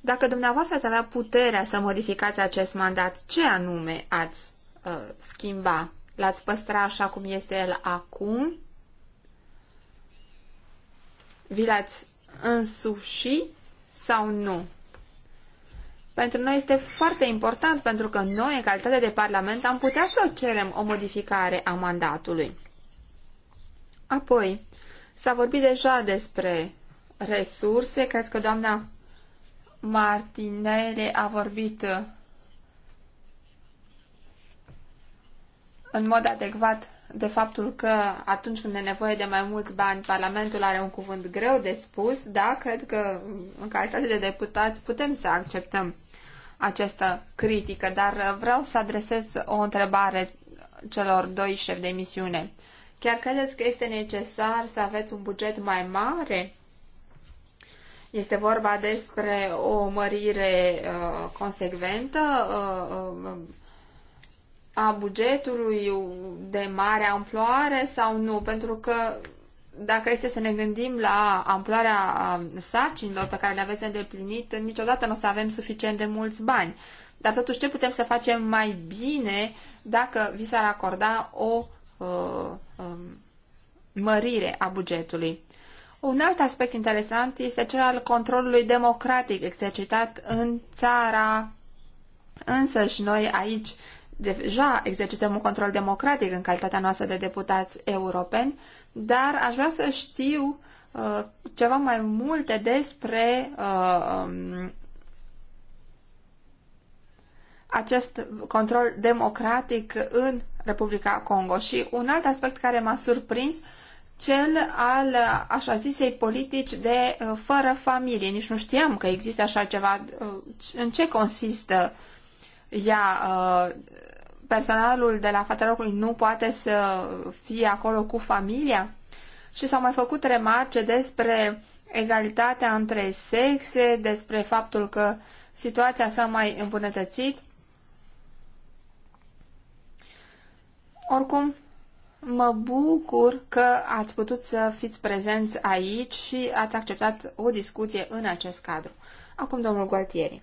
Dacă dumneavoastră ați avea puterea să modificați acest mandat, ce anume ați uh, schimba? L-ați păstra așa cum este el acum? Vi l-ați însuși sau nu? Pentru noi este foarte important pentru că noi, în calitate de Parlament, am putea să cerem o modificare a mandatului. Apoi, s-a vorbit deja despre resurse. Cred că doamna Martinele a vorbit uh, în mod adecvat de faptul că atunci când e nevoie de mai mulți bani, Parlamentul are un cuvânt greu de spus, da, cred că în calitate de deputați putem să acceptăm această critică, dar vreau să adresez o întrebare celor doi șefi de misiune. Chiar credeți că este necesar să aveți un buget mai mare? Este vorba despre o mărire uh, consecventă uh, uh, a bugetului de mare amploare sau nu? Pentru că dacă este să ne gândim la amploarea sarcinilor pe care le aveți de îndeplinit, niciodată nu o să avem suficient de mulți bani. Dar totuși ce putem să facem mai bine dacă vi s-ar acorda o uh, uh, mărire a bugetului? Un alt aspect interesant este cel al controlului democratic exercitat în țara însăși noi aici deja exercităm un control democratic în calitatea noastră de deputați europeni, dar aș vrea să știu uh, ceva mai multe despre uh, um, acest control democratic în Republica Congo. Și un alt aspect care m-a surprins, cel al uh, așa zisei politici de uh, fără familie. Nici nu știam că există așa ceva. Uh, în ce consistă ea? personalul de la fața locului nu poate să fie acolo cu familia? Și s-au mai făcut remarce despre egalitatea între sexe, despre faptul că situația s-a mai îmbunătățit. Oricum, mă bucur că ați putut să fiți prezenți aici și ați acceptat o discuție în acest cadru. Acum, domnul Gualtieri.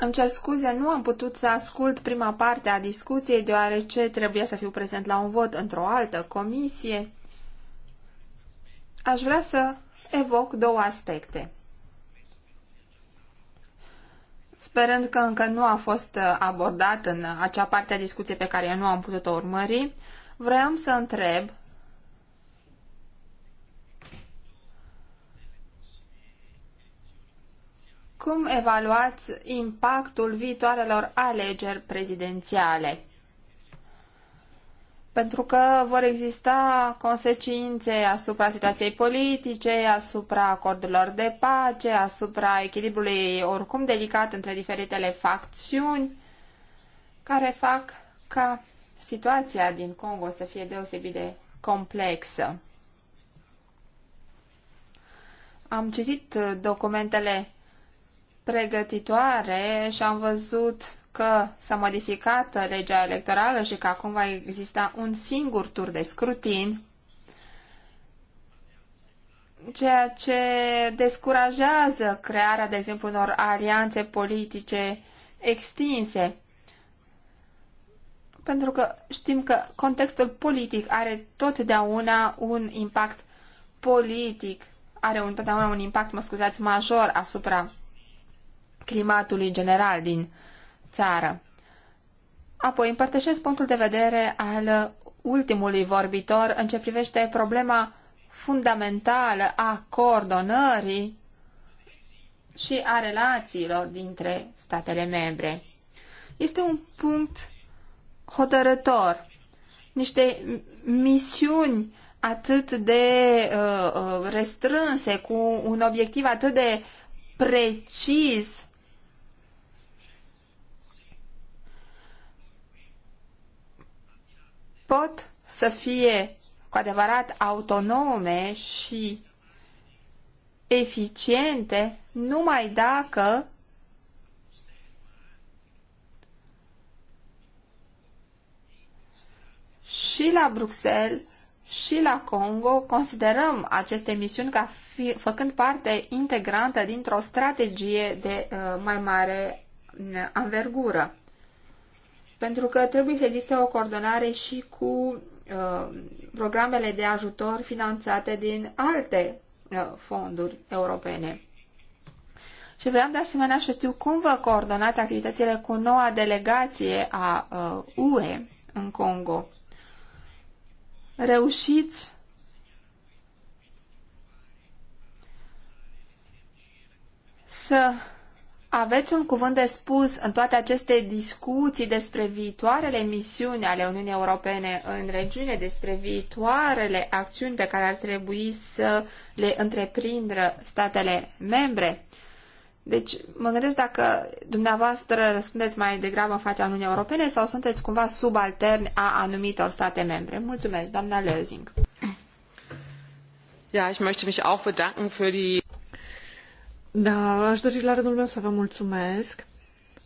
Îmi cer scuze, nu am putut să ascult prima parte a discuției, deoarece trebuia să fiu prezent la un vot într-o altă comisie. Aș vrea să evoc două aspecte. Sperând că încă nu a fost abordat în acea parte a discuției pe care eu nu am putut-o urmări, vreau să întreb Cum evaluați impactul viitoarelor alegeri prezidențiale? Pentru că vor exista consecințe asupra situației politice, asupra acordurilor de pace, asupra echilibrului oricum delicat între diferitele facțiuni, care fac ca situația din Congo să fie deosebit de complexă. Am citit documentele pregătitoare și am văzut că s-a modificat legea electorală și că acum va exista un singur tur de scrutin, ceea ce descurajează crearea, de exemplu, unor alianțe politice extinse. Pentru că știm că contextul politic are totdeauna un impact politic, are întotdeauna un impact, mă scuzați, major asupra climatului general din țară. Apoi împărtășesc punctul de vedere al ultimului vorbitor în ce privește problema fundamentală a coordonării și a relațiilor dintre statele membre. Este un punct hotărător. Niște misiuni atât de uh, uh restrânse, cu un obiectiv atât de precis, pot să fie cu adevărat autonome și eficiente numai dacă și la Bruxelles și la Congo considerăm aceste misiuni ca fi, făcând parte integrantă dintr-o strategie de uh, mai mare uh, anvergură pentru că trebuie să existe o coordonare și cu uh, programele de ajutor finanțate din alte uh, fonduri europene. Și vreau de asemenea să știu cum vă coordonați activitățile cu noua delegație a uh, UE în Congo. Reușiți să aveți un cuvânt de spus în toate aceste discuții despre viitoarele misiuni ale Uniunii Europene în regiune, despre viitoarele acțiuni pe care ar trebui să le întreprindă statele membre? Deci, mă gândesc dacă dumneavoastră răspundeți mai degrabă în fața Uniunii Europene sau sunteți cumva subalterni a anumitor state membre. Mulțumesc, doamna Lösing. Ja, ich möchte mich auch bedanken für die da, aș dori la rândul meu să vă mulțumesc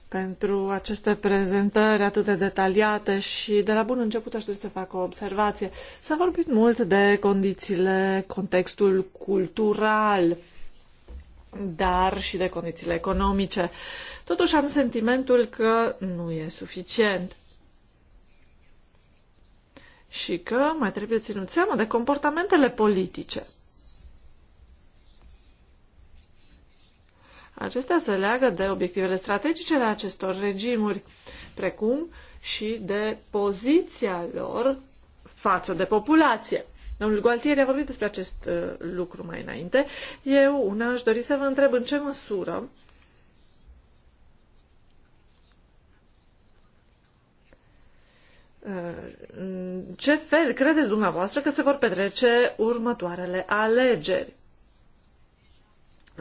pentru aceste prezentări atât de detaliate și de la bun început aș dori să fac o observație. S-a vorbit mult de condițiile, contextul cultural, dar și de condițiile economice. Totuși am sentimentul că nu e suficient și că mai trebuie ținut seama de comportamentele politice. Acestea se leagă de obiectivele strategice ale acestor regimuri, precum și de poziția lor față de populație. Domnul Gualtieri a vorbit despre acest uh, lucru mai înainte. Eu, una, aș dori să vă întreb în ce măsură uh, ce fel credeți dumneavoastră că se vor petrece următoarele alegeri?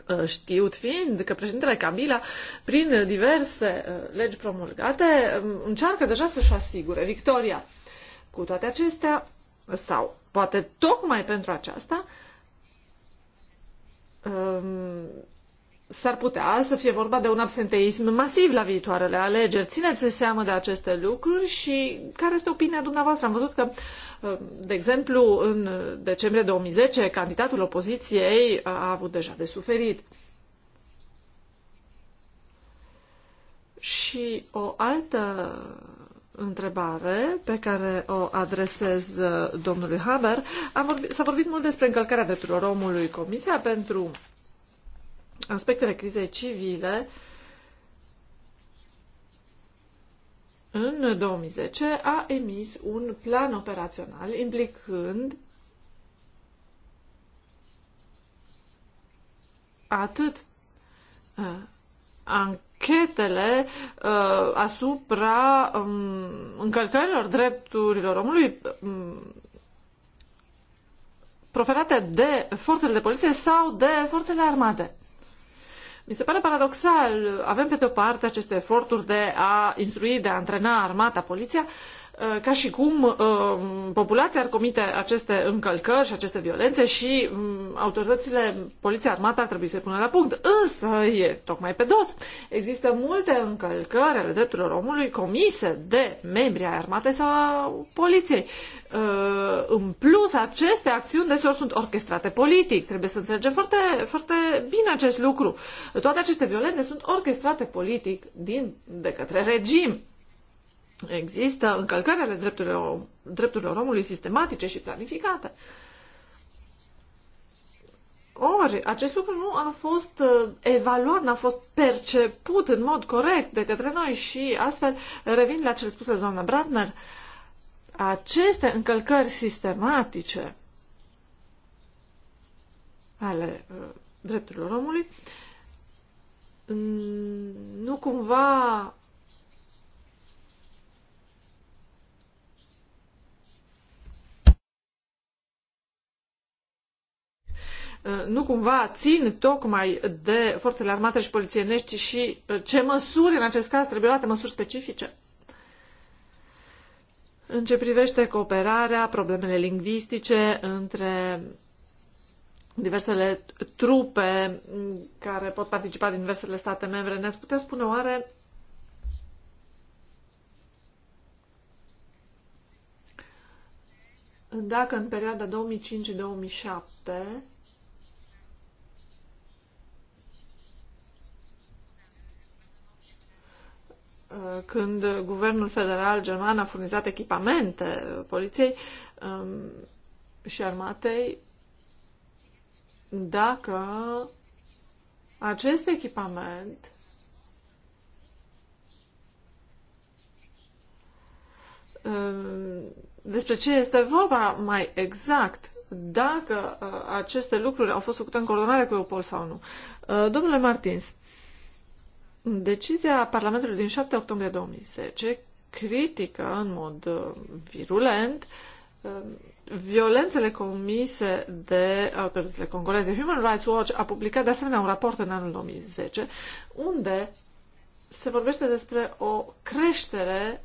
Uh, știut fiind că președintele Kabila, prin diverse uh, legi promulgate, um, încearcă deja să-și asigure victoria. Cu toate acestea, sau poate tocmai pentru aceasta, um, s-ar putea să fie vorba de un absenteism masiv la viitoarele alegeri. Țineți seama de aceste lucruri și care este opinia dumneavoastră? Am văzut că, uh, de exemplu, în decembrie 2010, candidatul opoziției a avut deja de suferit. Și o altă întrebare pe care o adresez uh, domnului Haber. s-a vorbit mult despre încălcarea drepturilor omului. Comisia pentru aspectele crizei civile în 2010 a emis un plan operațional implicând atât uh, anchetele uh, asupra um, încălcărilor drepturilor omului um, proferate de forțele de poliție sau de forțele armate. Mi se pare paradoxal, avem pe de-o parte aceste eforturi de a instrui, de a antrena armata, poliția Uh, ca și cum uh, populația ar comite aceste încălcări și aceste violențe și um, autoritățile, poliția armată ar trebui să pună la punct. Însă e tocmai pe dos. Există multe încălcări ale drepturilor omului comise de membri ai armatei sau a poliției. Uh, în plus, aceste acțiuni deseori sunt orchestrate politic. Trebuie să înțelegem foarte, foarte bine acest lucru. Toate aceste violențe sunt orchestrate politic din, de către regim Există încălcări ale drepturilor, drepturilor omului sistematice și planificate. Ori, acest lucru nu a fost uh, evaluat, n-a fost perceput în mod corect de către noi și astfel, revin la cele spuse de doamna Bradner, aceste încălcări sistematice ale uh, drepturilor omului mm, nu cumva Uh, nu cumva țin tocmai de forțele armate și polițienești și uh, ce măsuri în acest caz trebuie luate, măsuri specifice? În ce privește cooperarea, problemele lingvistice între diversele trupe care pot participa din diversele state membre, ne-ați putea spune oare dacă în perioada 2005-2007 când guvernul federal german a furnizat echipamente poliției um, și armatei, dacă acest echipament um, despre ce este vorba mai exact, dacă uh, aceste lucruri au fost făcute în coordonare cu Europol sau nu. Uh, domnule Martins, Decizia Parlamentului din 7 octombrie 2010 critică în mod uh, virulent uh, violențele comise de uh, autoritățile congoleze. Human Rights Watch a publicat de asemenea un raport în anul 2010 unde se vorbește despre o creștere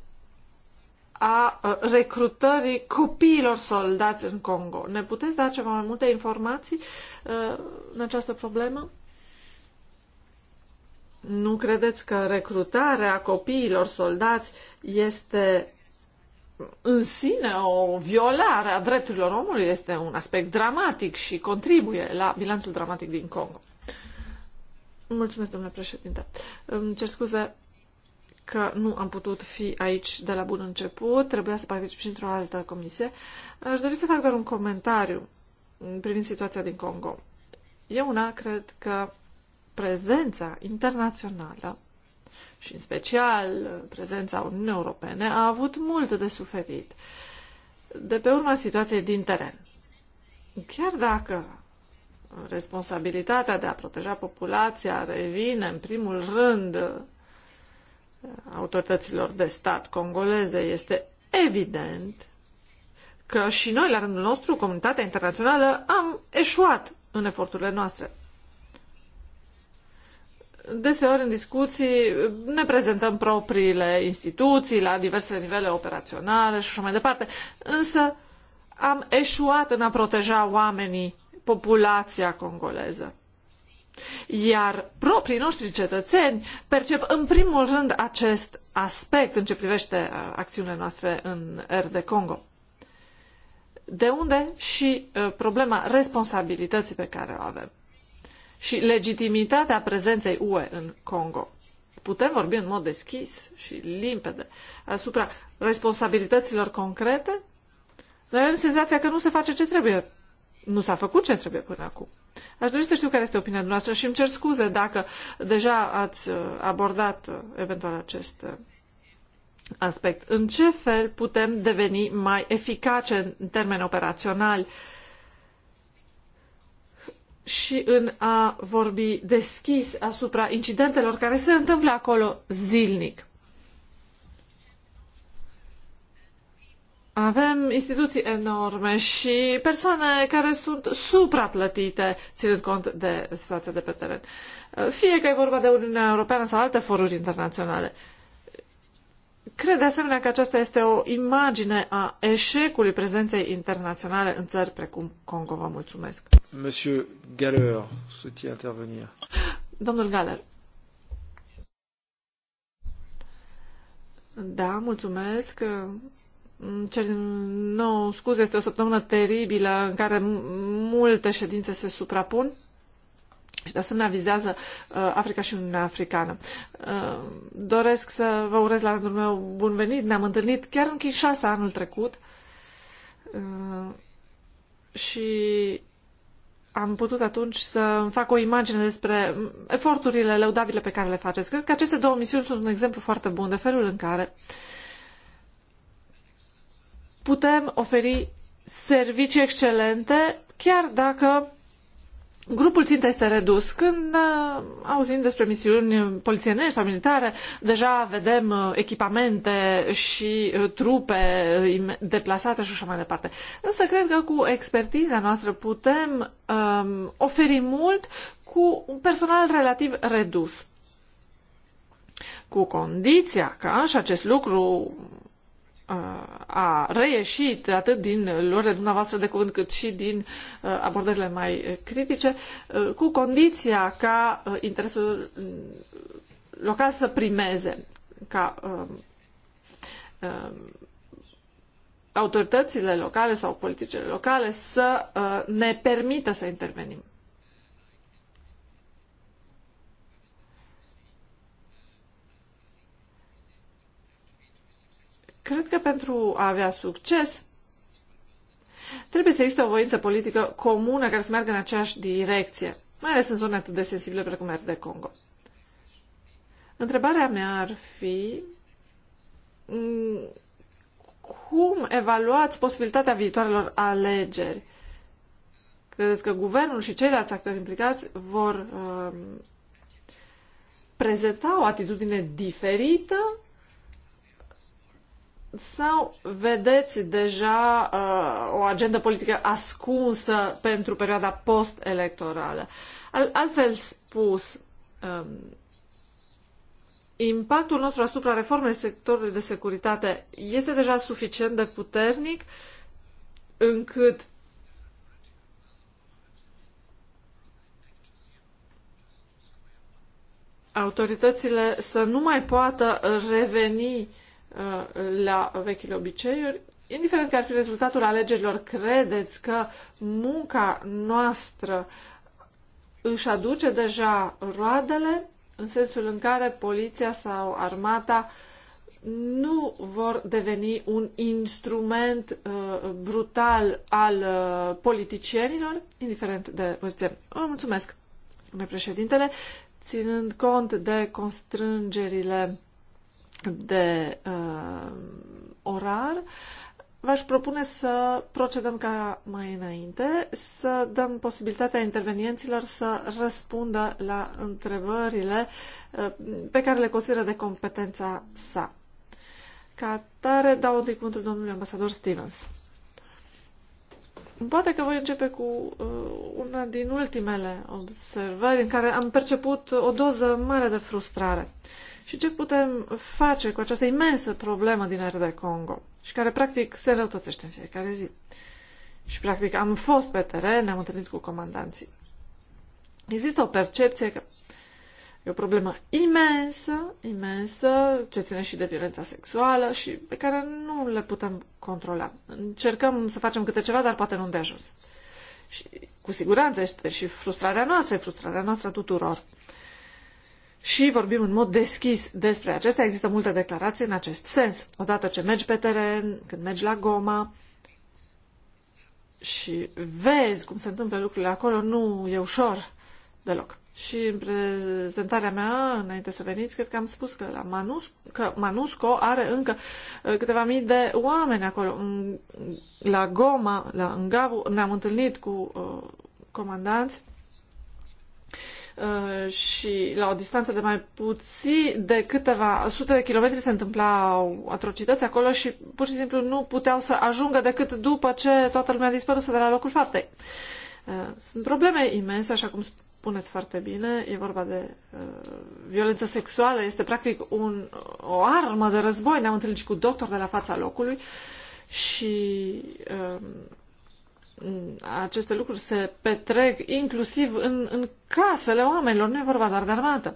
a recrutării copiilor soldați în Congo. Ne puteți da ceva mai multe informații în această problemă? Nu credeți că recrutarea copiilor soldați este în sine o violare a drepturilor omului? Este un aspect dramatic și contribuie la bilanțul dramatic din Congo. Mulțumesc, domnule președinte. Îmi cer scuze că nu am putut fi aici de la bun început, trebuia să particip și într-o altă comisie. Aș dori să fac doar un comentariu privind situația din Congo. Eu una cred că prezența internațională și în special prezența Uniunii Europene a avut mult de suferit de pe urma situației din teren. Chiar dacă responsabilitatea de a proteja populația revine în primul rând autorităților de stat congoleze, este evident că și noi, la rândul nostru, comunitatea internațională, am eșuat în eforturile noastre. Deseori în discuții ne prezentăm propriile instituții la diverse nivele operaționale și așa mai departe, însă am eșuat în a proteja oamenii, populația congoleză. Iar proprii noștri cetățeni percep în primul rând acest aspect în ce privește uh, acțiunile noastre în RD Congo. De unde și uh, problema responsabilității pe care o avem și legitimitatea prezenței UE în Congo. Putem vorbi în mod deschis și limpede asupra responsabilităților concrete? Noi avem senzația că nu se face ce trebuie. Nu s-a făcut ce trebuie până acum. Aș dori să știu care este opinia noastră și îmi cer scuze dacă deja ați uh, abordat uh, eventual acest uh, aspect. În ce fel putem deveni mai eficace în termeni operaționali uh, și în a vorbi deschis asupra incidentelor care se întâmplă acolo zilnic. Avem instituții enorme și persoane care sunt supraplătite, ținând cont de situația de pe teren. Fie că e vorba de Uniunea Europeană sau alte foruri internaționale. Uh, Cred de asemenea că aceasta este o imagine a eșecului prezenței internaționale în țări precum Congo. Vă mulțumesc. Monsieur Galler, souhaitiez intervenir. Domnul Galler. Da, mulțumesc. Cer din nou scuze, este o săptămână teribilă în care multe ședințe se suprapun și de asemenea vizează uh, Africa și Uniunea Africană. Uh, doresc să vă urez la rândul meu bun venit. Ne-am întâlnit chiar în Kinshasa anul trecut uh, și am putut atunci să fac o imagine despre eforturile lăudabile pe care le faceți. Cred că aceste două misiuni sunt un exemplu foarte bun de felul în care putem oferi servicii excelente, chiar dacă Grupul țintă este redus. Când uh, auzim despre misiuni polițienești sau militare, deja vedem uh, echipamente și uh, trupe deplasate și așa mai departe. Însă cred că cu expertiza noastră putem um, oferi mult cu un personal relativ redus. Cu condiția ca și acest lucru a reieșit atât din luările dumneavoastră de cuvânt cât și din abordările mai critice, cu condiția ca interesul mm, local să primeze, ca autoritățile locale sau politicile locale să ne permită să intervenim. Cred că pentru a avea succes trebuie să existe o voință politică comună care să meargă în aceeași direcție, mai ales în zone atât de sensibile precum R de Congo. Întrebarea mea ar fi mm, cum evaluați posibilitatea viitoarelor alegeri? Credeți că guvernul și ceilalți actori implicați vor um, prezenta o atitudine diferită sau vedeți deja uh, o agendă politică ascunsă pentru perioada post-electorală? Al- altfel spus, um, impactul nostru asupra reformei sectorului de securitate este deja suficient de puternic încât autoritățile să nu mai poată reveni uh, Uh, la vechile obiceiuri. Indiferent care ar fi rezultatul alegerilor, credeți că munca noastră își aduce deja roadele în sensul în care poliția sau armata nu vor deveni un instrument uh, brutal al uh, politicienilor, indiferent de poziție. Vă mulțumesc, domnule președintele, ținând cont de constrângerile de uh, orar, v-aș propune să procedăm ca mai înainte, să dăm posibilitatea intervenienților să răspundă la întrebările uh, pe care le consideră de competența sa. Ca tare, dau întâi cuvântul domnului ambasador Stevens. Poate că voi începe cu uh, una din ultimele observări în care am perceput o doză mare de frustrare. Uh, și ce putem face cu această imensă problemă din area de Congo și care practic se răutățește în fiecare zi. Și practic am fost pe teren, ne-am întâlnit cu comandanții. Există o percepție că e o problemă imensă, imensă, ce ține și de violența sexuală și pe care nu le putem controla. Încercăm să facem câte ceva, dar poate nu de ajuns. Și cu siguranță este și frustrarea noastră, e frustrarea noastră tuturor și vorbim în mod deschis despre acestea. Există multe declarații în acest sens. Odată ce mergi pe teren, când mergi la Goma și vezi cum se întâmplă lucrurile acolo, nu e ușor deloc. Și în prezentarea mea, înainte să veniți, cred că am spus că, la Manus, că Manusco are încă uh, câteva mii de oameni acolo. La Goma, la Ngavu, ne-am întâlnit cu uh, comandanți Uh, și la o distanță de mai puțin de câteva sute de kilometri se întâmplau atrocități acolo și pur și simplu nu puteau să ajungă decât după ce toată lumea dispăruse de la locul faptei. Uh, sunt probleme imense, așa cum spuneți foarte bine, e vorba de uh, violență sexuală, este practic un, o armă de război, ne-am întâlnit și cu doctor de la fața locului și uh, Mm, aceste lucruri se petrec inclusiv în, în casele oamenilor, nu e vorba doar de armată.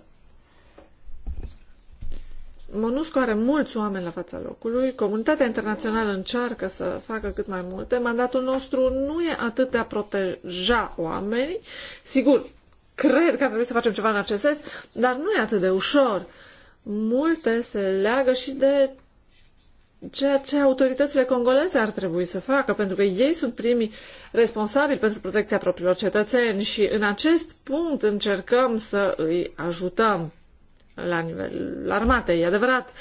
MONUSCO are mulți oameni la fața locului, comunitatea internațională încearcă să facă cât mai multe, mandatul nostru nu e atât de a proteja oamenii, sigur, cred că ar trebui să facem ceva în acest sens, dar nu e atât de ușor. Multe se leagă și de ceea ce autoritățile congoleze ar trebui să facă, pentru că ei sunt primii responsabili pentru protecția propriilor cetățeni și în acest punct încercăm să îi ajutăm la nivel armatei, e adevărat,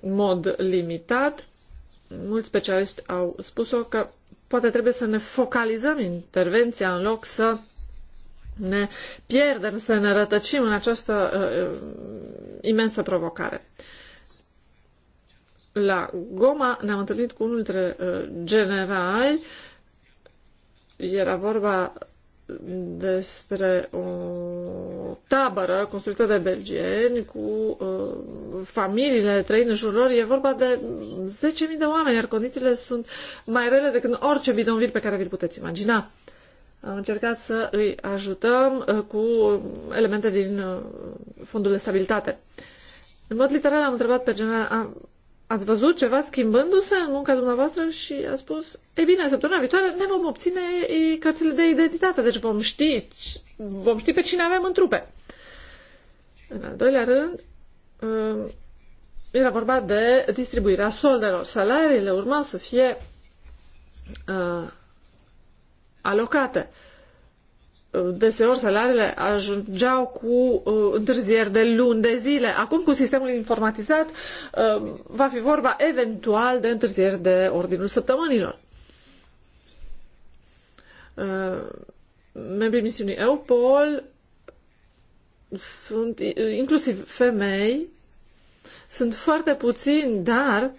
în mod limitat. Mulți specialiști au spus-o că poate trebuie să ne focalizăm intervenția în loc să ne pierdem, să ne rătăcim în această uh, imensă provocare. Uh, la Goma ne-am întâlnit cu unul dintre uh, generali. Era vorba despre o tabără construită de belgieni cu uh, familiile trăind în jurul lor. E vorba de 10.000 de oameni, iar condițiile sunt mai rele decât orice bidonvil pe care vi-l puteți imagina. Am încercat să îi ajutăm uh, cu elemente din uh, fondul de stabilitate. În mod literal am întrebat pe general, am, ați văzut ceva schimbându-se în munca dumneavoastră și a spus, e bine, săptămâna viitoare ne vom obține cărțile de identitate, deci vom ști, vom ști pe cine avem în trupe. În al doilea rând, um, era vorba de distribuirea soldelor. Salariile urmau să fie uh, alocate deseori salariile ajungeau cu uh, întârzieri de luni de zile. Acum, cu sistemul informatizat, uh, va fi vorba eventual de întârzieri de ordinul săptămânilor. Uh, membrii misiunii EUPOL sunt uh, inclusiv femei, sunt foarte puțini, dar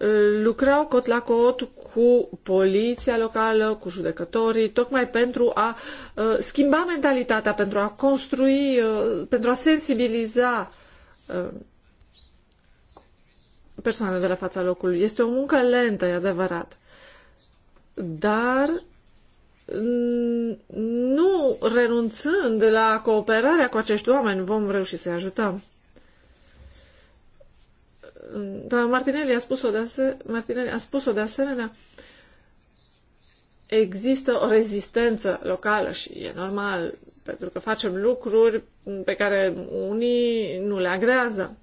uh, lucrau cot la cot cu poliția locală, cu judecătorii, tocmai pentru a uh, schimba mentalitatea, pentru a construi, uh, pentru a sensibiliza uh, persoanele de la fața locului. Este o muncă lentă, e adevărat. Dar nu renunțând la cooperarea cu acești oameni, vom reuși să-i ajutăm. Doamna Martinelli a spus-o de, ase- Martinelli a spus-o de asemenea. Există o rezistență locală și e normal, pentru că facem lucruri pe care unii nu le agrează.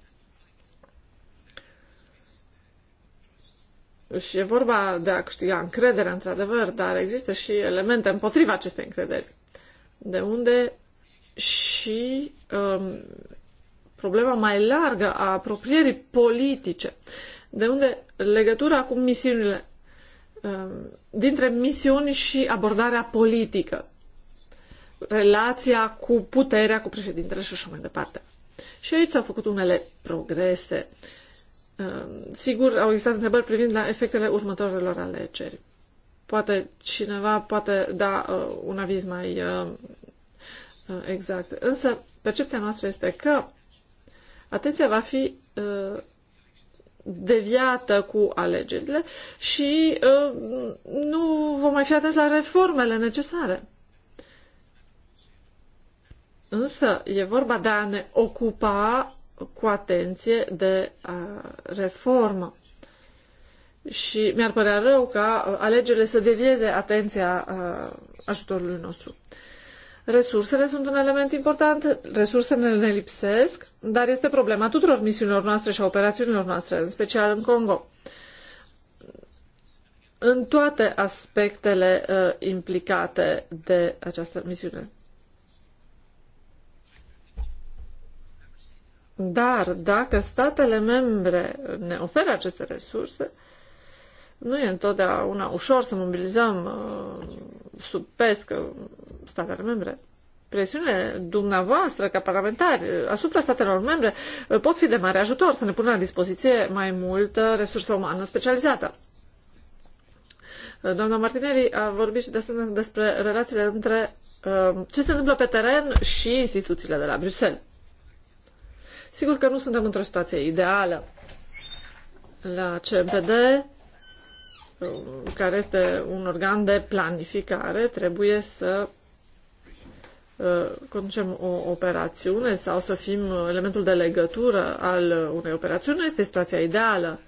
Și e vorba de a câștiga încrederea, într-adevăr, dar există și elemente împotriva acestei încrederi. De unde și um, problema mai largă a apropierii politice, de unde legătura cu misiunile, um, dintre misiuni și abordarea politică, relația cu puterea, cu președintele și așa mai departe. Și aici s-au făcut unele progrese. Um, sigur, au existat întrebări privind la efectele următoarelor alegeri. Poate cineva poate da uh, un aviz mai uh, uh exact. Însă, percepția noastră este că atenția va fi uh, deviată cu alegerile și uh, nu vom mai fi atenți la reformele necesare. Însă e vorba de a ne ocupa cu atenție de uh, reformă. Și mi-ar părea rău ca alegerile să devieze atenția ajutorului nostru. Resursele sunt un element important, resursele ne lipsesc, dar este problema tuturor misiunilor noastre și a operațiunilor noastre, în special în Congo. În toate aspectele uh, implicate de această misiune. Dar dacă statele membre ne oferă aceste resurse, nu e întotdeauna ușor să mobilizăm uh, sub pescă statele membre. Presiunile dumneavoastră ca parlamentari asupra statelor membre pot fi de mare ajutor să ne pună la dispoziție mai multă resursă umană specializată. Doamna Martineri a vorbit și de asemenea despre relațiile între uh, ce se întâmplă pe teren și instituțiile de la Bruxelles. Sigur că nu suntem într-o situație ideală. La CMPD, uh, care este un organ de planificare, trebuie să Uh, conducem o operațiune sau să fim uh, elementul de legătură al uh, unei operațiuni, nu este situația ideală.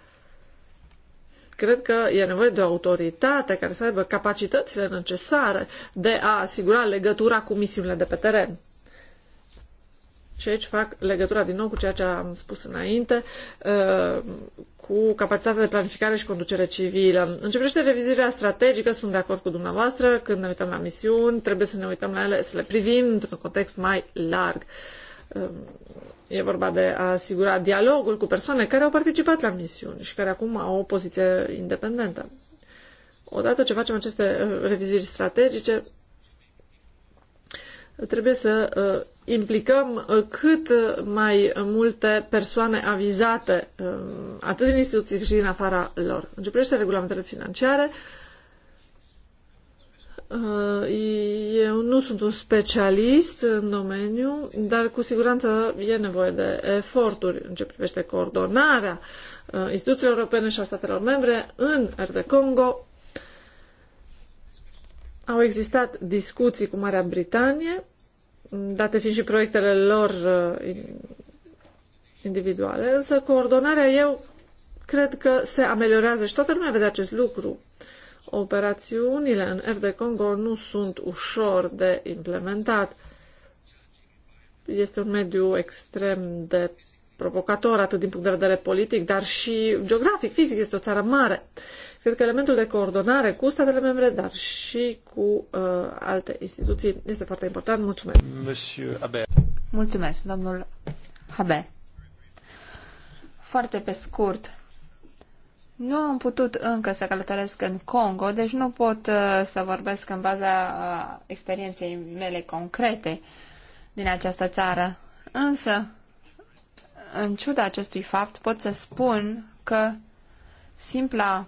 Cred că e nevoie de o autoritate care să aibă capacitățile necesare de a asigura legătura cu misiunile de pe teren. Și aici fac legătura din nou cu ceea ce am spus înainte, cu capacitatea de planificare și conducere civilă. În ce privește revizirea strategică, sunt de acord cu dumneavoastră, când ne uităm la misiuni, trebuie să ne uităm la ele, să le privim într-un context mai larg. Ehm, e vorba de a asigura dialogul cu persoane care au participat la misiuni și care acum au o poziție independentă. Odată ce facem aceste uh, revizuiri strategice, trebuie să uh, implicăm uh, cât uh, mai multe persoane avizate, uh, atât din instituții cât și din afara lor. În ce privește regulamentele financiare, eu nu sunt un specialist în domeniu, dar cu siguranță e nevoie de eforturi în ce privește coordonarea instituțiilor europene și a statelor membre în RD Congo. Au existat discuții cu Marea Britanie date fiind și proiectele lor uh, individuale, însă coordonarea eu cred că se ameliorează și toată lumea vede acest lucru. Operațiunile în RD Congo nu sunt ușor de implementat. Este un mediu extrem de provocator, atât din punct de vedere politic, dar și geografic, fizic, este o țară mare. Cred că elementul de coordonare cu statele membre, dar și cu uh, alte instituții este foarte important. Mulțumesc. Monsieur Abbe. Mulțumesc, domnul Habe. Foarte pe scurt, nu am putut încă să călătoresc în Congo, deci nu pot uh, să vorbesc în baza uh, experienței mele concrete din această țară. Însă, în ciuda acestui fapt, pot să spun că simpla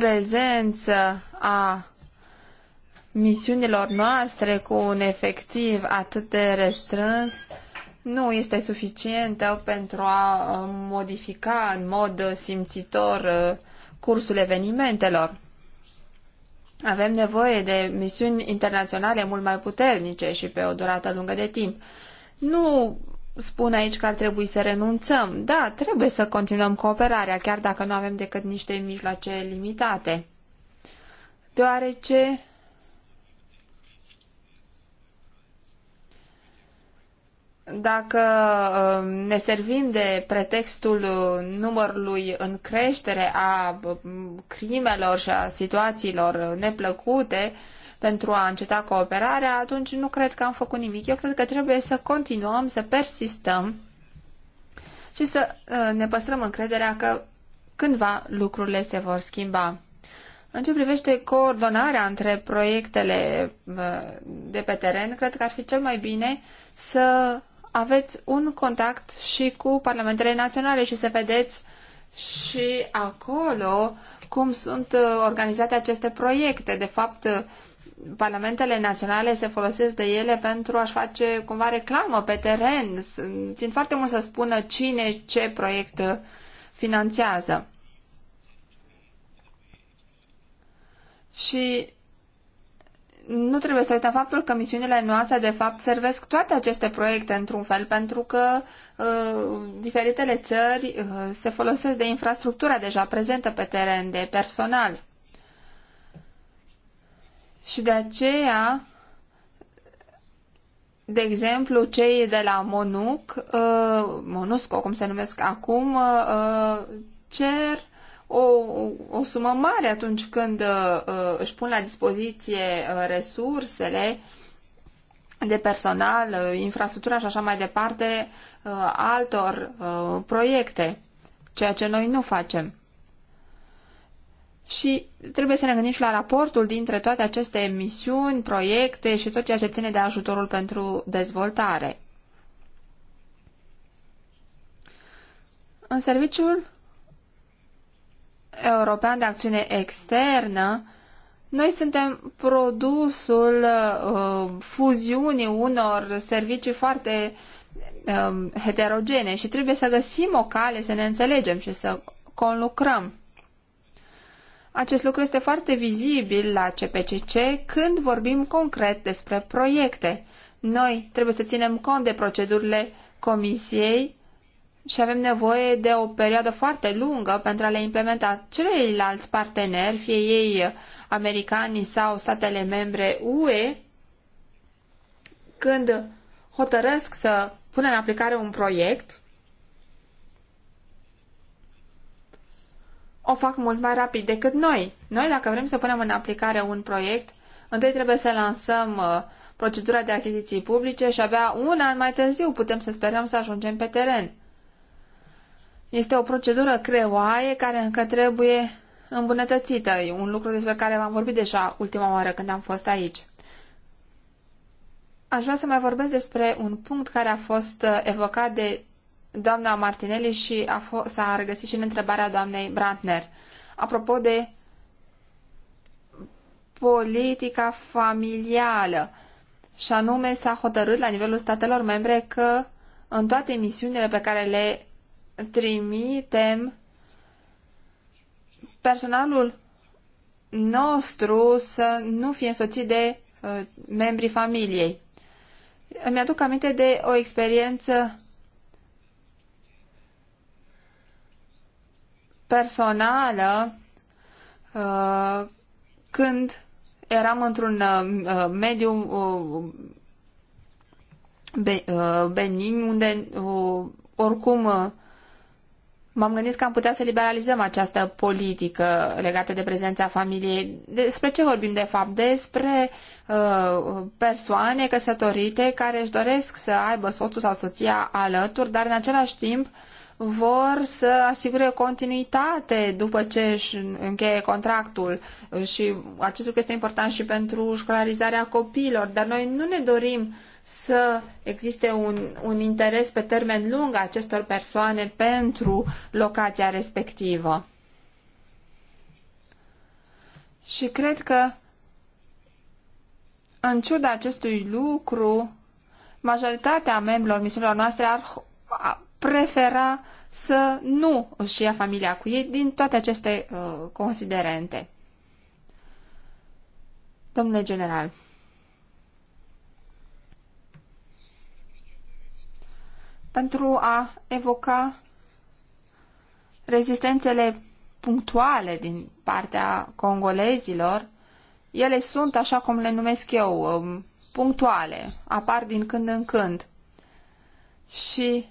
prezență a misiunilor noastre cu un efectiv atât de restrâns nu este suficientă pentru a modifica în mod simțitor cursul evenimentelor. Avem nevoie de misiuni internaționale mult mai puternice și pe o durată lungă de timp. Nu spun aici că ar trebui să renunțăm. Da, trebuie să continuăm cooperarea, chiar dacă nu avem decât niște mijloace limitate. Deoarece dacă uh, ne servim de pretextul uh, numărului în creștere a uh, crimelor și a situațiilor neplăcute, pentru a înceta cooperarea, atunci nu cred că am făcut nimic. Eu cred că trebuie să continuăm, să persistăm și să uh, ne păstrăm încrederea că cândva lucrurile se vor schimba. În ce privește coordonarea între proiectele uh, de pe teren, cred că ar fi cel mai bine să aveți un contact și cu parlamentele naționale și să vedeți și acolo cum sunt uh, organizate aceste proiecte. De fapt, parlamentele naționale se folosesc de ele pentru a-și face cumva reclamă pe teren. Țin foarte mult să spună cine ce proiect finanțează. Și nu trebuie să uităm faptul că misiunile noastre, de fapt, servesc toate aceste proiecte într-un fel, pentru că uh, diferitele țări uh, se folosesc de infrastructura deja prezentă pe teren, de personal. Și de aceea, de exemplu, cei de la Monuc, uh, Monusco, cum se numesc acum, uh, cer o, o sumă mare atunci când uh, își pun la dispoziție resursele de personal, infrastructura și așa mai departe altor proiecte, ceea ce noi nu facem. Și trebuie să ne gândim și la raportul dintre toate aceste emisiuni, proiecte și tot ceea ce ține de ajutorul pentru dezvoltare. În serviciul european de acțiune externă, noi suntem produsul uh, fuziunii unor servicii foarte uh, heterogene și trebuie să găsim o cale să ne înțelegem și să conlucrăm. Acest lucru este foarte vizibil la CPCC când vorbim concret despre proiecte. Noi trebuie să ținem cont de procedurile comisiei și avem nevoie de o perioadă foarte lungă pentru a le implementa. Ceilalți parteneri, fie ei americanii sau statele membre UE, când hotărăsc să pună în aplicare un proiect, o fac mult mai rapid decât noi. Noi, dacă vrem să punem în aplicare un proiect, întâi trebuie să lansăm uh, procedura de achiziții publice și abia un an mai târziu putem să sperăm să ajungem pe teren. Este o procedură creoaie care încă trebuie îmbunătățită. E un lucru despre care v-am vorbit deja ultima oară când am fost aici. Aș vrea să mai vorbesc despre un punct care a fost uh, evocat de doamna Martinelli și a s-a regăsit și în întrebarea doamnei Brantner. Apropo de politica familială, și anume s-a hotărât la nivelul statelor membre că în toate misiunile pe care le trimitem, personalul nostru să nu fie însoțit de uh, membrii familiei. Îmi aduc aminte de o experiență personală uh, când eram într-un uh, uh mediu uh, be, uh, unde uh, oricum m-am gândit că am putea să liberalizăm această politică legată de prezența familiei. Despre ce vorbim de fapt? Despre uh, persoane căsătorite care își doresc să aibă soțul sau soția alături, dar în același timp uh, vor să asigure continuitate după ce își încheie contractul și acest lucru este important și pentru școlarizarea copiilor, dar noi nu ne dorim să existe un, un interes pe termen lung a acestor persoane pentru locația respectivă. Și cred că în ciuda acestui lucru, majoritatea membrilor misiunilor noastre ar, prefera să nu își ia familia cu ei din toate aceste uh, considerente. Domnule general, pentru a evoca rezistențele punctuale din partea congolezilor, ele sunt, așa cum le numesc eu, um, punctuale, apar din când în când. Și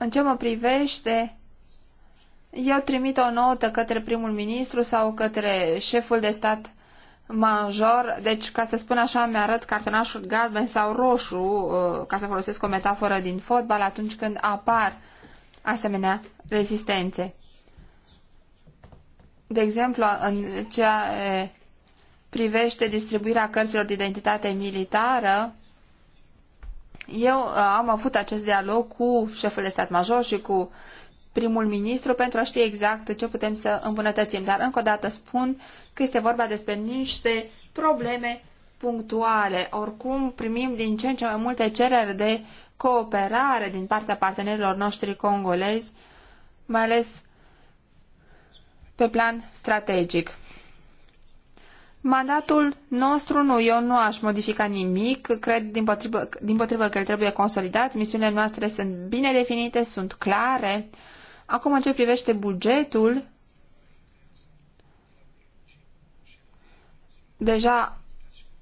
în ce mă privește, eu trimit o notă către primul ministru sau către șeful de stat major, deci ca să spun așa mi-arăt cartonașul galben sau roșu, uh, ca să folosesc o metaforă din fotbal, atunci când apar asemenea rezistențe. De exemplu, în ceea privește distribuirea cărților de identitate militară, eu uh, am avut acest dialog cu șeful de stat major și cu primul ministru pentru a ști exact ce putem să îmbunătățim. Dar încă o dată spun că este vorba despre niște probleme punctuale. Oricum primim din ce în ce mai multe cereri de cooperare din partea partenerilor noștri congolezi, mai ales pe plan strategic. Mandatul nostru nu, eu nu aș modifica nimic, cred din potrivă, din potrivă că el trebuie consolidat, misiunile noastre sunt bine definite, sunt clare. Acum în ce privește bugetul, deja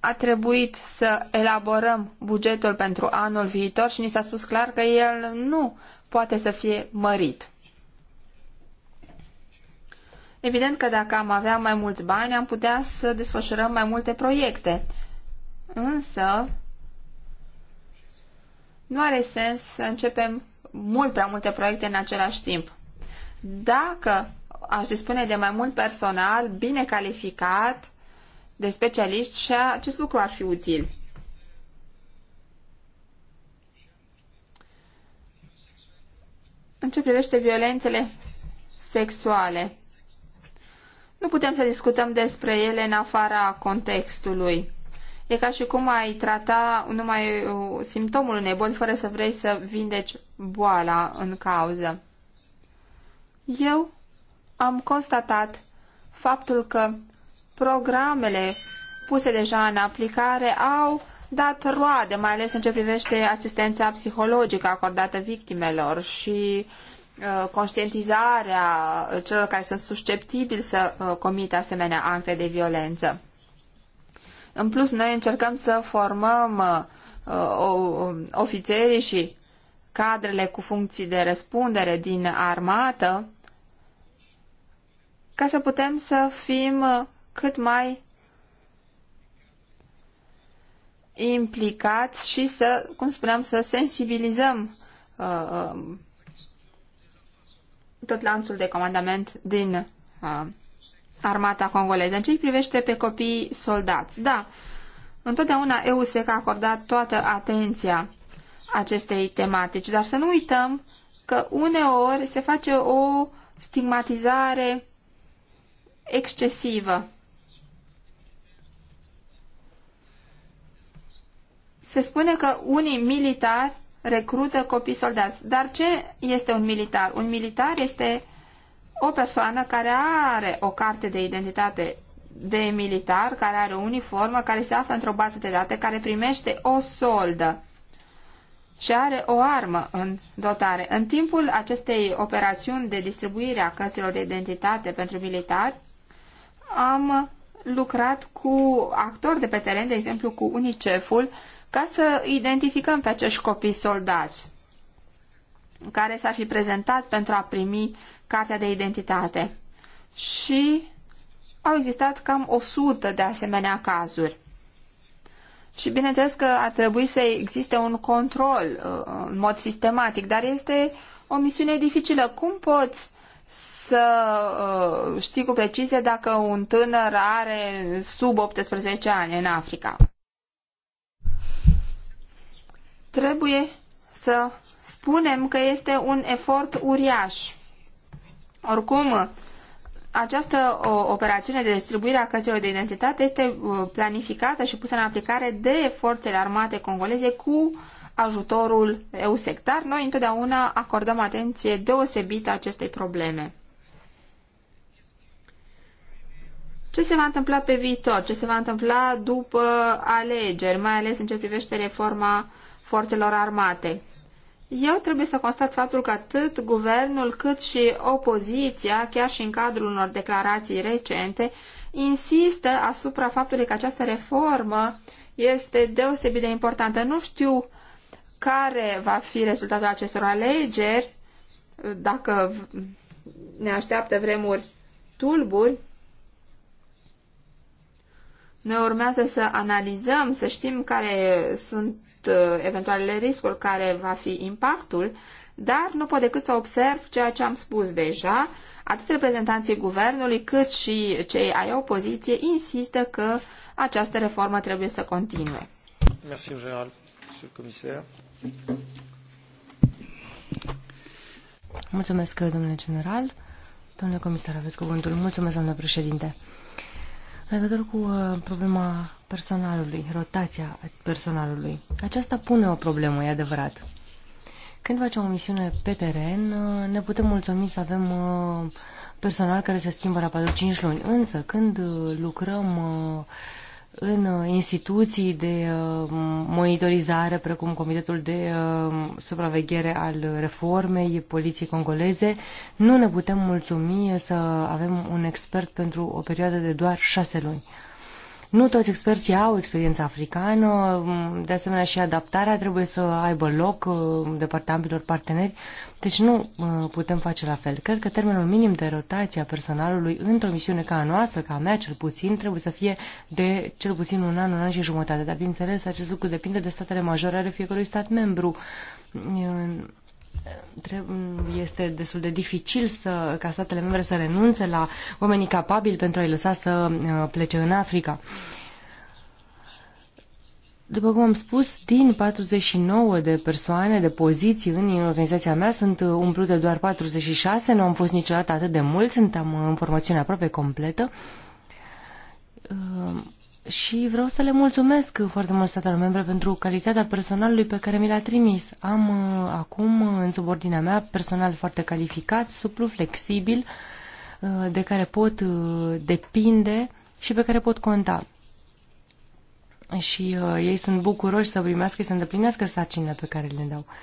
a trebuit să elaborăm bugetul pentru anul viitor și ni s-a spus clar că el nu poate să fie mărit. Evident că dacă am avea mai mulți bani, am putea să desfășurăm mai multe proiecte. Însă, nu are sens să începem mult prea multe proiecte în același timp. Dacă aș dispune de mai mult personal bine calificat, de specialiști și acest lucru ar fi util. În ce privește violențele sexuale, nu putem să discutăm despre ele în afara contextului. E ca și cum ai trata numai uh, simptomul unei boli fără să vrei să vindeci boala în cauză. Eu am constatat faptul că programele puse deja în aplicare au dat roade, mai ales în ce privește asistența psihologică acordată victimelor și uh, Uh, conștientizarea celor care sunt susceptibili să uh, comită asemenea acte de violență. În plus, noi încercăm să formăm uh, ofițerii și cadrele cu funcții de răspundere din armată ca să putem să fim cât mai implicați și să, cum spuneam, să sensibilizăm tot lanțul de comandament din uh, armata congoleză. În ce privește pe copiii soldați, da, întotdeauna EUSEC a acordat toată atenția acestei tematici, dar să nu uităm că uneori se face o stigmatizare excesivă. Se spune că unii militari recrută copii soldați. Dar ce este un militar? Un militar este o persoană care are o carte de identitate de militar, care are o uniformă, care se află într-o bază de date, care primește o soldă și are o armă în dotare. În timpul acestei operațiuni de distribuire a cărților de identitate pentru militari, am lucrat cu actori de pe teren, de exemplu cu UNICEF-ul, ca să identificăm pe acești copii soldați care s-ar fi prezentat pentru a primi cartea de identitate. Și au existat cam 100 de asemenea cazuri. Și bineînțeles că ar trebui să existe un control uh, în mod sistematic, dar este o misiune dificilă. Cum poți să uh, știi cu precizie dacă un tânăr are sub 18 ani în Africa? Trebuie să spunem că este un efort uriaș. Oricum, această operațiune de distribuire a cărților de identitate este uh, planificată și pusă în aplicare de forțele armate congoleze cu ajutorul EUSECTAR. Noi întotdeauna acordăm atenție deosebită acestei probleme. Ce se va întâmpla pe viitor? Ce se va întâmpla după alegeri, mai ales în ce privește reforma forțelor armate. Eu trebuie să constat faptul că atât guvernul cât și opoziția, chiar și în cadrul unor declarații recente, insistă asupra faptului că această reformă este deosebit de importantă. Nu știu care va fi rezultatul acestor alegeri, dacă ne așteaptă vremuri tulburi. Noi urmează să analizăm, să știm care sunt Uh, eventualele riscuri, care va fi impactul, dar nu pot decât să observ ceea ce am spus deja. Atât reprezentanții guvernului cât și cei ai opoziție insistă că această reformă trebuie să continue. Mersi, general, comisar. Mulțumesc, domnule general. Domnule comisar, aveți cuvântul. Mulțumesc, domnule președinte. În legătură cu uh, problema personalului, rotația personalului. Aceasta pune o problemă, e adevărat. Când facem o misiune pe teren, ne putem mulțumi să avem uh, personal care se schimbă la 4-5 luni. Însă, când uh, lucrăm uh, în instituții de monitorizare, precum Comitetul de Supraveghere al Reformei Poliției Congoleze, nu ne putem mulțumi să avem un expert pentru o perioadă de doar 6 luni. Nu toți experții au experiență africană, de asemenea și adaptarea trebuie să aibă loc uh, de partea ambilor parteneri, deci nu uh, putem face la fel. Cred că termenul minim de rotație a personalului într-o misiune ca a noastră, ca a mea cel puțin, trebuie să fie de cel puțin un an, un an și jumătate, dar bineînțeles acest lucru depinde de statele majore ale fiecărui stat membru. Uh, este destul de dificil să, ca statele membre să renunțe la oamenii capabili pentru a-i lăsa să uh, plece în Africa. După cum am spus, din 49 de persoane, de poziții în organizația mea, sunt umplute doar 46, nu am fost niciodată atât de mult, sunt am uh, formațiune aproape completă. Uh, și vreau să le mulțumesc foarte mult statelor membre pentru calitatea personalului pe care mi l-a trimis. Am uh, acum uh, în subordinea mea personal foarte calificat, suplu, flexibil, uh, de care pot depinde și pe care pot conta. Și ei sunt bucuroși să primească și să îndeplinească sarcinile pe care le dau. Uh,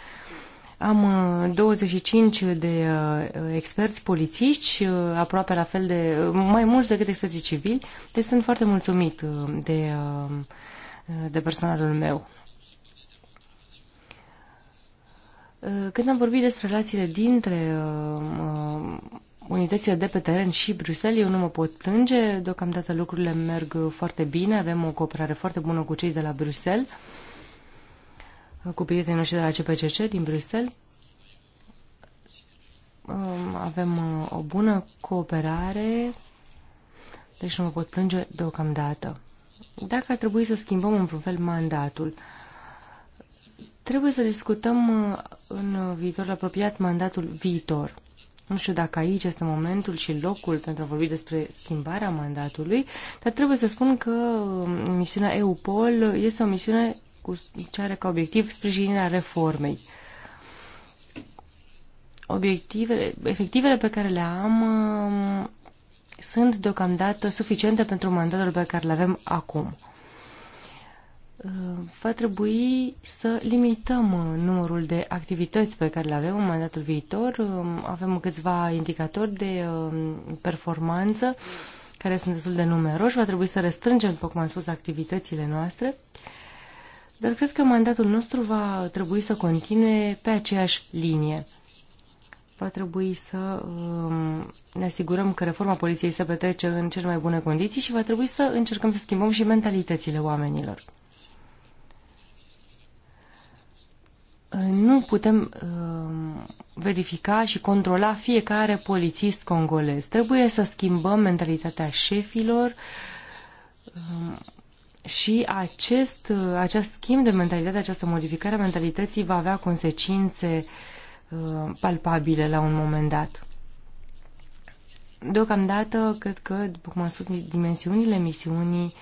am 25 uh, de uh, experți polițiști, uh, aproape la fel de, mai mulți decât experții civili, deci sunt foarte mulțumit de, de personalul meu. Când am vorbit despre relațiile dintre unitățile de pe teren și Bruxelles, eu nu mă pot plânge, deocamdată lucrurile merg foarte bine, avem o cooperare foarte bună cu cei de la Bruxelles cu prietenii noștri de la CPCC din Bruxelles. Um, avem uh, o bună cooperare, deci nu mă pot plânge deocamdată. Dacă ar trebui să schimbăm în fel mandatul, trebuie să discutăm uh, în viitorul apropiat mandatul viitor. Nu știu dacă aici este momentul și locul pentru a vorbi despre schimbarea mandatului, dar trebuie să spun că uh, misiunea EUPOL este o misiune cu, ce are ca obiectiv sprijinirea reformei. Obiectivele, efectivele pe care le am uh, sunt deocamdată suficiente pentru mandatul pe care le avem acum. Uh, va trebui să limităm uh, numărul de activități pe care le avem în mandatul viitor. Uh, avem câțiva indicatori de um, performanță care sunt destul de numeroși. Va trebui să restrângem, după cum am spus, activitățile noastre. Uh, dar cred că mandatul nostru va trebui să continue pe aceeași linie. Va trebui să um, ne asigurăm că reforma poliției se petrece în cele mai bune condiții și va trebui să încercăm să schimbăm și mentalitățile oamenilor. nu putem uh, verifica și controla fiecare polițist congolez. Trebuie să schimbăm mentalitatea șefilor, uh, și acest, acest schimb de mentalitate, această modificare a mentalității va avea consecințe uh, palpabile la un moment dat. Deocamdată, cred că, după cum am spus, dimensiunile misiunii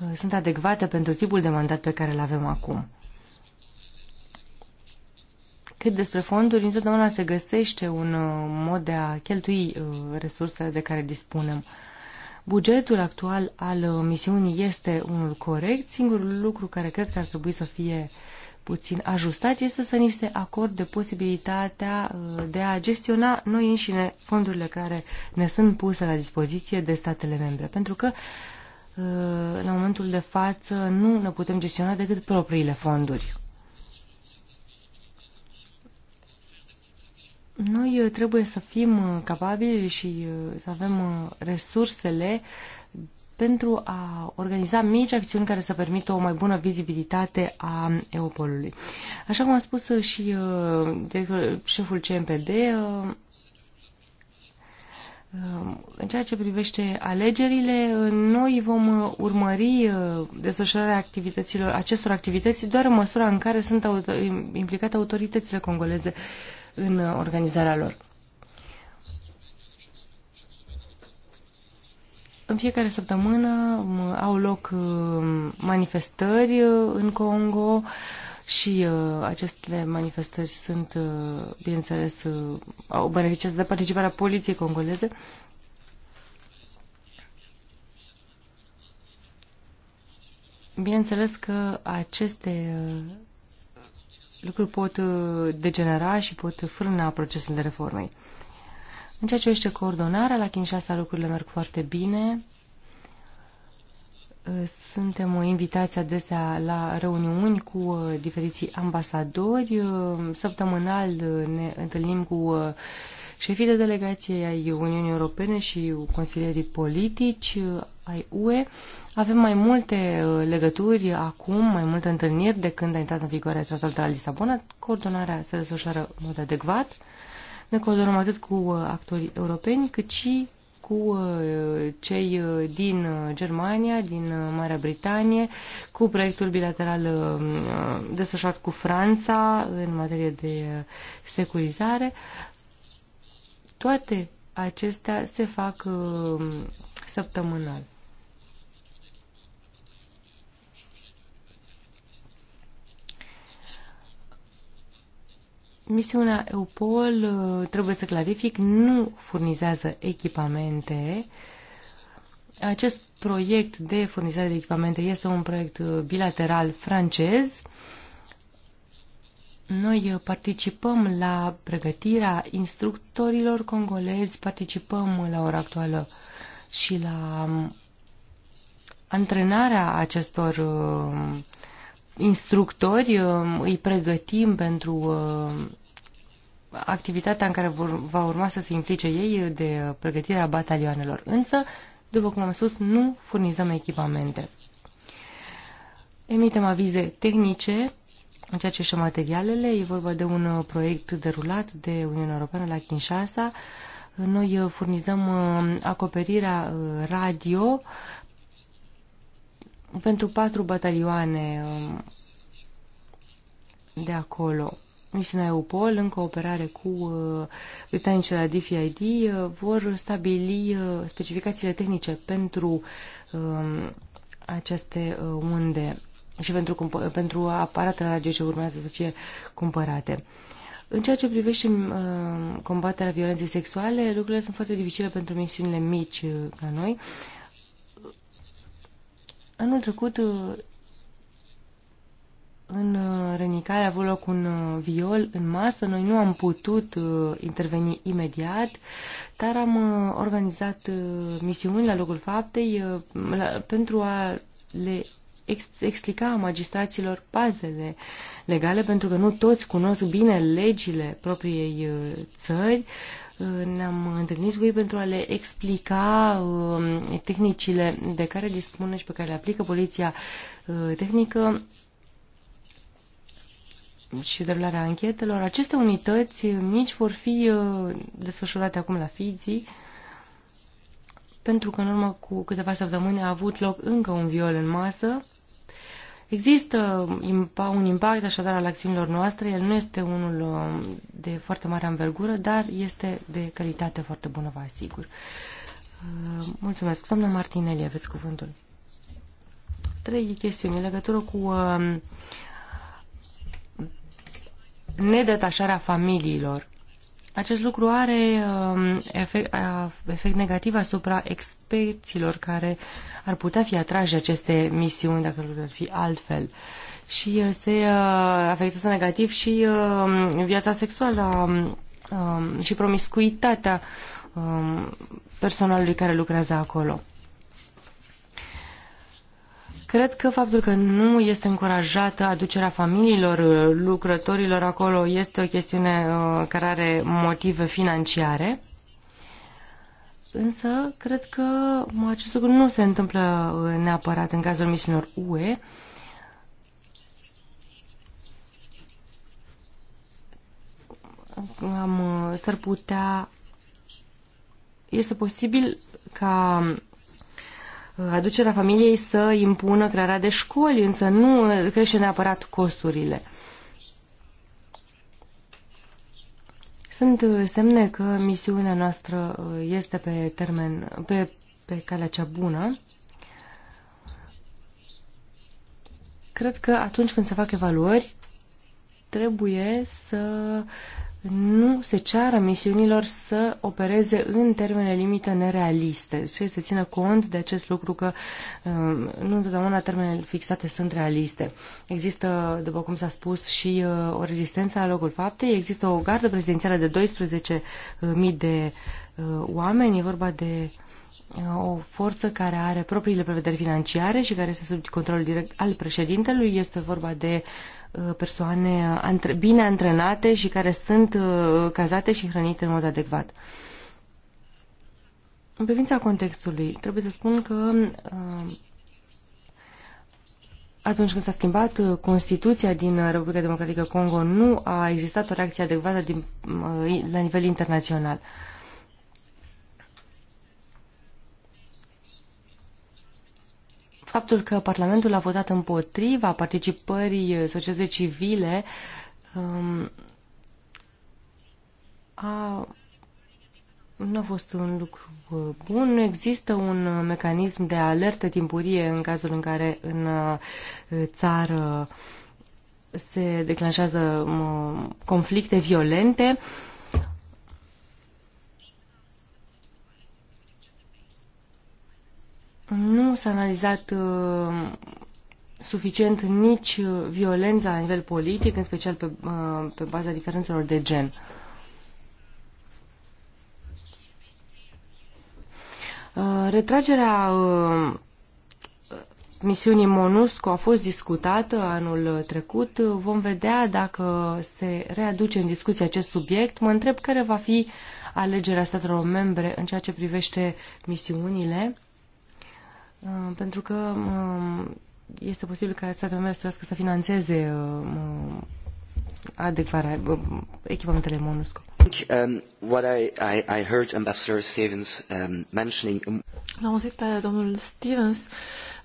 uh, sunt adecvate pentru tipul de mandat pe care îl avem acum. Cât despre fonduri, întotdeauna se găsește un uh, mod de a cheltui resursele de care dispunem. Bugetul actual al uh, misiunii este unul corect. Singurul lucru care cred că ar trebui să fie puțin ajustat este să ni se acorde posibilitatea uh, de a gestiona noi înșine fondurile care ne sunt puse la dispoziție de statele membre. Pentru că uh, la momentul de față nu ne putem gestiona decât propriile fonduri. Noi uh, trebuie să fim uh, capabili și uh, să avem resursele pentru a organiza mici acțiuni care să permită o mai bună vizibilitate a Eopolului. Așa cum a spus și director, șeful CMPD, în ceea ce privește alegerile, noi vom urmări desfășurarea activităților, acestor activități doar în măsura în care sunt auto, implicate autoritățile congoleze în organizarea lor. În fiecare săptămână au loc uh, manifestări uh, în Congo și uh, aceste manifestări sunt, bineînțeles, au beneficiat de participarea poliției congoleze. Bineînțeles că aceste lucruri pot uh, degenera și pot frâna procesul de reformei. În ceea ce este coordonarea, la Kinshasa lucrurile merg foarte bine. Uh, suntem invitați adesea la reuniuni cu uh, diferiții ambasadori. Săptămânal ne întâlnim cu Șefii de delegație ai Uniunii Europene și consilierii politici uh, ai UE avem mai multe uh, legături acum, mai multe întâlniri de când a intrat în vigoare tratatul de la Lisabona. Coordonarea se desfășoară în mod adecvat. Ne coordonăm atât cu uh, actorii europeni, cât și cu cei din Germania, din Marea Britanie, cu proiectul bilateral desfășurat cu Franța în materie de securizare. Toate acestea se fac uh, săptămânal. Misiunea EUPOL, uh, trebuie să clarific, nu furnizează echipamente. Acest proiect de furnizare de echipamente este un proiect uh, bilateral francez noi participăm la pregătirea instructorilor congolezi, participăm la ora actuală și la um, antrenarea acestor um, instructori, um, îi pregătim pentru activitatea în care vor, va urma să se implice ei de pregătirea batalioanelor. Însă, după cum am spus, nu furnizăm echipamente. Emitem avize tehnice în ceea ce și materialele, e vorba de un uh, proiect derulat de Uniunea Europeană la Kinshasa. Noi uh, furnizăm uh, acoperirea radio pentru patru batalioane um, de acolo. Misiunea EUPOL, în cooperare cu britanicii la DFID, vor stabili specificațiile tehnice pentru um, aceste unde și pentru, pentru aparatele radio ce urmează să fie cumpărate. În ceea ce privește uh, combaterea violenței sexuale, lucrurile sunt foarte dificile pentru misiunile mici uh, ca noi. Anul trecut, uh, în uh, Renicale, a avut loc un uh, viol în masă. Noi nu am putut uh, interveni imediat, dar am uh, organizat uh, misiuni la locul faptei uh, la, pentru a le explica magistraților pazele legale, pentru că nu toți cunosc bine legile propriei uh, țări. Uh, ne-am întâlnit cu ei pentru a le explica um, tehnicile de care dispune și pe care le aplică poliția uh, tehnică și derularea anchetelor. Aceste unități mici vor fi desfășurate acum la fiții, pentru că în urmă cu câteva săptămâni a avut loc încă un viol în masă Există un impact așadar al acțiunilor noastre, el nu este unul um, de foarte mare anvergură, dar este de calitate foarte bună, vă asigur. Uh, mulțumesc. Doamna Martinelli, aveți cuvântul. Trei chestiuni în legătură cu um, nedetașarea familiilor. Acest lucru are um, efect, efect negativ asupra experților care ar putea fi atrași aceste misiuni dacă lucrurile ar fi altfel. Și uh, se uh, afectează negativ și um, viața sexuală um, și promiscuitatea personalului care lucrează acolo. Cred că faptul că nu este încurajată aducerea familiilor uh, lucrătorilor acolo este o chestiune uh, care are motive financiare. Însă, cred că acest lucru nu se întâmplă uh, neapărat în cazul misiunilor UE. Am, s-ar putea... Este posibil ca aducerea familiei să impună crearea de școli, însă nu crește neapărat costurile. Sunt semne că misiunea noastră este pe termen, pe, pe calea cea bună. Cred că atunci când se fac evaluări, trebuie să nu se ceară misiunilor să opereze în termene limită nerealiste. Deci se țină cont de acest lucru că um, nu întotdeauna termenele fixate sunt realiste. Există, după cum s-a spus, și uh, o rezistență la locul faptei. Există o gardă prezidențială de 12.000 de uh, oameni. E vorba de uh, o forță care are propriile prevederi financiare și care este sub control direct al președintelui. Este vorba de Uh, persoane uh, bine antrenate și care sunt uh, cazate și hrănite în mod adecvat. În privința contextului, trebuie să spun că atunci când s-a schimbat Constituția din Republica Democratică Congo, nu a existat o reacție adecvată din, la nivel internațional. Uh, Faptul că Parlamentul a votat împotriva participării societății civile um, a, nu a fost un lucru uh, bun. Nu există un mecanism de alertă timpurie în cazul în care în uh, țară se declanșează um, conflicte violente. Uh, Nu s-a analizat uh, suficient nici uh, violența la nivel politic, în special pe, uh, pe baza diferențelor de gen. Uh, retragerea uh, misiunii MONUSCO a fost discutată anul trecut. Vom vedea dacă se readuce în discuție acest subiect. Mă întreb care va fi alegerea statelor membre în ceea ce privește misiunile Uh, pentru că um, este posibil ca statul meu să trebuiască să financeze um, uh, adecvarea uh, echipamentele MONUSCO. Um, what I, I, I heard Ambassador Stevens um, mentioning... am auzit pe domnul Stevens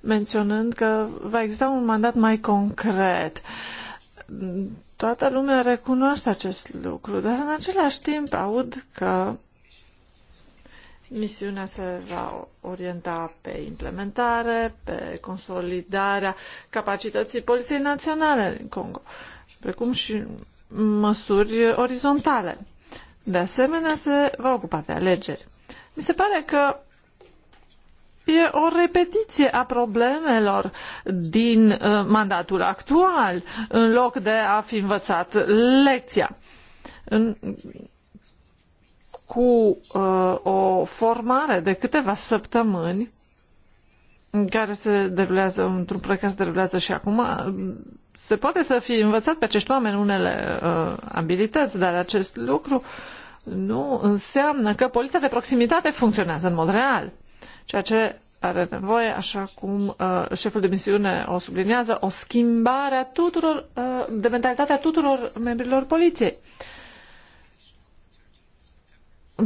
menționând că va exista un mandat mai concret. Toată lumea recunoaște acest lucru, dar în același timp aud că Misiunea se va orienta pe implementare, pe consolidarea capacității Poliției Naționale din Congo, precum și măsuri orizontale. De asemenea, se va ocupa de alegeri. Mi se pare că e o repetiție a problemelor din uh, mandatul actual, în loc de a fi învățat lecția cu uh, o formare de câteva săptămâni în care se derulează, într-un proiect care se derulează și acum, uh, se poate să fi învățat pe acești oameni unele uh, abilități, dar acest lucru nu înseamnă că poliția de proximitate funcționează în mod real. Ceea ce are nevoie, așa cum uh, șeful de misiune o subliniază, o schimbare a tuturor, uh, de mentalitatea tuturor membrilor poliției. Uh,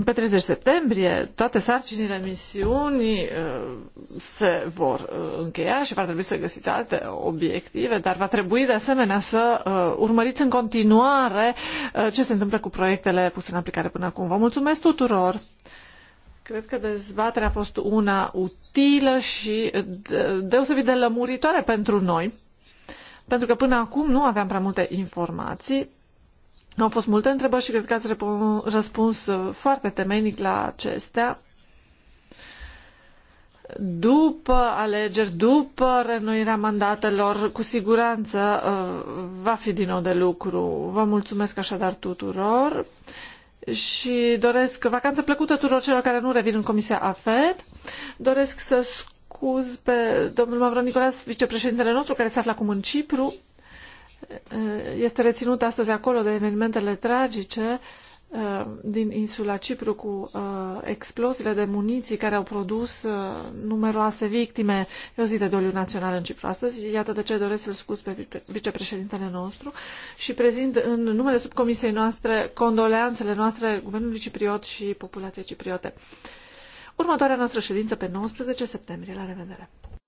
pe 30 septembrie toate sarcinile misiunii uh, se vor uh, încheia și va trebui să găsiți alte obiective, dar va trebui de asemenea să uh, urmăriți în continuare ce se întâmplă cu proiectele puse în aplicare până acum. Vă mulțumesc tuturor! Cred că dezbaterea a fost una utilă și deosebit de lămuritoare pentru noi, pentru că până acum nu aveam prea multe informații au fost multe întrebări și cred că ați răspuns uh, foarte temeinic la acestea. După alegeri, după renoirea mandatelor, cu siguranță uh, va fi din nou de lucru. Vă mulțumesc așadar tuturor și doresc vacanță plăcută tuturor celor care nu revin în Comisia AFED. Doresc să scuz pe domnul Mavro Nicolas, vicepreședintele nostru, care se află acum în Cipru este reținut astăzi acolo de evenimentele tragice uh, din insula Cipru cu uh, exploziile de muniții care au produs uh, numeroase victime. E o zi de doliu național în Cipru astăzi. Iată de ce doresc să-l scuz pe vicepreședintele nostru și prezint în numele subcomisiei noastre condoleanțele noastre Guvernului Cipriot și populației cipriote. Următoarea noastră ședință pe 19 septembrie. La revedere!